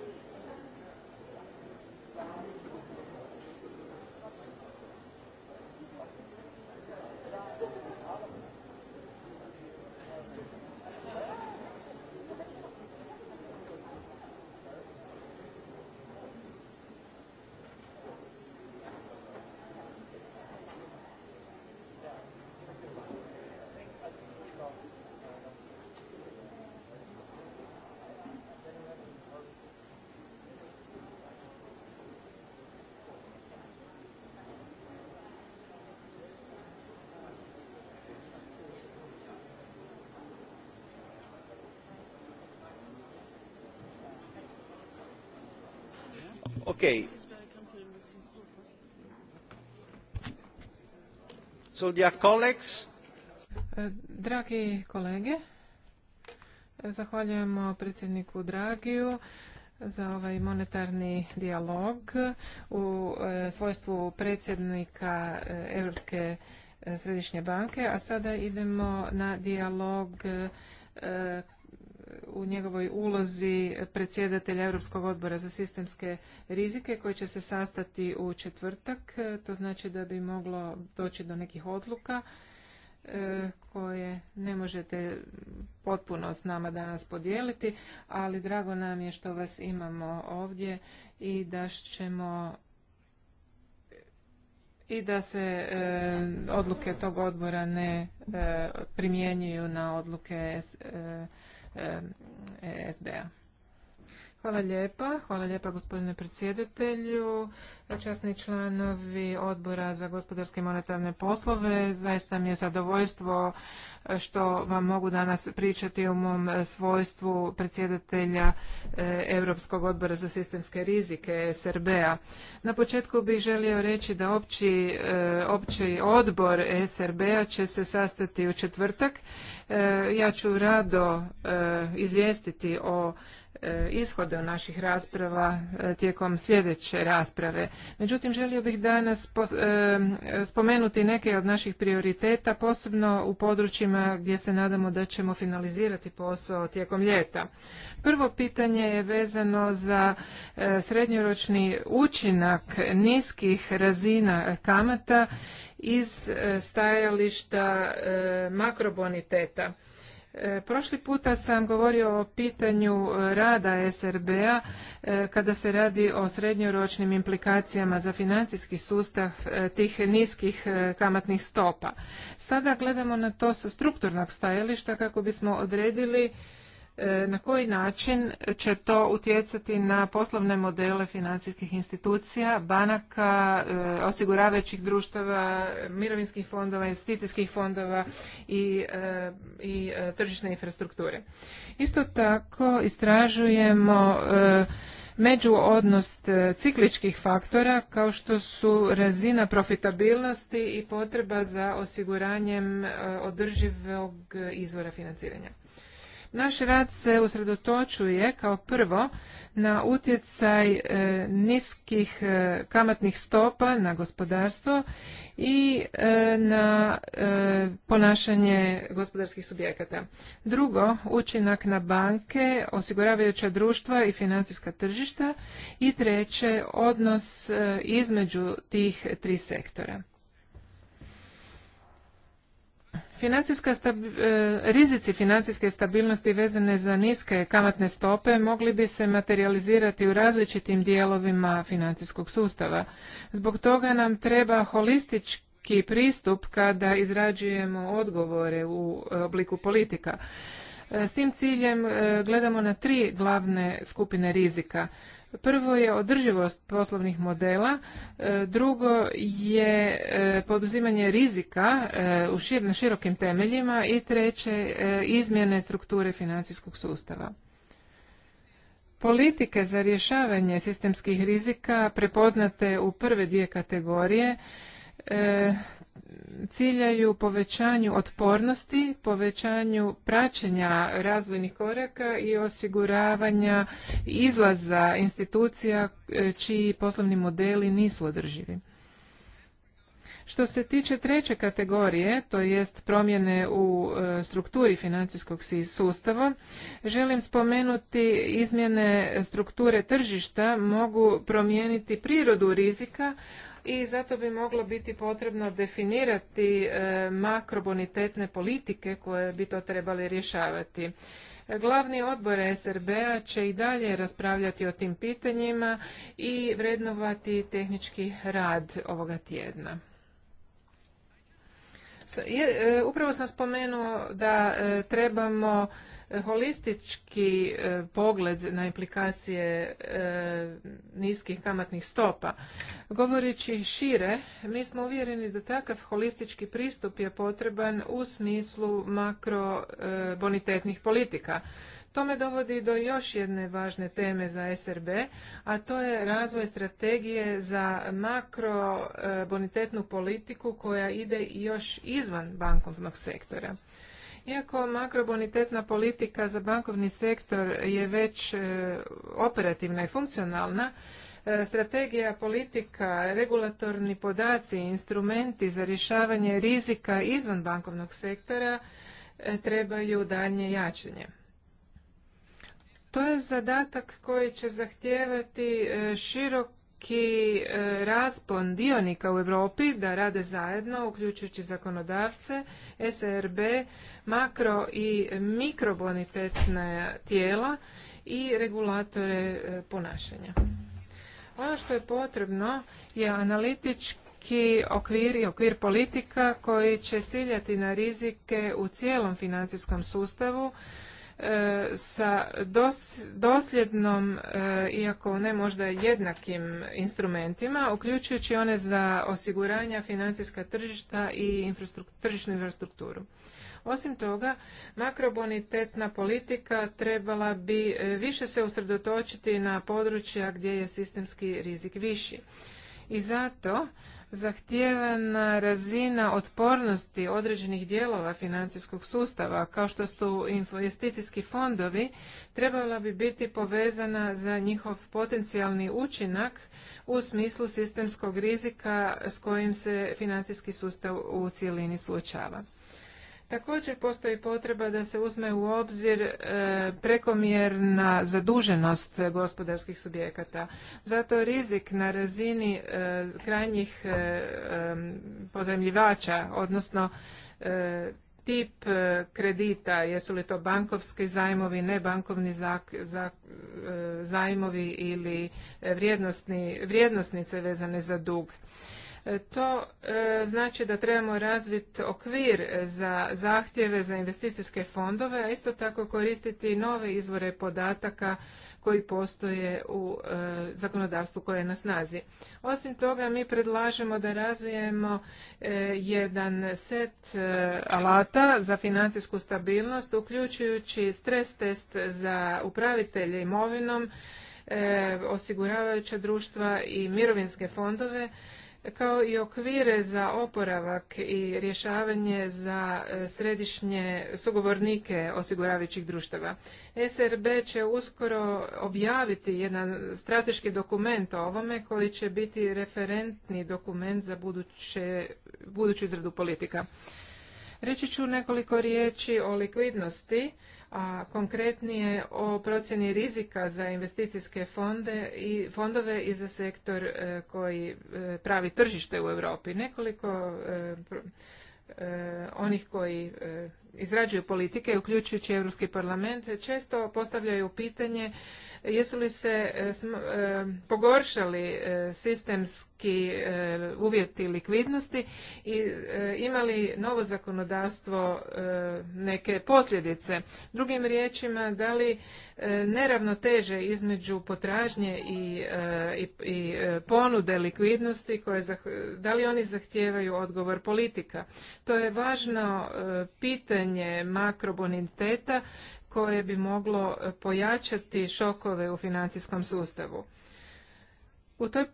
Hvala Okay. So dear colleagues. E, dragi kolege, zahvaljujemo predsjedniku Dragiju za ovaj monetarni dijalog u e, svojstvu predsjednika e, Europske središnje banke, a sada idemo na dijalog u njegovoj ulozi predsjedatelja Europskog odbora za sistemske rizike koji će se sastati u četvrtak. E, to znači da bi moglo doći do nekih odluka e, koje ne možete potpuno s nama danas podijeliti, ali drago nam je što vas imamo ovdje i da ćemo i da se e, odluke tog odbora ne primjenjuju na odluke Eh, eh, SDA. Hvala lijepa. Hvala lijepa gospodine predsjedatelju. Časni članovi odbora za gospodarske i monetarne poslove, zaista mi je zadovoljstvo što vam mogu danas pričati o mom svojstvu predsjedatelja e, Europskog odbora za sistemske rizike SRB-a. Na početku bih želio reći da opći, e, opći odbor SRB-a će se sastati u četvrtak. E, ja ću rado izvijestiti o E, ishode naših rasprava e, tijekom sljedeće rasprave. Međutim, želio bih danas e, spomenuti neke od naših prioriteta, posebno u područjima gdje se nadamo da ćemo finalizirati posao tijekom ljeta. Prvo pitanje je vezano za srednjoročni učinak niskih razina kamata iz stajališta makroboniteta. E, prošli puta sam govorio o pitanju e, rada SRB-a e, kada se radi o srednjoročnim implikacijama za financijski sustav tih niskih kamatnih stopa. Sada gledamo na to sa strukturnog stajališta kako bismo odredili E, na koji način će to utjecati na poslovne modele financijskih institucija, banaka, e, osiguravajućih društava, mirovinskih fondova, investicijskih fondova i, e, i tržišne infrastrukture. Isto tako istražujemo odnost cikličkih faktora kao što su razina profitabilnosti i potreba za osiguranjem održivog izvora financiranja. Naš rad se usredotočuje kao prvo na utjecaj e, niskih e, kamatnih stopa na gospodarstvo i e, na ponašanje gospodarskih subjekata. Drugo, učinak na banke, osiguravajuća društva i financijska tržišta i treće, odnos između tih tri sektora. Financijska e, rizici financijske stabilnosti vezane za niske kamatne stope mogli bi se materializirati u različitim dijelovima financijskog sustava. Zbog toga nam treba holistički pristup kada izrađujemo odgovore u obliku politika. E, s tim ciljem e, gledamo na tri glavne skupine rizika. Prvo je održivost poslovnih modela, e, drugo je e, poduzimanje rizika e, na širokim temeljima i treće izmjene strukture financijskog sustava. Politike za rješavanje sistemskih rizika prepoznate u prve dvije kategorije ciljaju povećanju otpornosti, povećanju praćenja razvojnih koraka i osiguravanja izlaza institucija e, čiji poslovni modeli nisu održivi. Što se tiče treće kategorije, to jest promjene u e, strukturi financijskog sustava, želim spomenuti izmjene strukture tržišta mogu promijeniti prirodu rizika, i zato bi moglo biti potrebno definirati e, makrobonitetne politike koje bi to trebali rješavati. Glavni odbor SRB-a će i dalje raspravljati o tim pitanjima i vrednovati tehnički rad ovoga tjedna. E, upravo sam spomenuo da e, trebamo holistički e, pogled na implikacije e, niskih kamatnih stopa. Govoreći šire, mi smo uvjereni da takav holistički pristup je potreban u smislu makrobonitetnih e, politika. To me dovodi do još jedne važne teme za SRB, a to je razvoj strategije za makrobonitetnu politiku koja ide još izvan bankovnog sektora. Iako makrobonitetna politika za bankovni sektor je već e, operativna i funkcionalna, e, strategija politika, regulatorni podaci, i instrumenti za rješavanje rizika izvan bankovnog sektora e, trebaju daljnje jačanje. To je zadatak koji će zahtijevati širok veliki e, raspon dionika u Europi da rade zajedno, uključujući zakonodavce, SRB, makro i mikrobonitetna tijela i regulatore e, ponašanja. Ono što je potrebno je analitički okvir i okvir politika koji će ciljati na rizike u cijelom financijskom sustavu, E, sa dosljednom, e, iako ne možda jednakim instrumentima, uključujući one za osiguranja, financijska tržišta i tržišnu infrastrukturu. Osim toga, makrobonitetna politika trebala bi e, više se usredotočiti na područja gdje je sistemski rizik viši. I zato zahtijevana razina otpornosti određenih dijelova financijskog sustava, kao što su investicijski fondovi, trebala bi biti povezana za njihov potencijalni učinak u smislu sistemskog rizika s kojim se financijski sustav u cijelini suočava. Također postoji potreba da se uzme u obzir e, prekomjerna zaduženost gospodarskih subjekata. Zato rizik na razini e, krajnjih e, pozemljivača, odnosno tip kredita, jesu li to bankovski zajmovi, nebankovni bankovni zajmovi ili vrijednosni, vrijednosnice vezane za dug. E, to e, znači da trebamo razviti okvir za zahtjeve za investicijske fondove, a isto tako koristiti nove izvore podataka koji postoje u e, zakonodavstvu koje je na snazi. Osim toga, mi predlažemo da razvijemo jedan set alata za financijsku stabilnost, uključujući stres test za upravitelje imovinom, osiguravajuća društva i mirovinske fondove, kao i okvire za oporavak i rješavanje za e, središnje sugovornike osiguravajućih društava. SRB će uskoro objaviti jedan strateški dokument o ovome koji će biti referentni dokument za buduće, buduću izradu politika. Reći ću nekoliko riječi o likvidnosti a konkretnije o procjeni rizika za investicijske fonde i fondove i za sektor e, koji e, pravi tržište u Europi. Nekoliko e, onih koji izrađuju politike, uključujući Europski parlament, često postavljaju pitanje jesu li se e, e, pogoršali e, sistemski uvjeti likvidnosti i imali novo zakonodavstvo neke posljedice. Drugim riječima, da li neravnoteže između potražnje i, ponude likvidnosti, koje, da li oni zahtijevaju odgovor politika? To je važno pitanje makroboniteta koje bi moglo e, pojačati šokove u financijskom sustavu.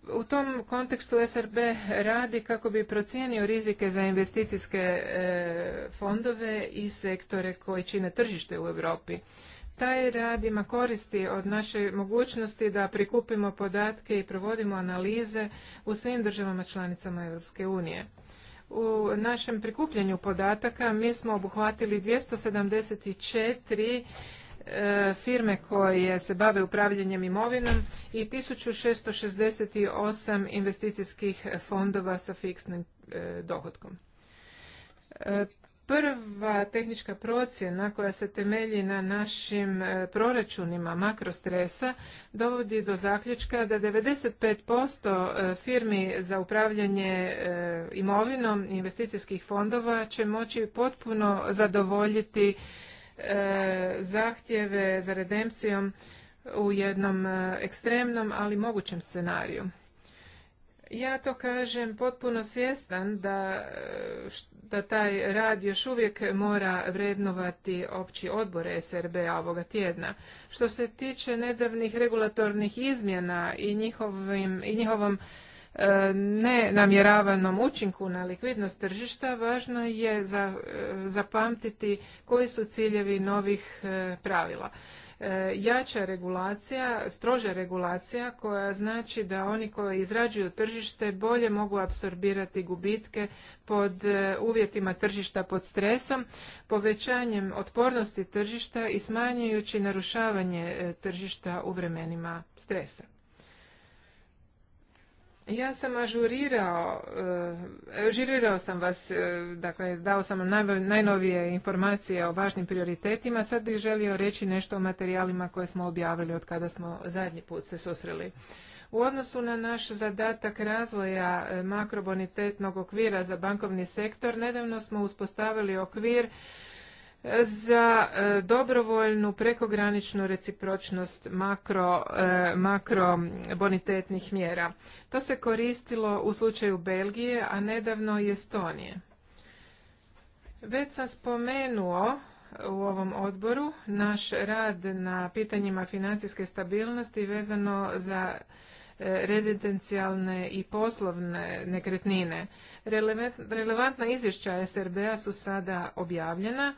U, tom kontekstu SRB radi kako bi procijenio rizike za investicijske e, fondove i sektore koji čine tržište u Europi. Taj rad ima koristi od naše mogućnosti da prikupimo podatke i provodimo analize u svim državama članicama Europske unije. U našem prikupljanju podataka mi smo obuhvatili 274 e, firme koje se bave upravljanjem imovinom i 1668 investicijskih fondova sa fiksnim e, dohodkom. E, prva tehnička procjena koja se temelji na našim e, proračunima makrostresa dovodi do zaključka da 95% e, firmi za upravljanje e, imovinom investicijskih fondova će moći potpuno zadovoljiti zahtjeve za redempcijom u jednom ekstremnom, ali mogućem scenariju ja to kažem potpuno svjestan da, e, da taj rad još uvijek mora vrednovati opći odbor SRB-a ovoga tjedna. Što se tiče nedavnih regulatornih izmjena i, njihovim, i njihovom e, nenamjeravanom učinku na likvidnost tržišta, važno je e, zapamtiti koji su ciljevi novih e, pravila. E, jača regulacija, stroža regulacija koja znači da oni koji izrađuju tržište bolje mogu apsorbirati gubitke pod e, uvjetima tržišta pod stresom, povećanjem otpornosti tržišta i smanjujući narušavanje e, tržišta u vremenima stresa. Ja sam ažurirao, eh, ažurirao sam vas, eh, dakle dao sam vam najnovije informacije o važnim prioritetima, sad bih želio reći nešto o materijalima koje smo objavili od kada smo zadnji put se susreli. U odnosu na naš zadatak razvoja eh, makrobonitetnog okvira za bankovni sektor, nedavno smo uspostavili okvir za e, dobrovoljnu prekograničnu recipročnost makrobonitetnih e, mjera. To se koristilo u slučaju Belgije, a nedavno i Estonije. Već sam spomenuo u ovom odboru naš rad na pitanjima financijske stabilnosti vezano za e, rezidencijalne i poslovne nekretnine. Relevantna izvješća SRB-a su sada objavljena,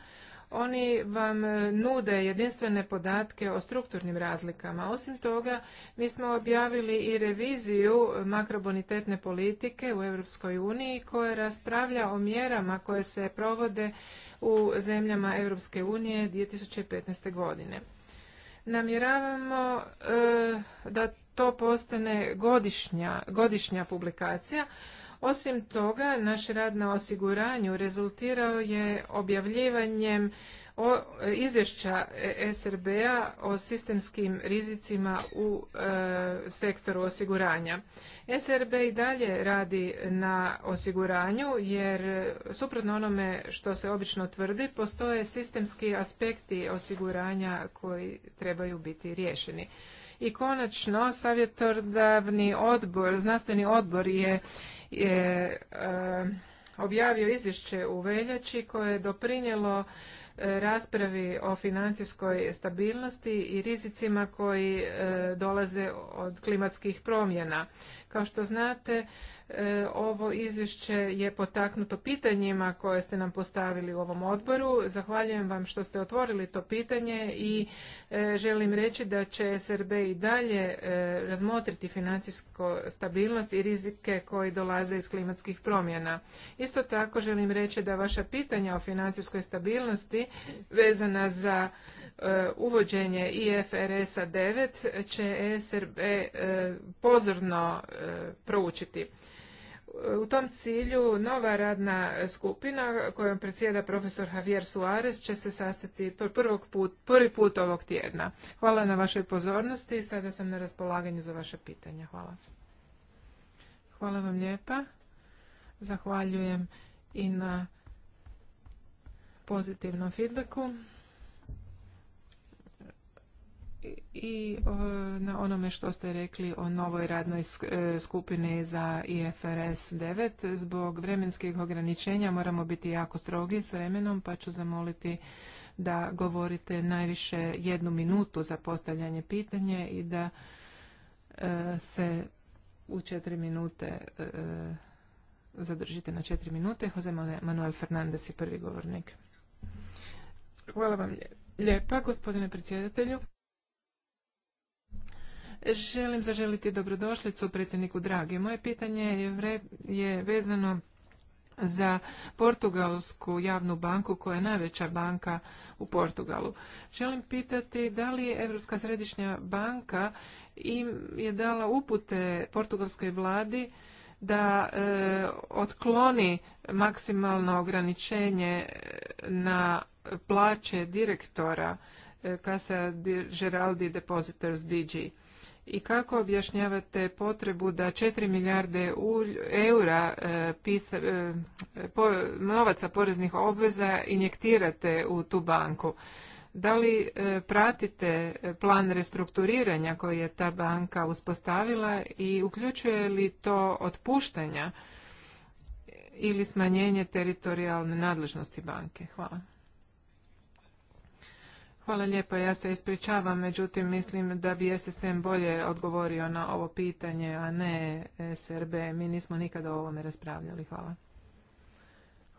oni vam e, nude jedinstvene podatke o strukturnim razlikama. Osim toga, mi smo objavili i reviziju makrobonitetne politike u Europskoj uniji koja raspravlja o mjerama koje se provode u zemljama Europske unije 2015. godine. Namjeravamo e, da to postane godišnja publikacija osim toga, naš rad na osiguranju rezultirao je objavljivanjem izvješća e SRB-a o sistemskim rizicima u e, sektoru osiguranja. E SRB i dalje radi na osiguranju jer suprotno onome što se obično tvrdi postoje sistemski aspekti osiguranja koji trebaju biti riješeni. I konačno, savjetodavni odbor, znanstveni odbor je, eh, objavio izvješće u veljači koje je doprinjelo eh, raspravi o financijskoj stabilnosti i rizicima koji eh, dolaze od klimatskih promjena. Kao što znate, E, ovo izvješće je potaknuto pitanjima koje ste nam postavili u ovom odboru. Zahvaljujem vam što ste otvorili to pitanje i e, želim reći da će SRB i dalje e, razmotriti financijsku stabilnost i rizike koji dolaze iz klimatskih promjena. Isto tako želim reći da vaša pitanja o financijskoj stabilnosti vezana za uvođenje IFRS-a 9 će SRB pozorno proučiti u tom cilju nova radna skupina kojom predsjeda profesor Javier Suarez će se sastati prvi put ovog tjedna. Hvala na vašoj pozornosti i sada sam na raspolaganju za vaše pitanja. Hvala. Hvala vam lijepa. Zahvaljujem i na pozitivnom feedbacku i na onome što ste rekli o novoj radnoj e, skupini za IFRS 9. Zbog vremenskih ograničenja moramo biti jako strogi s vremenom, pa ću zamoliti da govorite najviše jednu minutu za postavljanje pitanja i da e, se u četiri minute e, zadržite na četiri minute. Jose Manuel Fernandez je prvi govornik. Hvala vam lijepa, gospodine predsjedatelju. Želim zaželiti dobrodošlicu predsjedniku Dragi. Moje pitanje je vezano za Portugalsku javnu banku koja je najveća banka u Portugalu. Želim pitati da li je Europska središnja banka im je dala upute portugalskoj vladi da e, otkloni maksimalno ograničenje e, na plaće direktora e, Casa Geraldi Depositors DG i kako objašnjavate potrebu da 4 milijarde eura e, e, novaca poreznih obveza injektirate u tu banku? Da li e, pratite plan restrukturiranja koji je ta banka uspostavila i uključuje li to otpuštanja ili smanjenje teritorijalne nadležnosti banke? Hvala. Hvala lijepo, ja se ispričavam, međutim mislim da bi SSM bolje odgovorio na ovo pitanje, a ne SRB. Mi nismo nikada o ovome raspravljali. Hvala.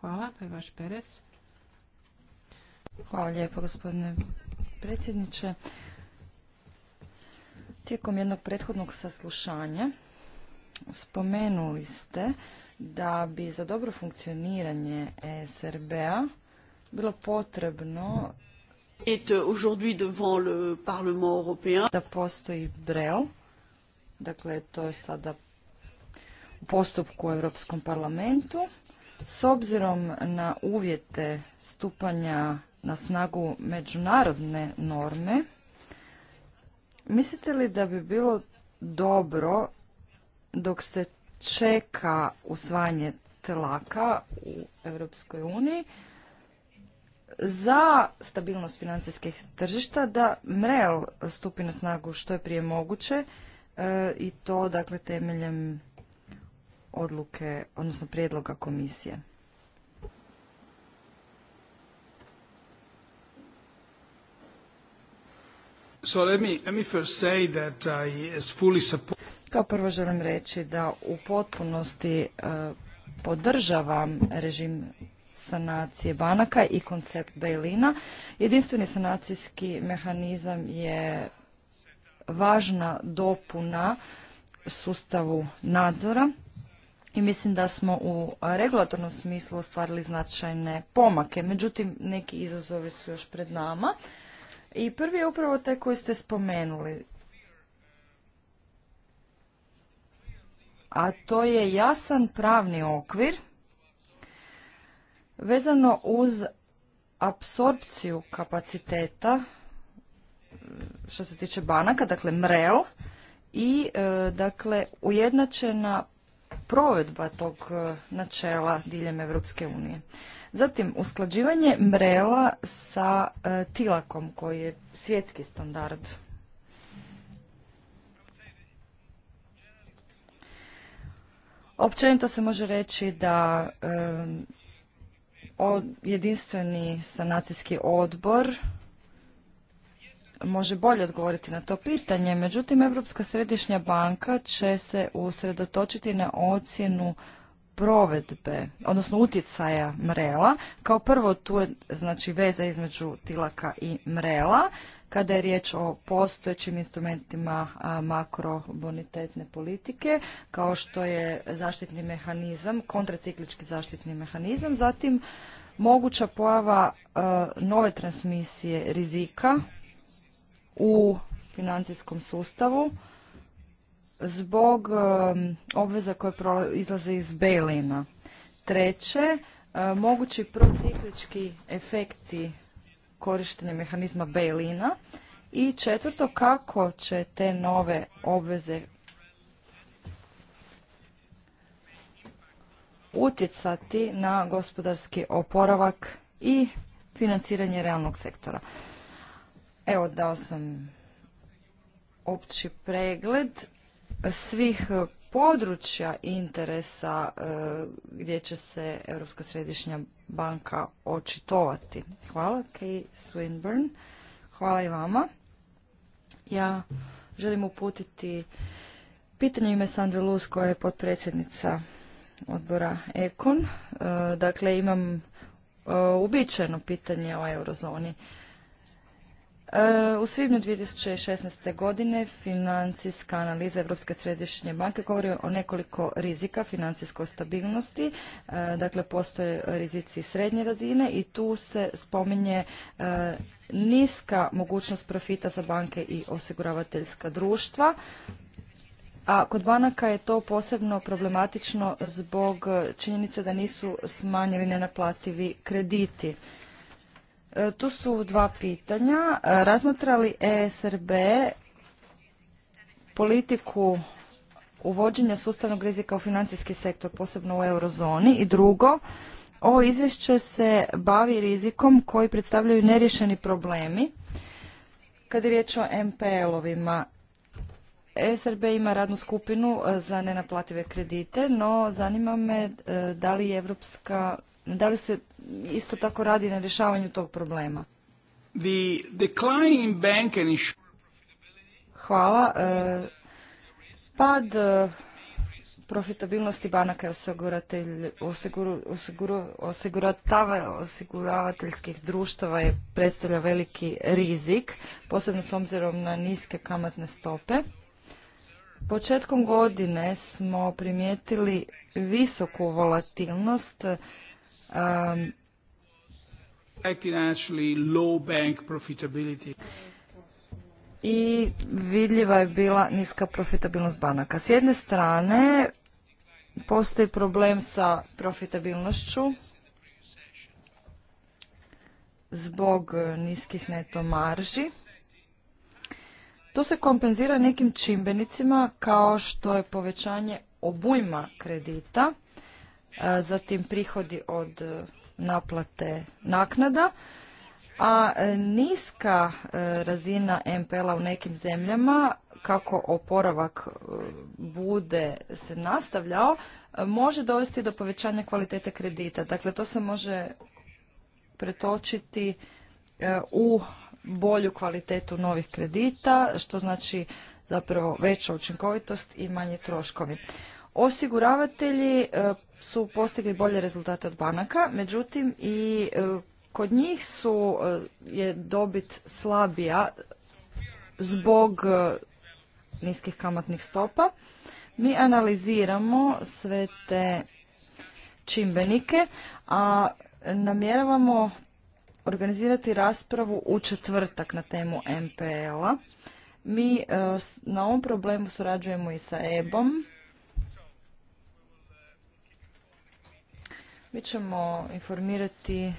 Hvala, pa je vaš Hvala lijepo, gospodine predsjedniče. Tijekom jednog prethodnog saslušanja spomenuli ste da bi za dobro funkcioniranje SRB-a bilo potrebno est euh, aujourd'hui devant le Parlement européen. Da postoji Brel, dakle to je sada u postupku u Europskom parlamentu. S obzirom na uvjete stupanja na snagu međunarodne norme, mislite li da bi bilo dobro dok se čeka usvajanje telaka u Europskoj uniji, za stabilnost financijskih tržišta da MREL stupi na snagu što je prije moguće e, i to dakle temeljem odluke, odnosno prijedloga komisije. Kao prvo želim reći da u potpunosti e, podržavam režim sanacije banaka i koncept bailina. Jedinstveni sanacijski mehanizam je važna dopuna sustavu nadzora i mislim da smo u regulatornom smislu ostvarili značajne pomake. Međutim, neki izazovi su još pred nama. I prvi je upravo taj koji ste spomenuli. A to je jasan pravni okvir Vezano uz apsorpciju kapaciteta mm, što se tiče banaka, dakle MREL i e, dakle ujednačena provedba tog e, načela diljem Europske unije. Zatim usklađivanje mrela sa e, tilakom koji je svjetski standard. Općenito se može reći da jedinstveni sanacijski odbor može bolje odgovoriti na to pitanje. Međutim, Europska središnja banka će se usredotočiti na ocjenu provedbe, odnosno utjecaja mrela. Kao prvo tu je znači, veza između tilaka i mrela kada je riječ o postojećim instrumentima makrobonitetne politike, kao što je zaštitni mehanizam, kontraciklički zaštitni mehanizam, zatim moguća pojava e, nove transmisije rizika u financijskom sustavu zbog e, obveza koje izlaze iz bailina. Treće, e, mogući prociklički efekti korištenje mehanizma Bel-ina. i četvrto kako će te nove obveze utjecati na gospodarski oporavak i financiranje realnog sektora. Evo dao sam opći pregled svih područja interesa e, gdje će se Europska središnja banka očitovati. Hvala Kay Swinburne. Hvala i vama. Ja želim uputiti pitanje ime Sandra Luz koja je potpredsjednica odbora Econ. E, dakle, imam e, uobičajeno pitanje o eurozoni. U svibnju 2016. godine financijska analiza Europske središnje banke govori o nekoliko rizika financijskoj stabilnosti. E, dakle, postoje rizici srednje razine i tu se spominje e, niska mogućnost profita za banke i osiguravateljska društva. A kod banaka je to posebno problematično zbog činjenice da nisu smanjili nenaplativi krediti E, tu su dva pitanja. E, razmatra li ESRB politiku uvođenja sustavnog rizika u financijski sektor, posebno u eurozoni? I drugo, ovo izvješće se bavi rizikom koji predstavljaju nerješeni problemi. Kad je riječ o MPL-ovima, ESRB ima radnu skupinu e, za nenaplative kredite, no zanima me da li Evropska da li se isto tako radi na rješavanju tog problema? Hvala. E, pad e, profitabilnosti banaka i osiguravateljskih društava je predstavlja veliki rizik, posebno s obzirom na niske kamatne stope. Početkom godine smo primijetili visoku volatilnost um, i vidljiva je bila niska profitabilnost banaka. S jedne strane postoji problem sa profitabilnošću zbog niskih neto marži. To se kompenzira nekim čimbenicima kao što je povećanje obujma kredita zatim prihodi od e, naplate naknada, a e, niska e, razina MPL-a u nekim zemljama kako oporavak bude se nastavljao, može dovesti do povećanja kvalitete kredita. Dakle, to se može pretočiti u bolju kvalitetu novih kredita, što znači zapravo veća učinkovitost i manje troškovi. Osiguravatelji su postigli bolje rezultate od banaka, međutim i e, kod njih su e, je dobit slabija zbog e, niskih kamatnih stopa. Mi analiziramo sve te čimbenike, a namjeravamo organizirati raspravu u četvrtak na temu MPL-a. Mi na ovom problemu surađujemo i sa EBOM, Mi ćemo informirati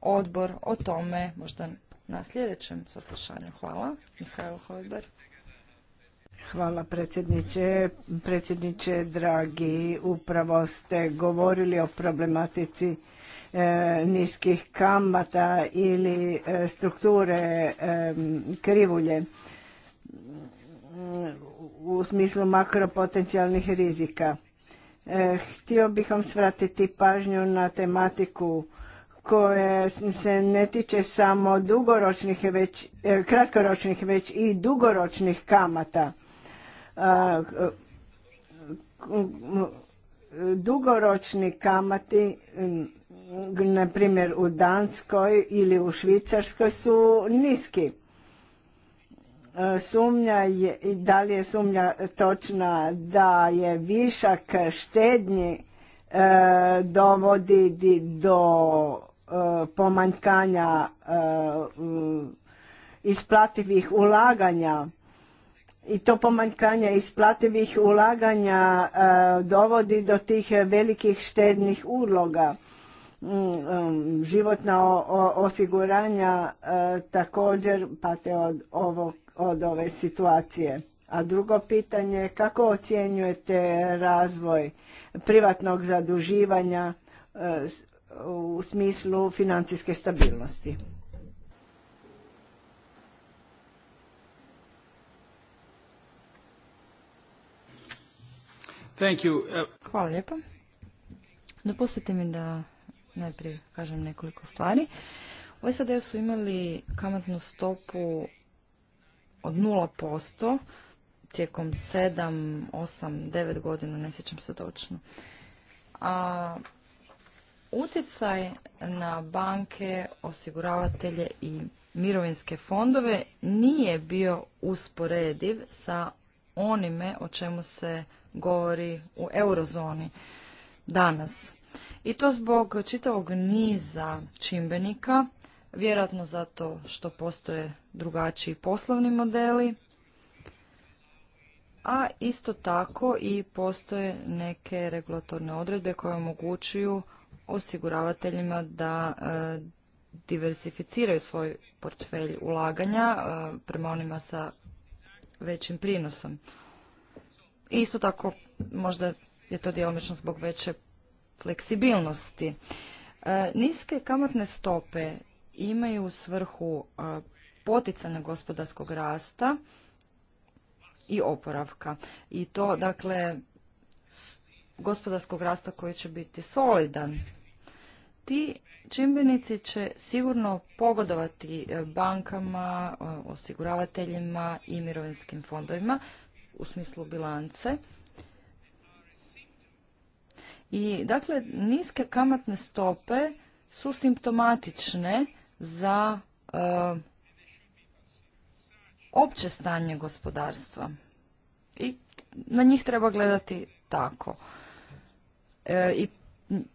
odbor o tome možda na sljedećem saslušanju. Hvala. Mihajlo Hojber. Hvala predsjedniče. Predsjedniče, dragi, upravo ste govorili o problematici e, niskih kamata ili e, strukture e, krivulje mm, u smislu makropotencijalnih rizika. E, htio bih vam svratiti pažnju na tematiku koja se ne tiče samo dugoročnih, već, e, kratkoročnih, već i dugoročnih kamata. E, dugoročni kamati, na primjer u Danskoj ili u Švicarskoj, su niski sumnja i da li je sumnja točna da je višak štednje e, dovodi do e, pomanjkanja e, isplativih ulaganja i to pomanjkanje isplativih ulaganja dovodi do tih velikih štednih uloga. Mm, um, životna osiguranja također pate od ovog od ove situacije? A drugo pitanje kako ocjenjujete razvoj privatnog zaduživanja e, u smislu financijske stabilnosti? Uh, Hvala lijepo. Dopustite mi da najprije kažem nekoliko stvari. U SAD su imali kamatnu stopu od 0% tijekom 7, 8, 9 godina, ne sjećam se točno. A utjecaj na banke, osiguravatelje i mirovinske fondove nije bio usporediv sa onime o čemu se govori u eurozoni danas. I to zbog čitavog niza čimbenika vjerojatno zato što postoje drugačiji poslovni modeli, a isto tako i postoje neke regulatorne odredbe koje omogućuju osiguravateljima da e, diversificiraju svoj portfelj ulaganja e, prema onima sa većim prinosom. Isto tako možda je to djelomično zbog veće fleksibilnosti. E, niske kamatne stope imaju svrhu poticanja gospodarskog rasta i oporavka. I to, dakle, gospodarskog rasta koji će biti solidan. Ti čimbenici će sigurno pogodovati e, bankama, e, osiguravateljima i mirovinskim fondovima u smislu bilance. I dakle, niske kamatne stope su simptomatične za e, opće stanje gospodarstva. I na njih treba gledati tako. E, I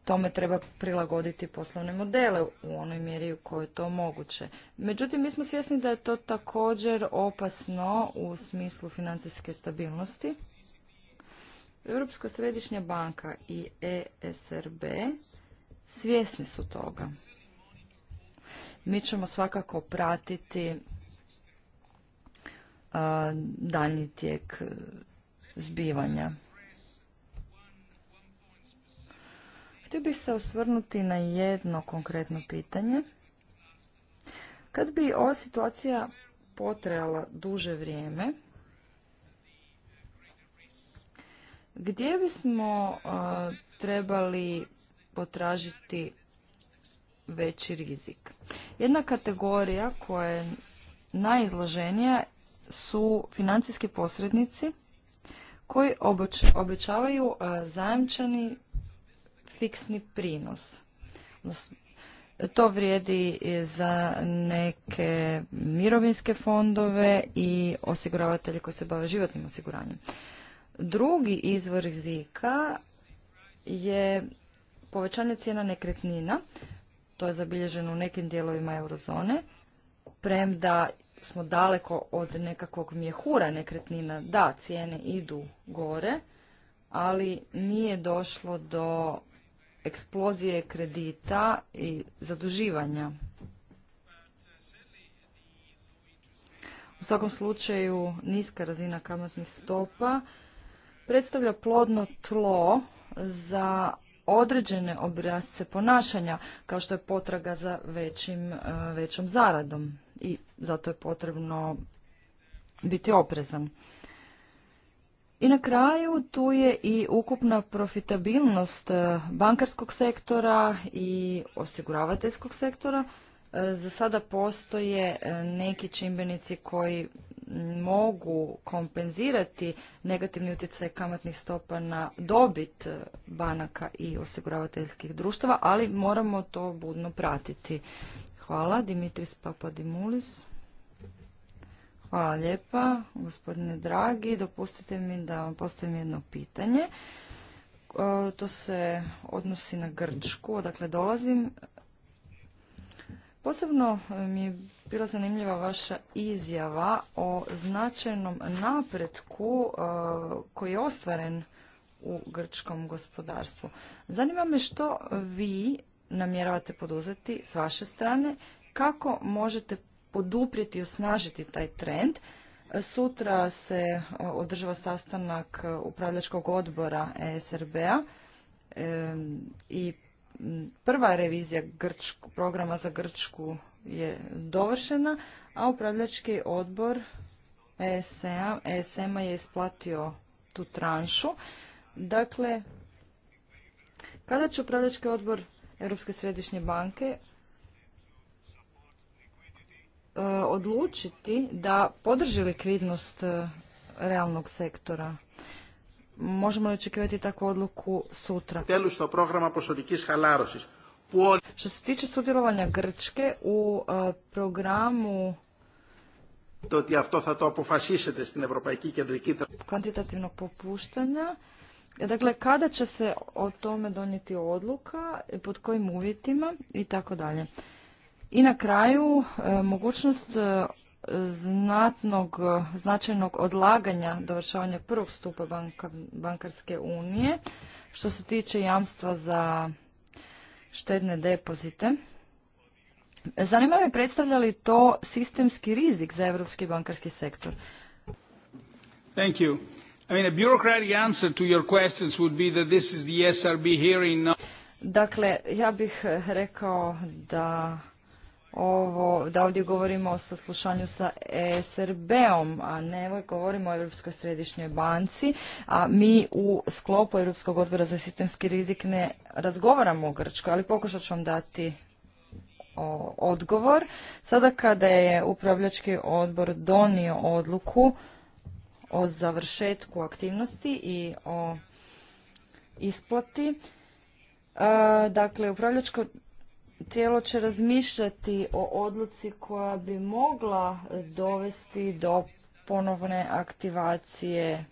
tome treba prilagoditi poslovne modele u onoj mjeri u kojoj je to moguće. Međutim, mi smo svjesni da je to također opasno u smislu financijske stabilnosti. Europska središnja banka i ESRB svjesni su toga. Mi ćemo svakako pratiti e, daljnji tijek zbivanja. Htio bih se osvrnuti na jedno konkretno pitanje. Kad bi ova situacija potrajala duže vrijeme, gdje bismo e, trebali potražiti veći rizik. Jedna kategorija koja je najizloženija su financijski posrednici koji obećavaju e, zajamčeni fiksni prinos. To vrijedi za neke mirovinske fondove i osiguravatelje koji se bave životnim osiguranjem. Drugi izvor rizika je povećanje cijena nekretnina to je zabilježeno u nekim dijelovima eurozone, premda smo daleko od nekakvog mjehura nekretnina, da, cijene idu gore, ali nije došlo do eksplozije kredita i zaduživanja. U svakom slučaju niska razina kamatnih stopa predstavlja plodno tlo za određene obrazce ponašanja, kao što je potraga za većim, e, većom zaradom i zato je potrebno biti oprezan. I na kraju tu je i ukupna profitabilnost e, bankarskog sektora i osiguravateljskog sektora. E, za sada postoje neki čimbenici koji mogu kompenzirati negativni utjecaj kamatnih stopa na dobit banaka i osiguravateljskih društava, ali moramo to budno pratiti. Hvala, Dimitris Papadimulis. Hvala lijepa, gospodine dragi. Dopustite mi da vam postavim jedno pitanje. E, to se odnosi na Grčku, odakle dolazim. Posebno e, mi je bila zanimljiva vaša izjava o značajnom napretku e, koji je ostvaren u grčkom gospodarstvu. Zanima me što vi namjeravate poduzeti s vaše strane, kako možete poduprijeti i osnažiti taj trend. Sutra se e, održava sastanak upravljačkog odbora ESRB-a i prva revizija programa za Grčku je dovršena, a upravljački odbor ESM-a e je isplatio tu tranšu. Dakle, kada će upravljački odbor Europske središnje banke e, odlučiti da podrži likvidnost e, realnog sektora? možemo očekivati takvu odluku sutra? programa halarosis. Što se tiče sudjelovanja Grčke u e, programu to ti Kvantitativnog popuštanja. E, dakle, kada će se o tome donijeti odluka, e, pod kojim uvjetima i tako dalje. I na kraju, mogućnost znatnog, značajnog odlaganja dovršavanja prvog stupa bankarske unije što se tiče jamstva za štedne depozite. Zanima me predstavlja li to sistemski rizik za europski bankarski sektor? Thank you. I mean, a bureaucratic answer to your questions would be that this is the SRB hearing. Dakle, ja bih rekao da ovo, da ovdje govorimo o saslušanju sa e SRB-om, a ne govorimo o Europskoj središnjoj banci, a mi u sklopu Europskog odbora za sistemski rizik ne razgovaramo o Grčkoj, ali pokušat ću vam dati odgovor. Sada kada je upravljački odbor donio odluku o završetku aktivnosti i o isplati, e, dakle, upravljačko tijelo će razmišljati o odluci koja bi mogla dovesti do ponovne aktivacije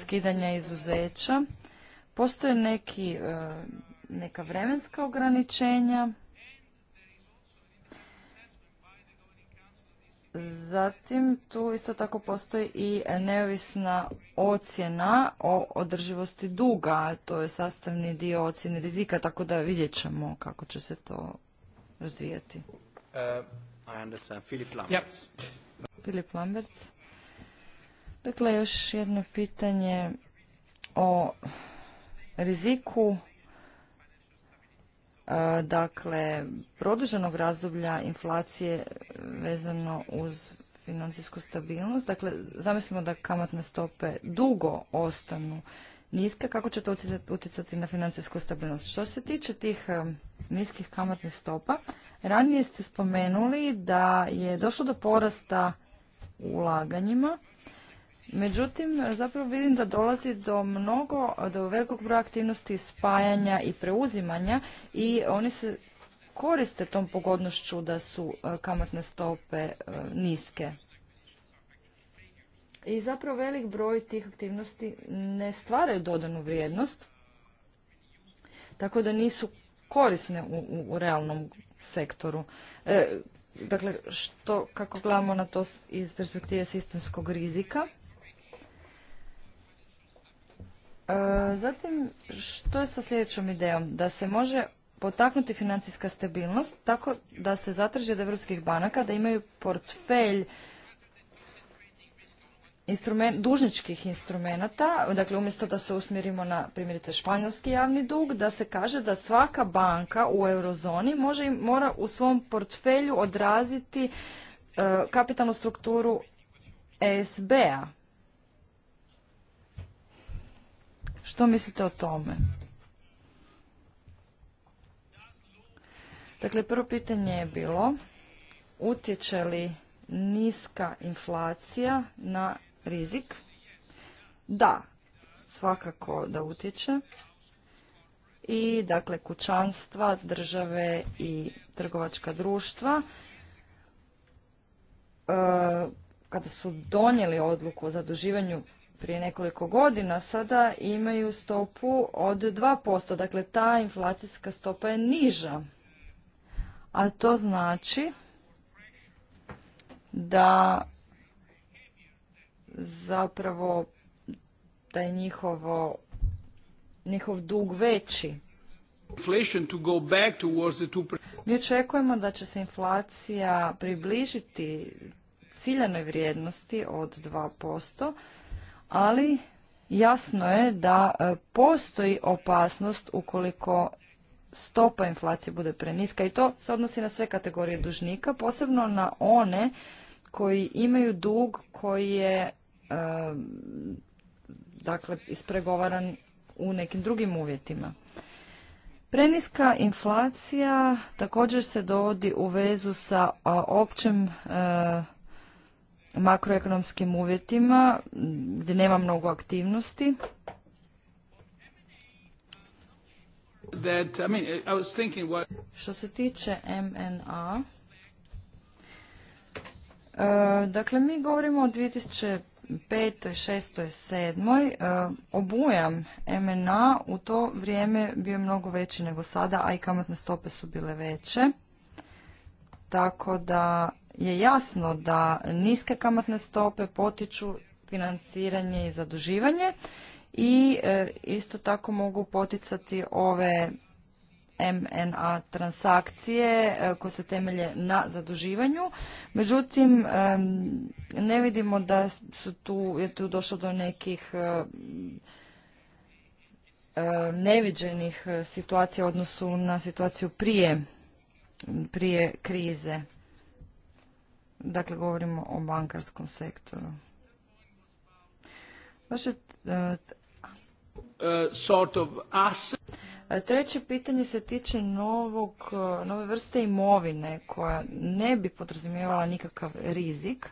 skidanja izuzeća. Postoje uh, neka vremenska ograničenja Zatim tu isto tako postoji i neovisna ocjena o održivosti duga, to je sastavni dio ocjene rizika, tako da vidjet ćemo kako će se to razvijati. Uh, dakle, još jedno pitanje o riziku dakle produženog razdoblja inflacije vezano uz financijsku stabilnost. Dakle, zamislimo da kamatne stope dugo ostanu niske, kako će to utjecati na financijsku stabilnost? Što se tiče tih e, niskih kamatnih stopa, ranije ste spomenuli da je došlo do porasta ulaganjima Međutim, zapravo vidim da dolazi do mnogo, do velikog broja aktivnosti spajanja i preuzimanja i oni se koriste tom pogodnošću da su e, kamatne stope e, niske. I zapravo velik broj tih aktivnosti ne stvaraju dodanu vrijednost, tako da nisu korisne u, realnom sektoru. E, dakle, što, kako gledamo na to iz perspektive sistemskog rizika, E, zatim, što je sa sljedećom idejom? Da se može potaknuti financijska stabilnost tako da se zatraži od evropskih banaka da imaju portfelj instrumen, dužničkih instrumenata, dakle umjesto da se usmjerimo na primjerice španjolski javni dug, da se kaže da svaka banka u eurozoni može mora u svom portfelju odraziti e, kapitalnu strukturu ESB-a. Što mislite o tome? Dakle, prvo pitanje je bilo utječe li niska inflacija na rizik? Da, svakako da utječe. I dakle kućanstva, države i trgovačka društva e, kada su donijeli odluku o zaduživanju prije nekoliko godina sada imaju stopu od 2%. Dakle, ta inflacijska stopa je niža. A to znači da zapravo da je njihovo, njihov dug veći. Mi očekujemo da će se inflacija približiti ciljanoj vrijednosti od 2%, ali jasno je da e, postoji opasnost ukoliko stopa inflacije bude preniska i to se odnosi na sve kategorije dužnika, posebno na one koji imaju dug koji je e, dakle ispregovaran u nekim drugim uvjetima. Preniska inflacija također se dovodi u vezu sa općim e, makroekonomskim uvjetima gdje nema mnogo aktivnosti. Što se tiče MNA, e, dakle mi govorimo o 2005. 6. 7. sedam obujam MNA u to vrijeme bio je mnogo veći nego sada, a i kamatne stope su bile veće. Tako da je jasno da niske kamatne stope potiču financiranje i zaduživanje i e, isto tako mogu poticati ove MNA transakcije e, koje se temelje na zaduživanju. Međutim, ne vidimo da su tu, je tu došlo do nekih e, neviđenih situacija u odnosu na situaciju prije, prije krize. Dakle, govorimo o bankarskom sektoru. Vaše e, e, e, Treće pitanje se tiče novog, nove vrste imovine koja ne bi podrazumijevala nikakav rizik.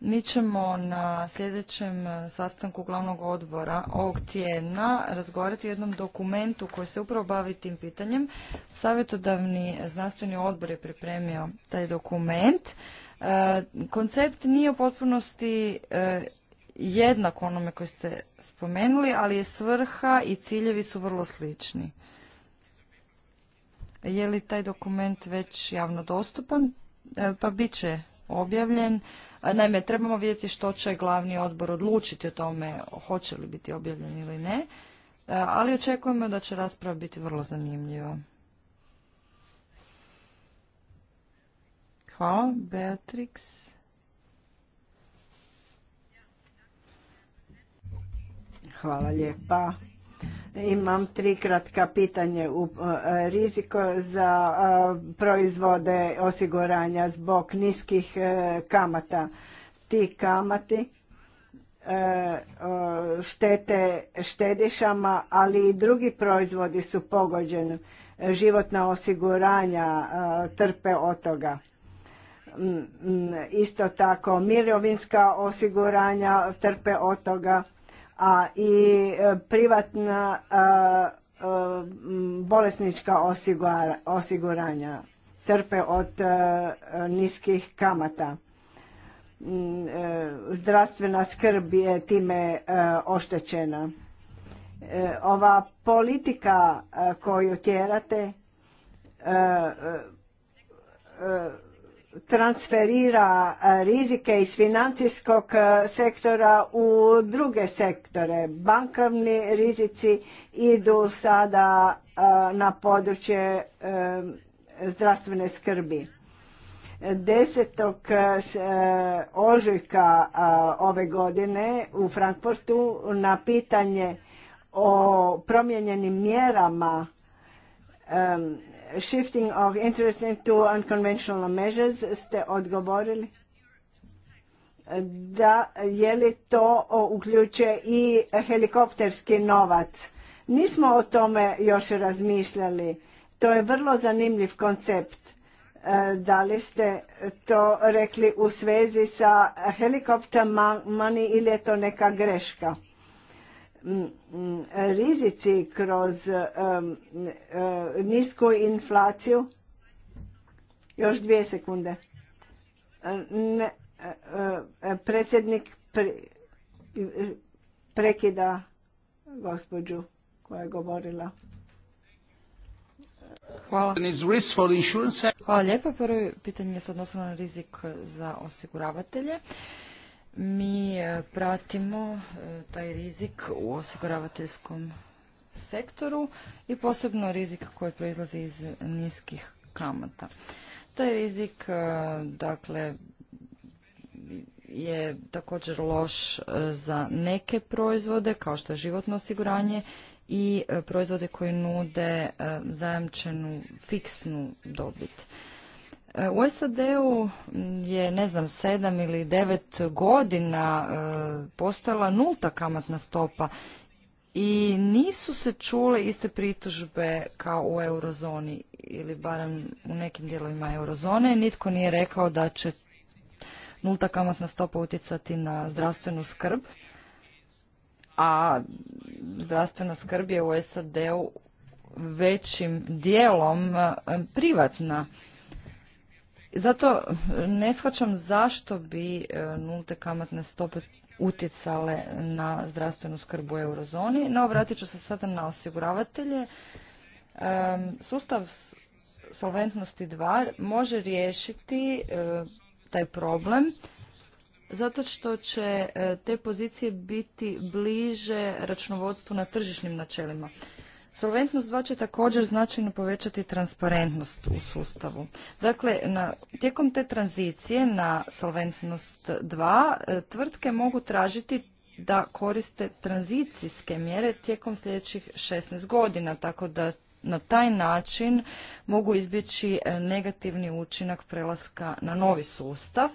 Mi ćemo na sljedećem sastanku glavnog odbora ovog tjedna razgovarati o jednom dokumentu koji se upravo bavi tim pitanjem. Savjetodavni znanstveni odbor je pripremio taj dokument E, koncept nije u potpunosti e, jednak onome koji ste spomenuli, ali je svrha i ciljevi su vrlo slični. Je li taj dokument već javno dostupan? E, pa bit će objavljen. Naime, trebamo vidjeti što će glavni odbor odlučiti o tome hoće li biti objavljen ili ne, ali očekujemo da će rasprava biti vrlo zanimljiva. Hvala. Beatrix. Hvala lijepa. Imam tri kratka pitanje u e, riziko za e, proizvode osiguranja zbog niskih e, kamata. Ti kamati štete štedišama, ali i drugi proizvodi su pogođeni. Životna osiguranja trpe od toga. Isto tako mirovinska osiguranja trpe od toga, a i e, privatna e, bolesnička osiguranja trpe od e, niskih kamata. Zdravstvena skrb je time oštećena. Ova politika koju tjerate transferira e, rizike iz financijskog e, sektora u druge sektore. Bankovni rizici idu sada e, na područje zdravstvene skrbi. 10. ožujka ove godine u Frankfurtu na pitanje o promijenjenim mjerama shifting of interest into unconventional measures ste odgovorili da je li to uključuje i helikopterski novac. Nismo o tome još razmišljali. To je vrlo zanimljiv koncept. E, da li ste to rekli u svezi sa money ili je to neka greška? rizici kroz nisku inflaciju. Još dvije sekunde. E, e, predsjednik prekida gospođu koja je govorila. Hvala. Hvala lijepa. Prvo pitanje se odnosilo na rizik za osiguravatelje. Mi e, pratimo e, taj rizik u osiguravateljskom sektoru i posebno rizik koji proizlazi iz niskih kamata. Taj rizik e, dakle je također loš za neke proizvode kao što je životno osiguranje i proizvode koji nude zajamčenu fiksnu dobit. U SAD-u mm, je, ne znam, sedam ili devet godina e, postojala nulta kamatna stopa i nisu se čule iste pritužbe kao u eurozoni ili barem u nekim dijelovima eurozone. Nitko nije rekao da će nulta kamatna stopa utjecati na zdravstvenu skrb, a zdravstvena skrb je u SAD-u većim dijelom e, privatna zato eh, ne shvaćam zašto bi eh, nulte kamatne stope utjecale na zdravstvenu skrb u eurozoni, no vratit ću se sada na osiguravatelje. sustav solventnosti 2 može riješiti eh, taj problem zato što će te pozicije biti bliže računovodstvu na tržišnim načelima. Solventnost 2 će također značajno povećati transparentnost u sustavu. Dakle, na, tijekom te tranzicije na Solventnost 2 e, tvrtke mogu tražiti da koriste tranzicijske mjere tijekom sljedećih 16 godina, tako da na taj način mogu izbjeći e, negativni učinak prelaska na novi sustav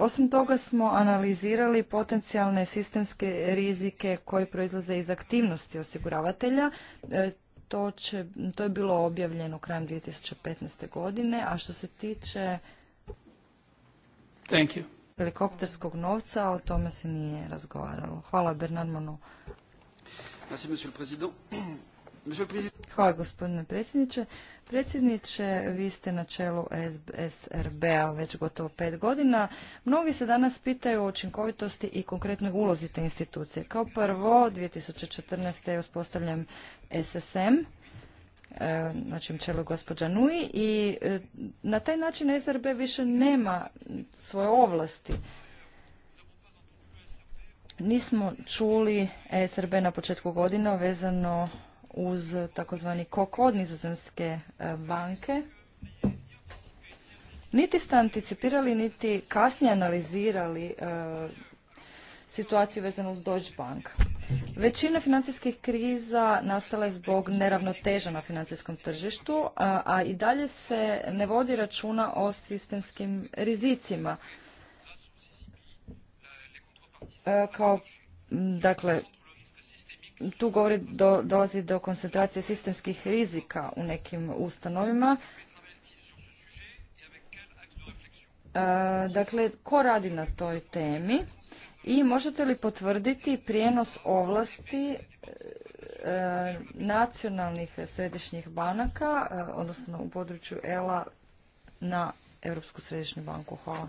osim toga smo analizirali potencijalne sistemske rizike koji proizlaze iz aktivnosti osiguravatelja. E, to, će, to je bilo objavljeno krajem 2015. godine, a što se tiče Thank you. helikopterskog novca, o tome se nije razgovaralo. Hvala Bernard Monod. Hvala gospodine predsjedniče. Predsjedniče, vi ste na čelu SRB-a već gotovo pet godina. Mnogi se danas pitaju o učinkovitosti i konkretnoj ulozi te institucije. Kao prvo, 2014. je uspostavljen SSM, znači e, čelu gospođa Nui i e, na taj način SRB više nema svoje ovlasti. Nismo čuli SRB na početku godina vezano uz takozvani kokod nizozemske e, banke. Niti ste anticipirali, niti kasnije analizirali e, situaciju vezanu uz Deutsche Bank. Većina financijskih kriza nastala je zbog neravnoteža na financijskom tržištu, e, a, i dalje se ne vodi računa o sistemskim rizicima. kao, dakle, tu govori do, dolazi do koncentracije sistemskih rizika u nekim ustanovima. E, dakle, ko radi na toj temi i možete li potvrditi prijenos ovlasti e, nacionalnih središnjih banaka, e, odnosno u području ELA na Europsku središnju banku? Hvala.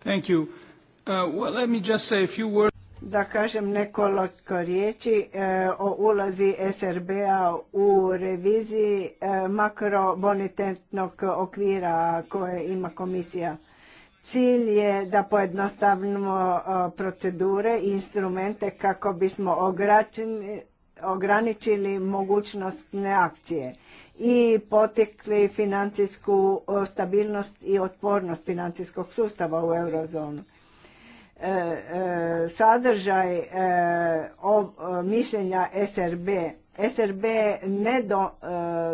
Thank you. Uh, da kažem nekoliko riječi uh, o ulazi SRB-a u reviziji uh, makrobonitetnog okvira koje ima komisija. Cilj je da pojednostavimo procedure i instrumente kako bismo ograničili mogućnost neakcije i potekli financijsku stabilnost i otpornost financijskog sustava u eurozonu. Eh, sadržaj eh, eh, mišljenja SRB. SRB ne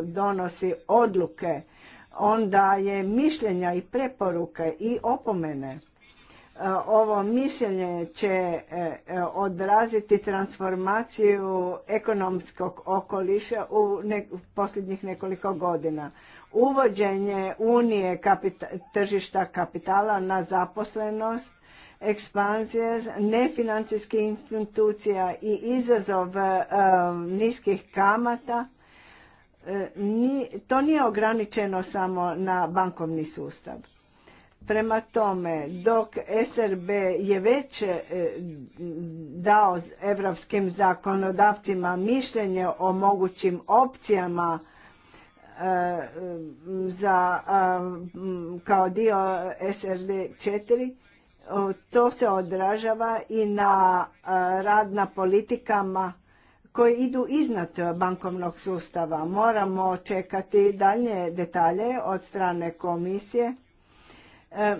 donosi odluke, onda je mišljenja i preporuke i opomene. Ovo mišljenje će odraziti transformaciju ekonomskog okoliša u posljednjih nekoliko godina. Uvođenje unije tržišta kapitala na zaposlenost ekspanzije, nefinancijskih institucija i izazov e, niskih kamata e, to nije ograničeno samo na bankovni sustav. Prema tome, dok SRB je već e, dao evropskim zakonodavcima mišljenje o mogućim opcijama za, kao dio SRD četiri, to se odražava i na rad na politikama koje idu iznad bankovnog sustava. Moramo čekati dalje detalje od strane komisije. E,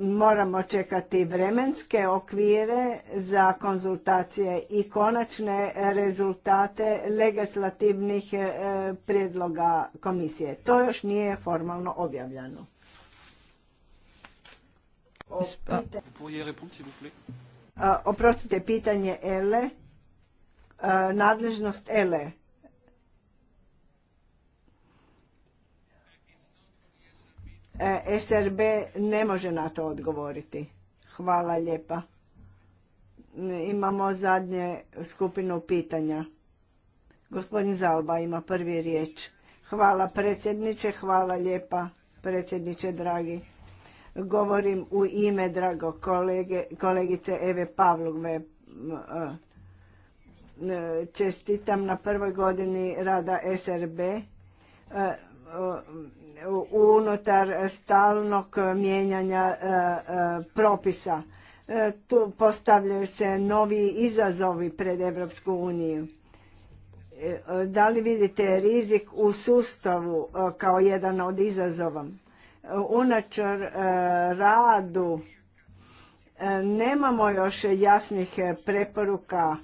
moramo čekati vremenske okvire za konzultacije i konačne rezultate legislativnih e, prijedloga komisije. To još nije formalno objavljeno oprostite, pitanje ELE, nadležnost ELE. E, SRB ne može na to odgovoriti. Hvala lijepa. Imamo zadnje skupinu pitanja. Gospodin Zalba ima prvi riječ. Hvala predsjedniče, hvala lijepa predsjedniče dragi. Govorim u ime drago kolege, kolegice Eve Pavlove. E, čestitam na prvoj godini rada SRB e, unutar stalnog mijenjanja e, propisa. Tu postavljaju se novi izazovi pred Evropsku uniju. Da li vidite rizik u sustavu kao jedan od izazova? unačar e, radu e, nemamo još jasnih preporuka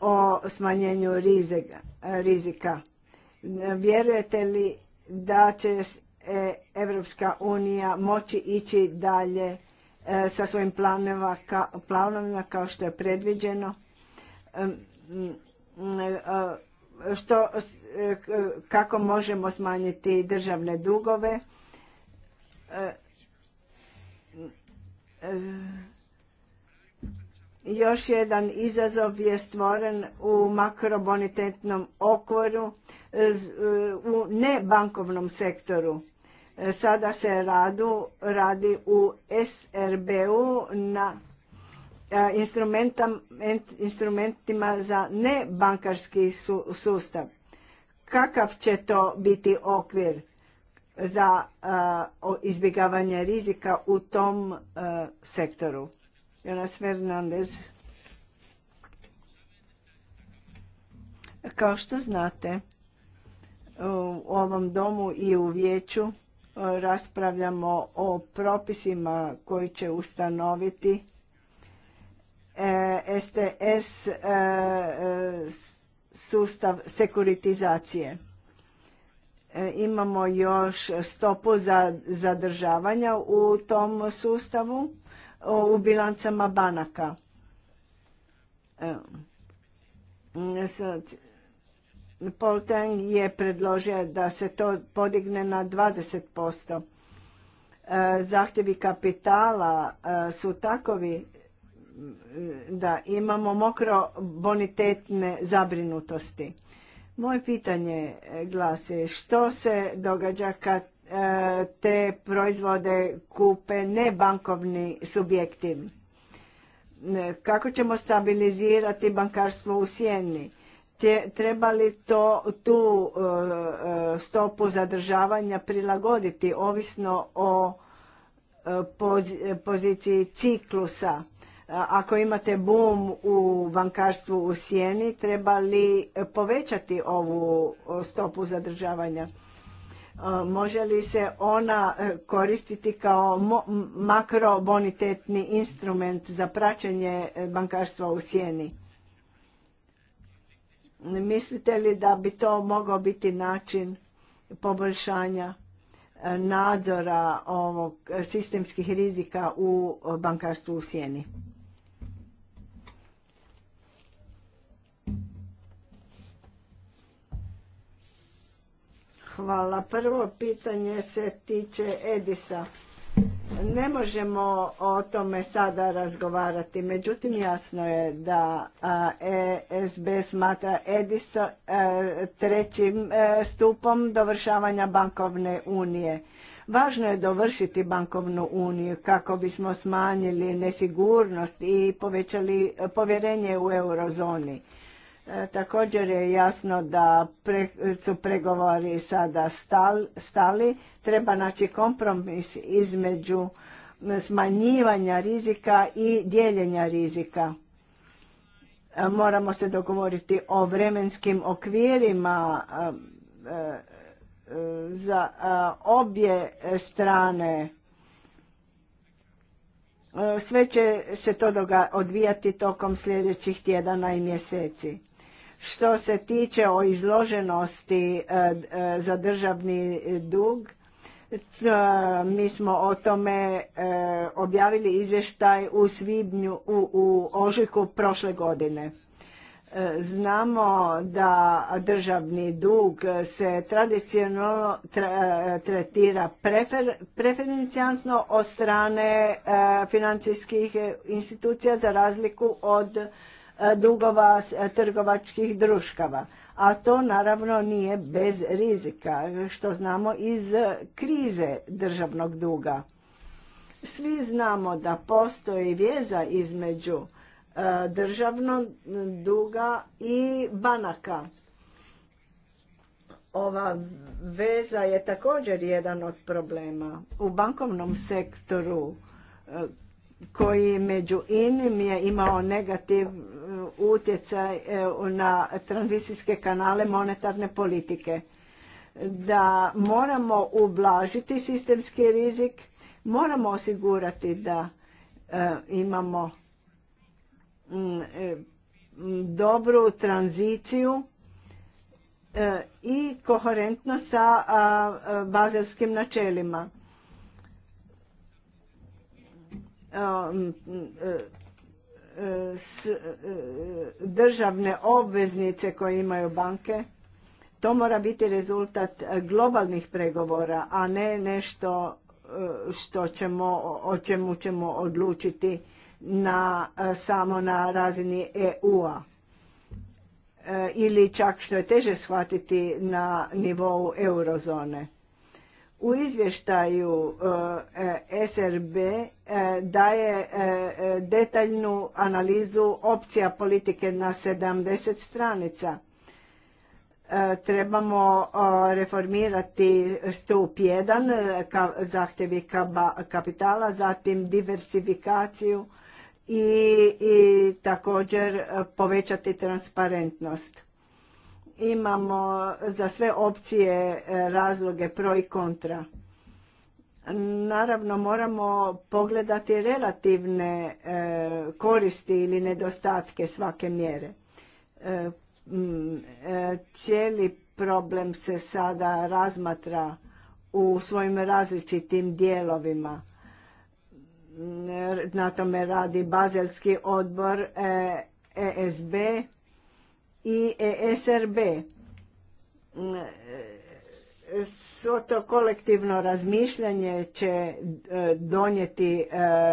o smanjenju e, rizika. Vjerujete li da će Evropska unija moći ići dalje sa svojim planovima kao što je predviđeno? kako možemo smanjiti državne dugove? E, e, još jedan izazov je stvoren u makrobonitetnom okvoru e, u nebankovnom sektoru. Sada se radu, radi u srb na instrumentima za nebankarski sustav. Kakav će to biti okvir? za izbjegavanje rizika u tom sektoru. Jonas Fernandez. Kao što znate, u ovom domu i u vijeću raspravljamo o propisima koji će ustanoviti STS e, e, e, sustav sekuritizacije. E, imamo još stopu za zadržavanja u tom sustavu, u bilancama banaka. E, mm, Tang je predložio da se to podigne na 20%. E, zahtjevi kapitala su takovi da imamo mokro bonitetne zabrinutosti. Moje pitanje e, glasi što se događa kad e, te proizvode kupe nebankovni subjekti? E, kako ćemo stabilizirati bankarstvo u sjeni? Treba li to, tu stopu zadržavanja prilagoditi ovisno o poziciji ciklusa? Ako imate boom u bankarstvu u sjeni, treba li povećati ovu stopu zadržavanja? Može li se ona e, koristiti kao makrobonitetni instrument za praćenje e, bankarstva u sjeni? Mislite li da bi to mogao biti način poboljšanja e, nadzora ovog sistemskih rizika u bankarstvu u sjeni? Hvala. Prvo pitanje se tiče Edisa. Ne možemo o tome sada razgovarati, međutim jasno je da ESB smatra Edisa trećim e, stupom dovršavanja bankovne unije. Važno je dovršiti bankovnu uniju kako bismo smanjili nesigurnost i povećali povjerenje u eurozoni. E, također je jasno da pre, su pregovori sada stal, stali, treba naći kompromis između smanjivanja rizika i dijeljenja rizika. E, moramo se dogovoriti o vremenskim okvirima e, za obje strane. Sve će se to odvijati tokom sljedećih tjedana i mjeseci što se tiče o izloženosti e, e, za državni dug, e, mi smo o tome objavili izvještaj u svibnju, u, ožujku prošle godine. Znamo da državni dug se tradicionalno tretira preferencijalno od strane financijskih institucija za razliku od E, dugova e, trgovačkih društava. A to naravno nije bez rizika, što znamo iz e, krize državnog duga. Svi znamo da postoji vjeza između državnog duga i banaka. Ova veza je također jedan od problema. U bankovnom sektoru koji među inim je imao negativ uh, utjecaj uh, na transvisijske kanale monetarne politike. Da moramo ublažiti sistemski rizik, moramo osigurati da uh, imamo mm, mm, dobru tranziciju i koherentno sa bazelskim načelima Um, uh, uh, državne obveznice koje imaju banke. To mora biti rezultat globalnih pregovora, a ne nešto uh, što ćemo, o čemu ćemo odlučiti na, samo na razini EU-a ili čak što je teže shvatiti na nivou eurozone. U izvještaju e SRB daje e, e, detaljnu analizu opcija politike na 70 stranica. E, trebamo reformirati stup 1, zahtjevi kapitala, zatim diversifikaciju i, i također povećati transparentnost. Imamo za sve opcije razloge pro i kontra Naravno moramo pogledati relativne e, koristi ili nedostatke svake mjere. E, e, cijeli problem se sada razmatra u svojim različitim dijelovima. Na tome radi Bazelski odbor ESB i ESRB svo to kolektivno razmišljanje će e, donijeti e,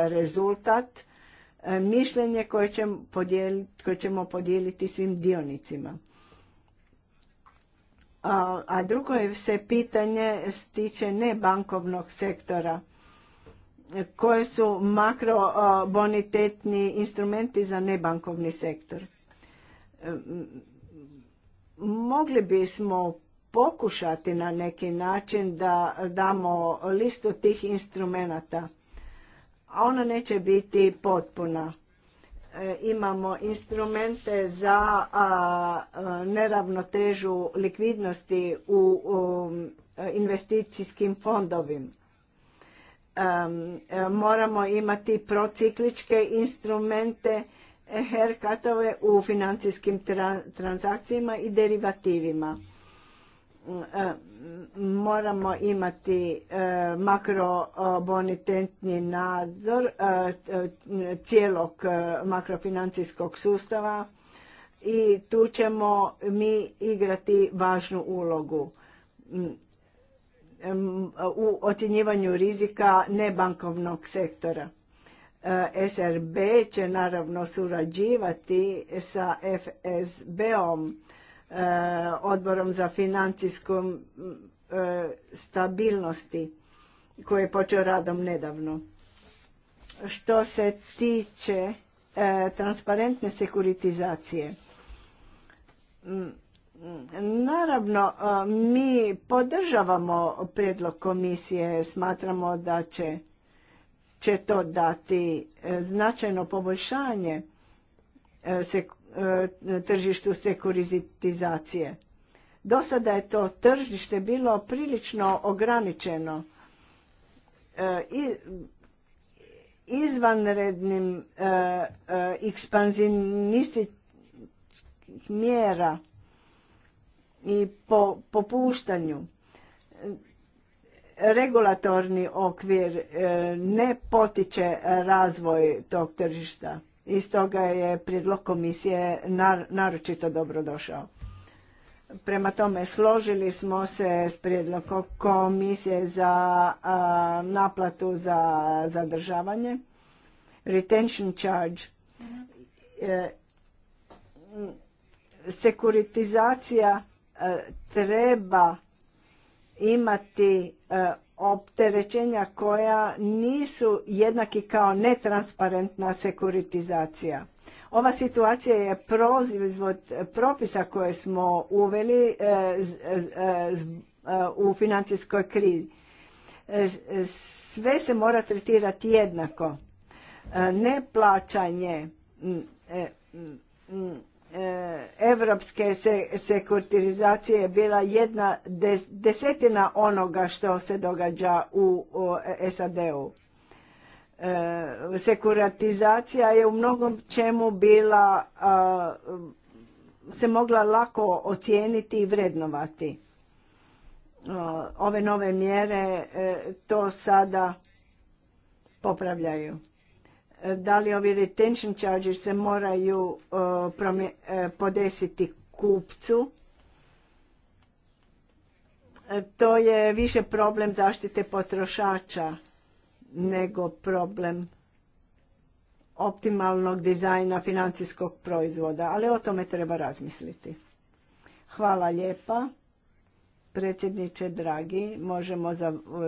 rezultat, e, mišljenje koje ćemo podijeliti, koje ćemo podijeliti svim dionicima. A, a drugo je se pitanje stiče nebankovnog sektora. Koje su makrobonitetni instrumenti za nebankovni sektor? Mogli bismo pokušati na neki način da damo listu tih instrumenata. A ona neće biti potpuna. E, imamo instrumente za neravnotežu likvidnosti u, um, investicijskim fondovima. E, moramo imati procikličke instrumente e, herkatove u financijskim tra transakcijama i derivativima moramo imati e, makrobonitentni nadzor e, cijelog e, makrofinancijskog sustava i tu ćemo mi igrati važnu ulogu u ocjenjivanju rizika nebankovnog sektora. SRB će naravno surađivati sa FSB-om Eh, odborom za financijsku eh, stabilnosti koji je počeo radom nedavno. Što se tiče eh, transparentne sekuritizacije, Naravno, mi podržavamo predlog komisije, smatramo da će, će to dati značajno poboljšanje E, tržištu sekuritizacije. Do sada je to tržište bilo prilično ograničeno e, izvanrednim e, ekspanzivnih mjera i popuštanju regulatorni okvir ne potiče razvoj tog tržišta i stoga je prijedlog komisije naročito došao. Prema tome, složili smo se s prijedlogom komisije za naplatu za zadržavanje, retention charge, e, sekuritizacija e, treba imati e, opterećenja koja nisu jednaki kao netransparentna sekuritizacija. Ova situacija je proziv izvod propisa koje smo uveli e, e, e, u financijskoj krizi. Sve se mora tretirati jednako. Neplaćanje Eh, evropske sekuritizacije je bila jedna desetina onoga što se događa u SAD-u. Eh, sekuratizacija je u mnogom čemu bila, eh, se mogla lako ocijeniti i vrednovati. Ove nove mjere to sada popravljaju da li ovi retention charges se moraju e, e, podesiti kupcu. E, to je više problem zaštite potrošača nego problem optimalnog dizajna financijskog proizvoda, ali o tome treba razmisliti. Hvala lijepa. Predsjedniče dragi, možemo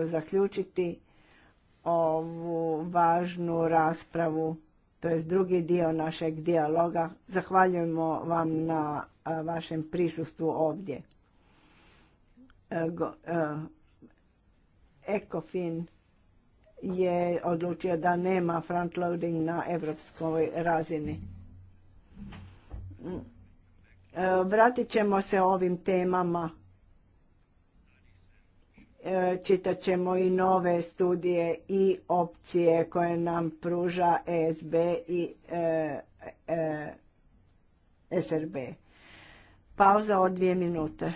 zaključiti ovu važnu raspravu, to je drugi dio našeg dijaloga. Zahvaljujemo vam na vašem prisustvu ovdje. Ekofin e, je odlučio da nema frontloading na evropskoj razini. E, vratit ćemo se ovim temama čitat ćemo i nove studije i opcije koje nam pruža ESB i e, e, e SRB. Pauza od dvije minute.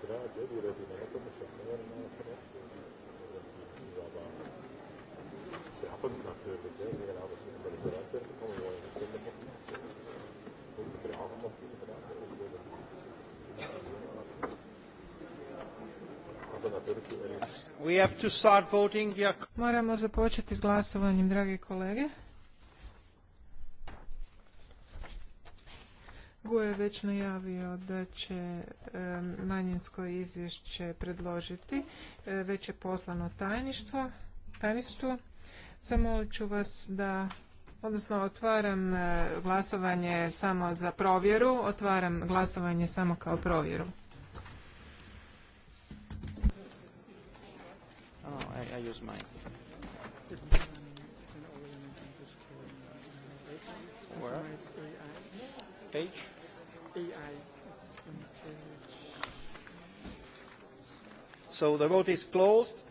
Grazie, direi We Moramo započeti s glasovanjem, drage kolege. Gu je već najavio da će manjinsko izvješće predložiti. E, već je poslano tajništvo, tajništvu. Zamolit ću vas da, odnosno otvaram e, glasovanje samo za provjeru, otvaram glasovanje samo kao provjeru. I use mine. Page? So the vote is closed.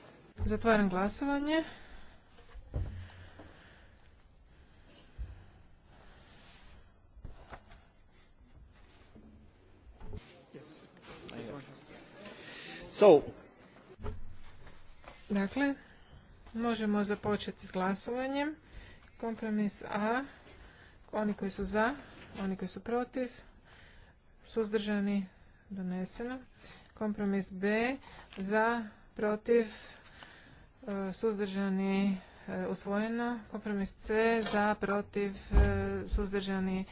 Zatvaram glasovanje. So Dakle, možemo započeti s glasovanjem. Kompromis A, oni koji su za, oni koji su protiv, suzdržani, doneseno. Kompromis B, za, protiv, e, suzdržani, e, usvojeno. Kompromis C, za, protiv, e, suzdržani,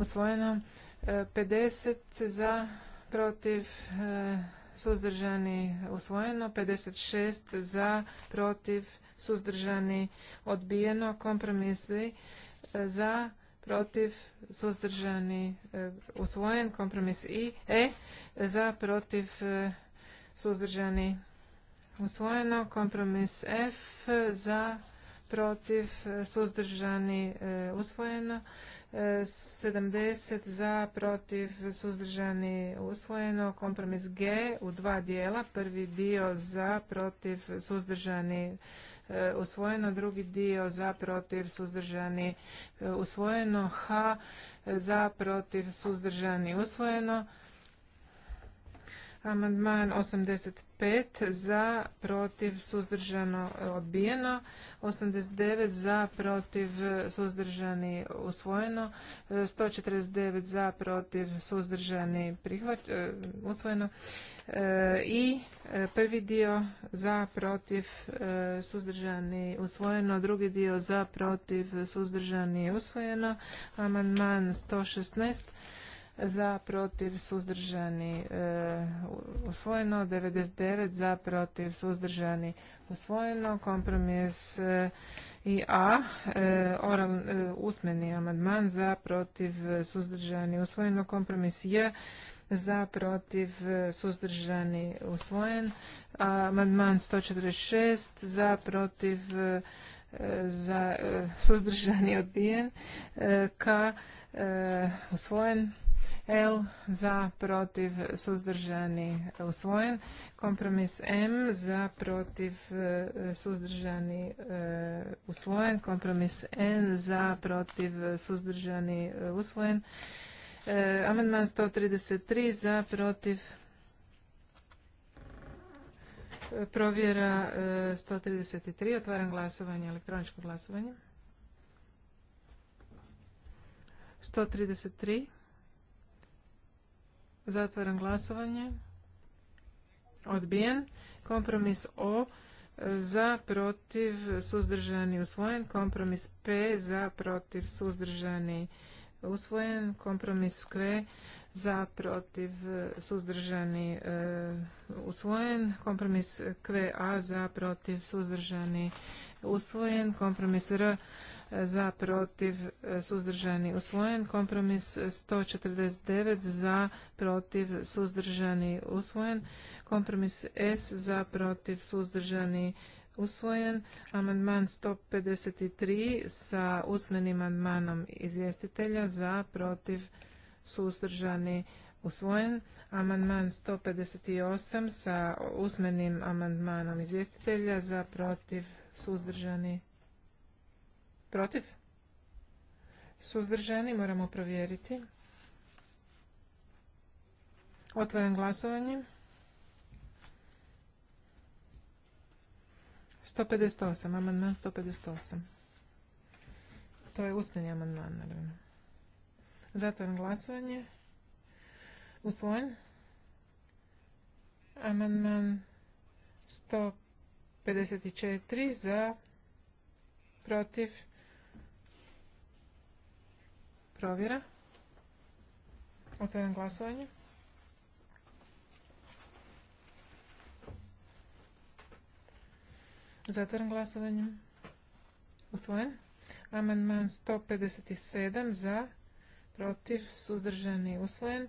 usvojeno. 50 za, protiv, suzdržani usvojeno, 56 za, protiv, suzdržani odbijeno, kompromis e, za, protiv, suzdržani e, usvojen, kompromis I, E za, protiv, e, suzdržani usvojeno, kompromis F za, protiv, suzdržani usvojeno, 70 za, protiv, suzdržani, usvojeno. Kompromis G u dva dijela. Prvi dio za, protiv, suzdržani, e, usvojeno. Drugi dio za, protiv, suzdržani, e, usvojeno. H e, za, protiv, suzdržani, usvojeno. Amandman 85 za, protiv, suzdržano, odbijeno. 89 za, protiv, suzdržani, usvojeno. 149 za, protiv, suzdržani, e, usvojeno. E, I e, prvi dio za, protiv, suzdržani, usvojeno. Drugi dio za, protiv, suzdržani, usvojeno. Amandman 116 za protiv suzdržani e, usvojeno, 99 za protiv suzdržani usvojeno, kompromis e, i A, e, oral, usmeni amandman za protiv suzdržani usvojeno, kompromis J za protiv suzdržani usvojen, amandman 146 za protiv za suzdržani odbijen, ka usvojen, L za protiv suzdržani usvojen. Kompromis M za protiv suzdržani e, usvojen. Kompromis N za protiv suzdržani e, usvojen. E, Amendman 133 za protiv provjera 133. Otvaram glasovanje, elektroničko glasovanje. 133. Zatvaram glasovanje. Odbijen. Kompromis O e, za, protiv, suzdržani, usvojen. Kompromis P za, protiv, suzdržani, usvojen. Kompromis Q za, protiv, suzdržani, e, usvojen. Kompromis QA za, protiv, suzdržani, usvojen. Kompromis R za protiv suzdržani usvojen kompromis 149 za protiv suzdržani usvojen kompromis S za protiv suzdržani usvojen amandman 153 sa usmenim amandmanom izvjestitelja za protiv suzdržani usvojen amandman 158 sa usmenim amandmanom izvjestitelja za protiv suzdržani Protiv? Suzdržani moramo provjeriti. Otvaram glasovanje. 158, amandman 158. To je usmeni amandman, naravno. Zatvaram glasovanje. Usvojen. Amandman 154 za, protiv, Provjera. Otvaram glasovanje. Zatvaram glasovanje. Usvojen. Amandman 157 za, protiv, suzdržani, usvojen.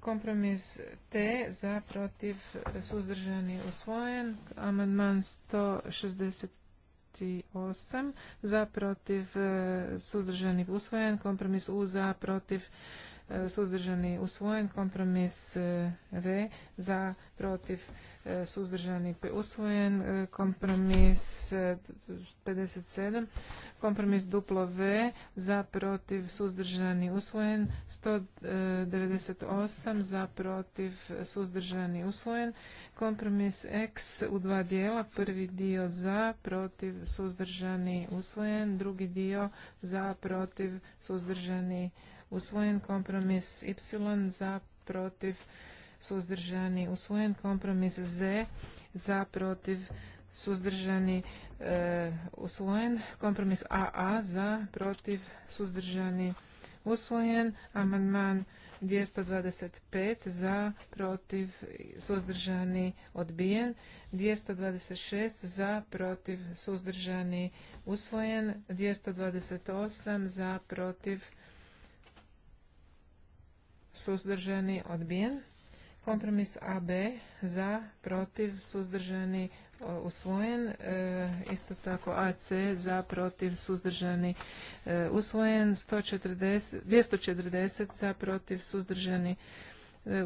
Kompromis T za, protiv, suzdržani, usvojen. Amandman 160 za protiv e, suzdržanih usvojen kompromis u za protiv suzdržani usvojen, kompromis e, V za protiv e, suzdržani usvojen, e, kompromis 57, kompromis duplo V za protiv suzdržani usvojen, 198 za protiv suzdržani usvojen, kompromis X u dva dijela, prvi dio za protiv suzdržani usvojen, drugi dio za protiv suzdržani usvojen kompromis Y za protiv suzdržani usvojen kompromis Z za protiv suzdržani e, usvojen kompromis AA za protiv suzdržani usvojen amandman 225 za protiv suzdržani odbijen 226 za protiv suzdržani usvojen 228 za protiv suzdržani, odbijen. Kompromis AB e, e, e, za, protiv, suzdržani, usvojen. isto tako AC za, protiv, suzdržani, usvojen. 140, 240 za, protiv, suzdržani,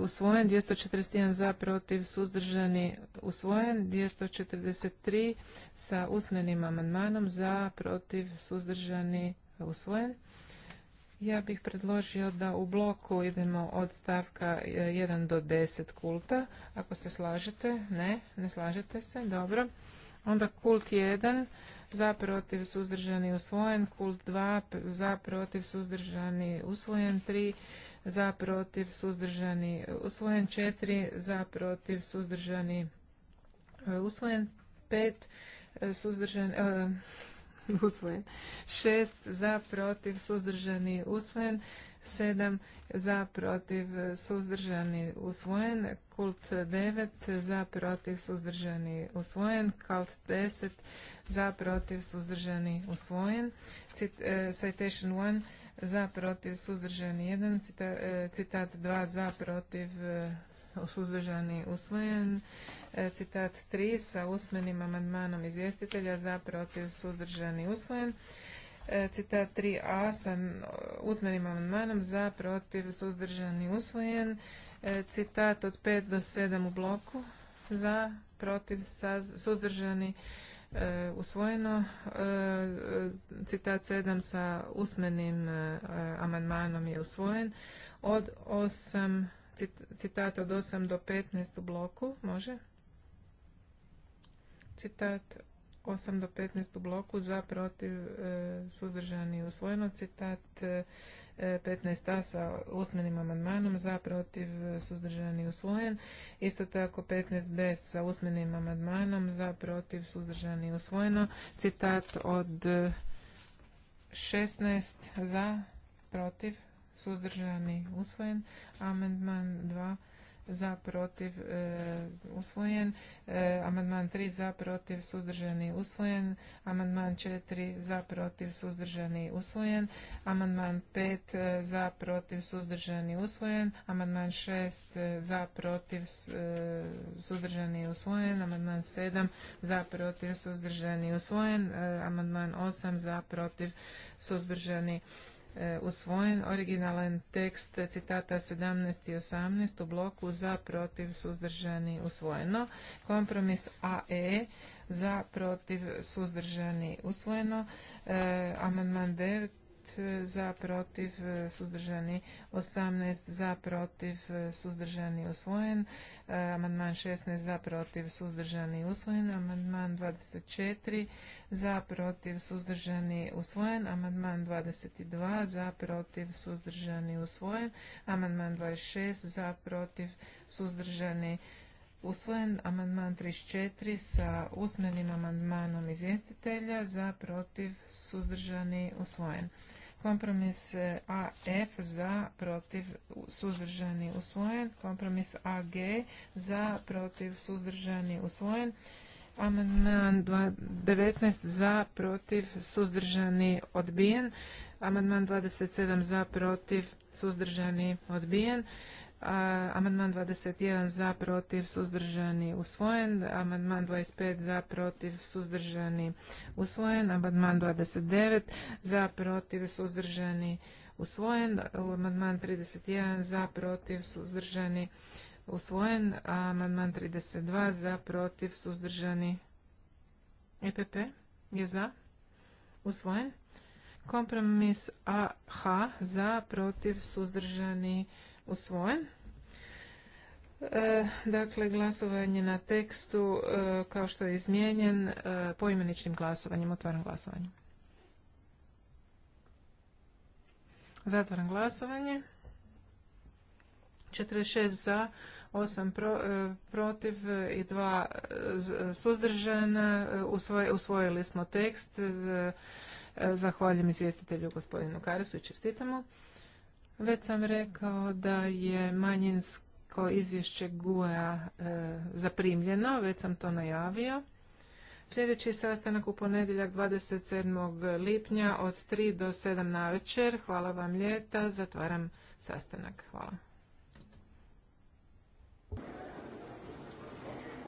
usvojen. 241 za, protiv, suzdržani, usvojen. 243 sa usmenim amandmanom za, protiv, suzdržani, usvojen. Ja bih predložio da u bloku idemo od stavka 1 e, do 10 kulta. Ako se slažete, ne, ne slažete se, dobro. Onda kult 1, za protiv suzdržani usvojen, kult 2, za protiv suzdržani usvojen, 3, za protiv suzdržani usvojen, 4, za protiv suzdržani e, usvojen, 5, e, suzdržani... usvojen. Šest za, protiv, suzdržani, usvojen. Sedam za, protiv, suzdržani, usvojen. Kult devet za, protiv, suzdržani, usvojen. kult deset za, protiv, suzdržani, usvojen. E, citation one za, protiv, suzdržani, jedan. E, citat dva za, protiv, e, suzdržani usvojen. E, citat 3 sa usmenim amandmanom izvjestitelja za protiv suzdržani usvojen. E, citat 3a sa usmenim amandmanom za protiv suzdržani usvojen. E, citat od 5 do 7 u bloku za protiv suzdržani usvojeno. Citat 7 sa usmenim amandmanom je usvojen. Od 8 citat od 8 do 15 u bloku, može? Citat 8 do 15 u bloku za protiv e, suzdržani i usvojeno. Citat 15a e, e, sa usmenim amandmanom za protiv suzdržani usvojen. Isto tako 15b sa usmenim amandmanom za protiv suzdržani usvojeno. Citat od 16 za protiv suzdržani usvojen. Amandman 2 za protiv e, usvojen. E, amandman 3 za protiv suzdržani usvojen. Amandman 4 za protiv suzdržani usvojen. Amandman 5 e, za protiv suzdržani usvojen. Amandman 6 za protiv e, suzdržani usvojen. Amandman 7 za protiv suzdržani usvojen. Amandman 8 za protiv suzdržani usvojen E, usvojen originalan tekst citata 17 i 18 u bloku za protiv suzdržani usvojeno kompromis AE za protiv suzdržani usvojeno e, amandman 9 9 za protiv suzdržani 18 eh, za protiv suzdržani usvojen amandman 16 za protiv suzdržani usvojen amandman 24 za protiv suzdržani usvojen amandman 22 za protiv suzdržani usvojen amandman 26 za protiv suzdržani usvojen amandman 34 sa usmenim amandmanom izvjestitelja za protiv suzdržani usvojen. Kompromis e, AF za protiv suzdržani usvojen. Kompromis AG za protiv suzdržani usvojen. Amandman 19 za protiv suzdržani odbijen. Amandman 27 za protiv suzdržani odbijen. Amandman 21 za, protiv, suzdržani, usvojen. Amandman 25 za, protiv, suzdržani, usvojen. Amandman 29 za, protiv, suzdržani, usvojen. Amandman 31 za, protiv, suzdržani, usvojen. Amandman 32 za, protiv, suzdržani, EPP je za, usvojen. Kompromis AH za, protiv, suzdržani, usvojen usvojen. E, dakle, glasovanje na tekstu e, kao što je izmijenjen e, poimeničnim glasovanjem. Otvaram glasovanje. Zatvaram glasovanje. 46 za, 8 protiv i 2 suzdržana. usvojili smo tekst. Zahvaljujem izvjestitelju gospodinu Karasu i čestitamo. Već sam rekao da je manjinsko izvješće Guja e, zaprimljeno, već sam to najavio. Sljedeći sastanak u ponedjeljak 27. lipnja od 3 do 7 na večer. Hvala vam ljeta, zatvaram sastanak. Hvala.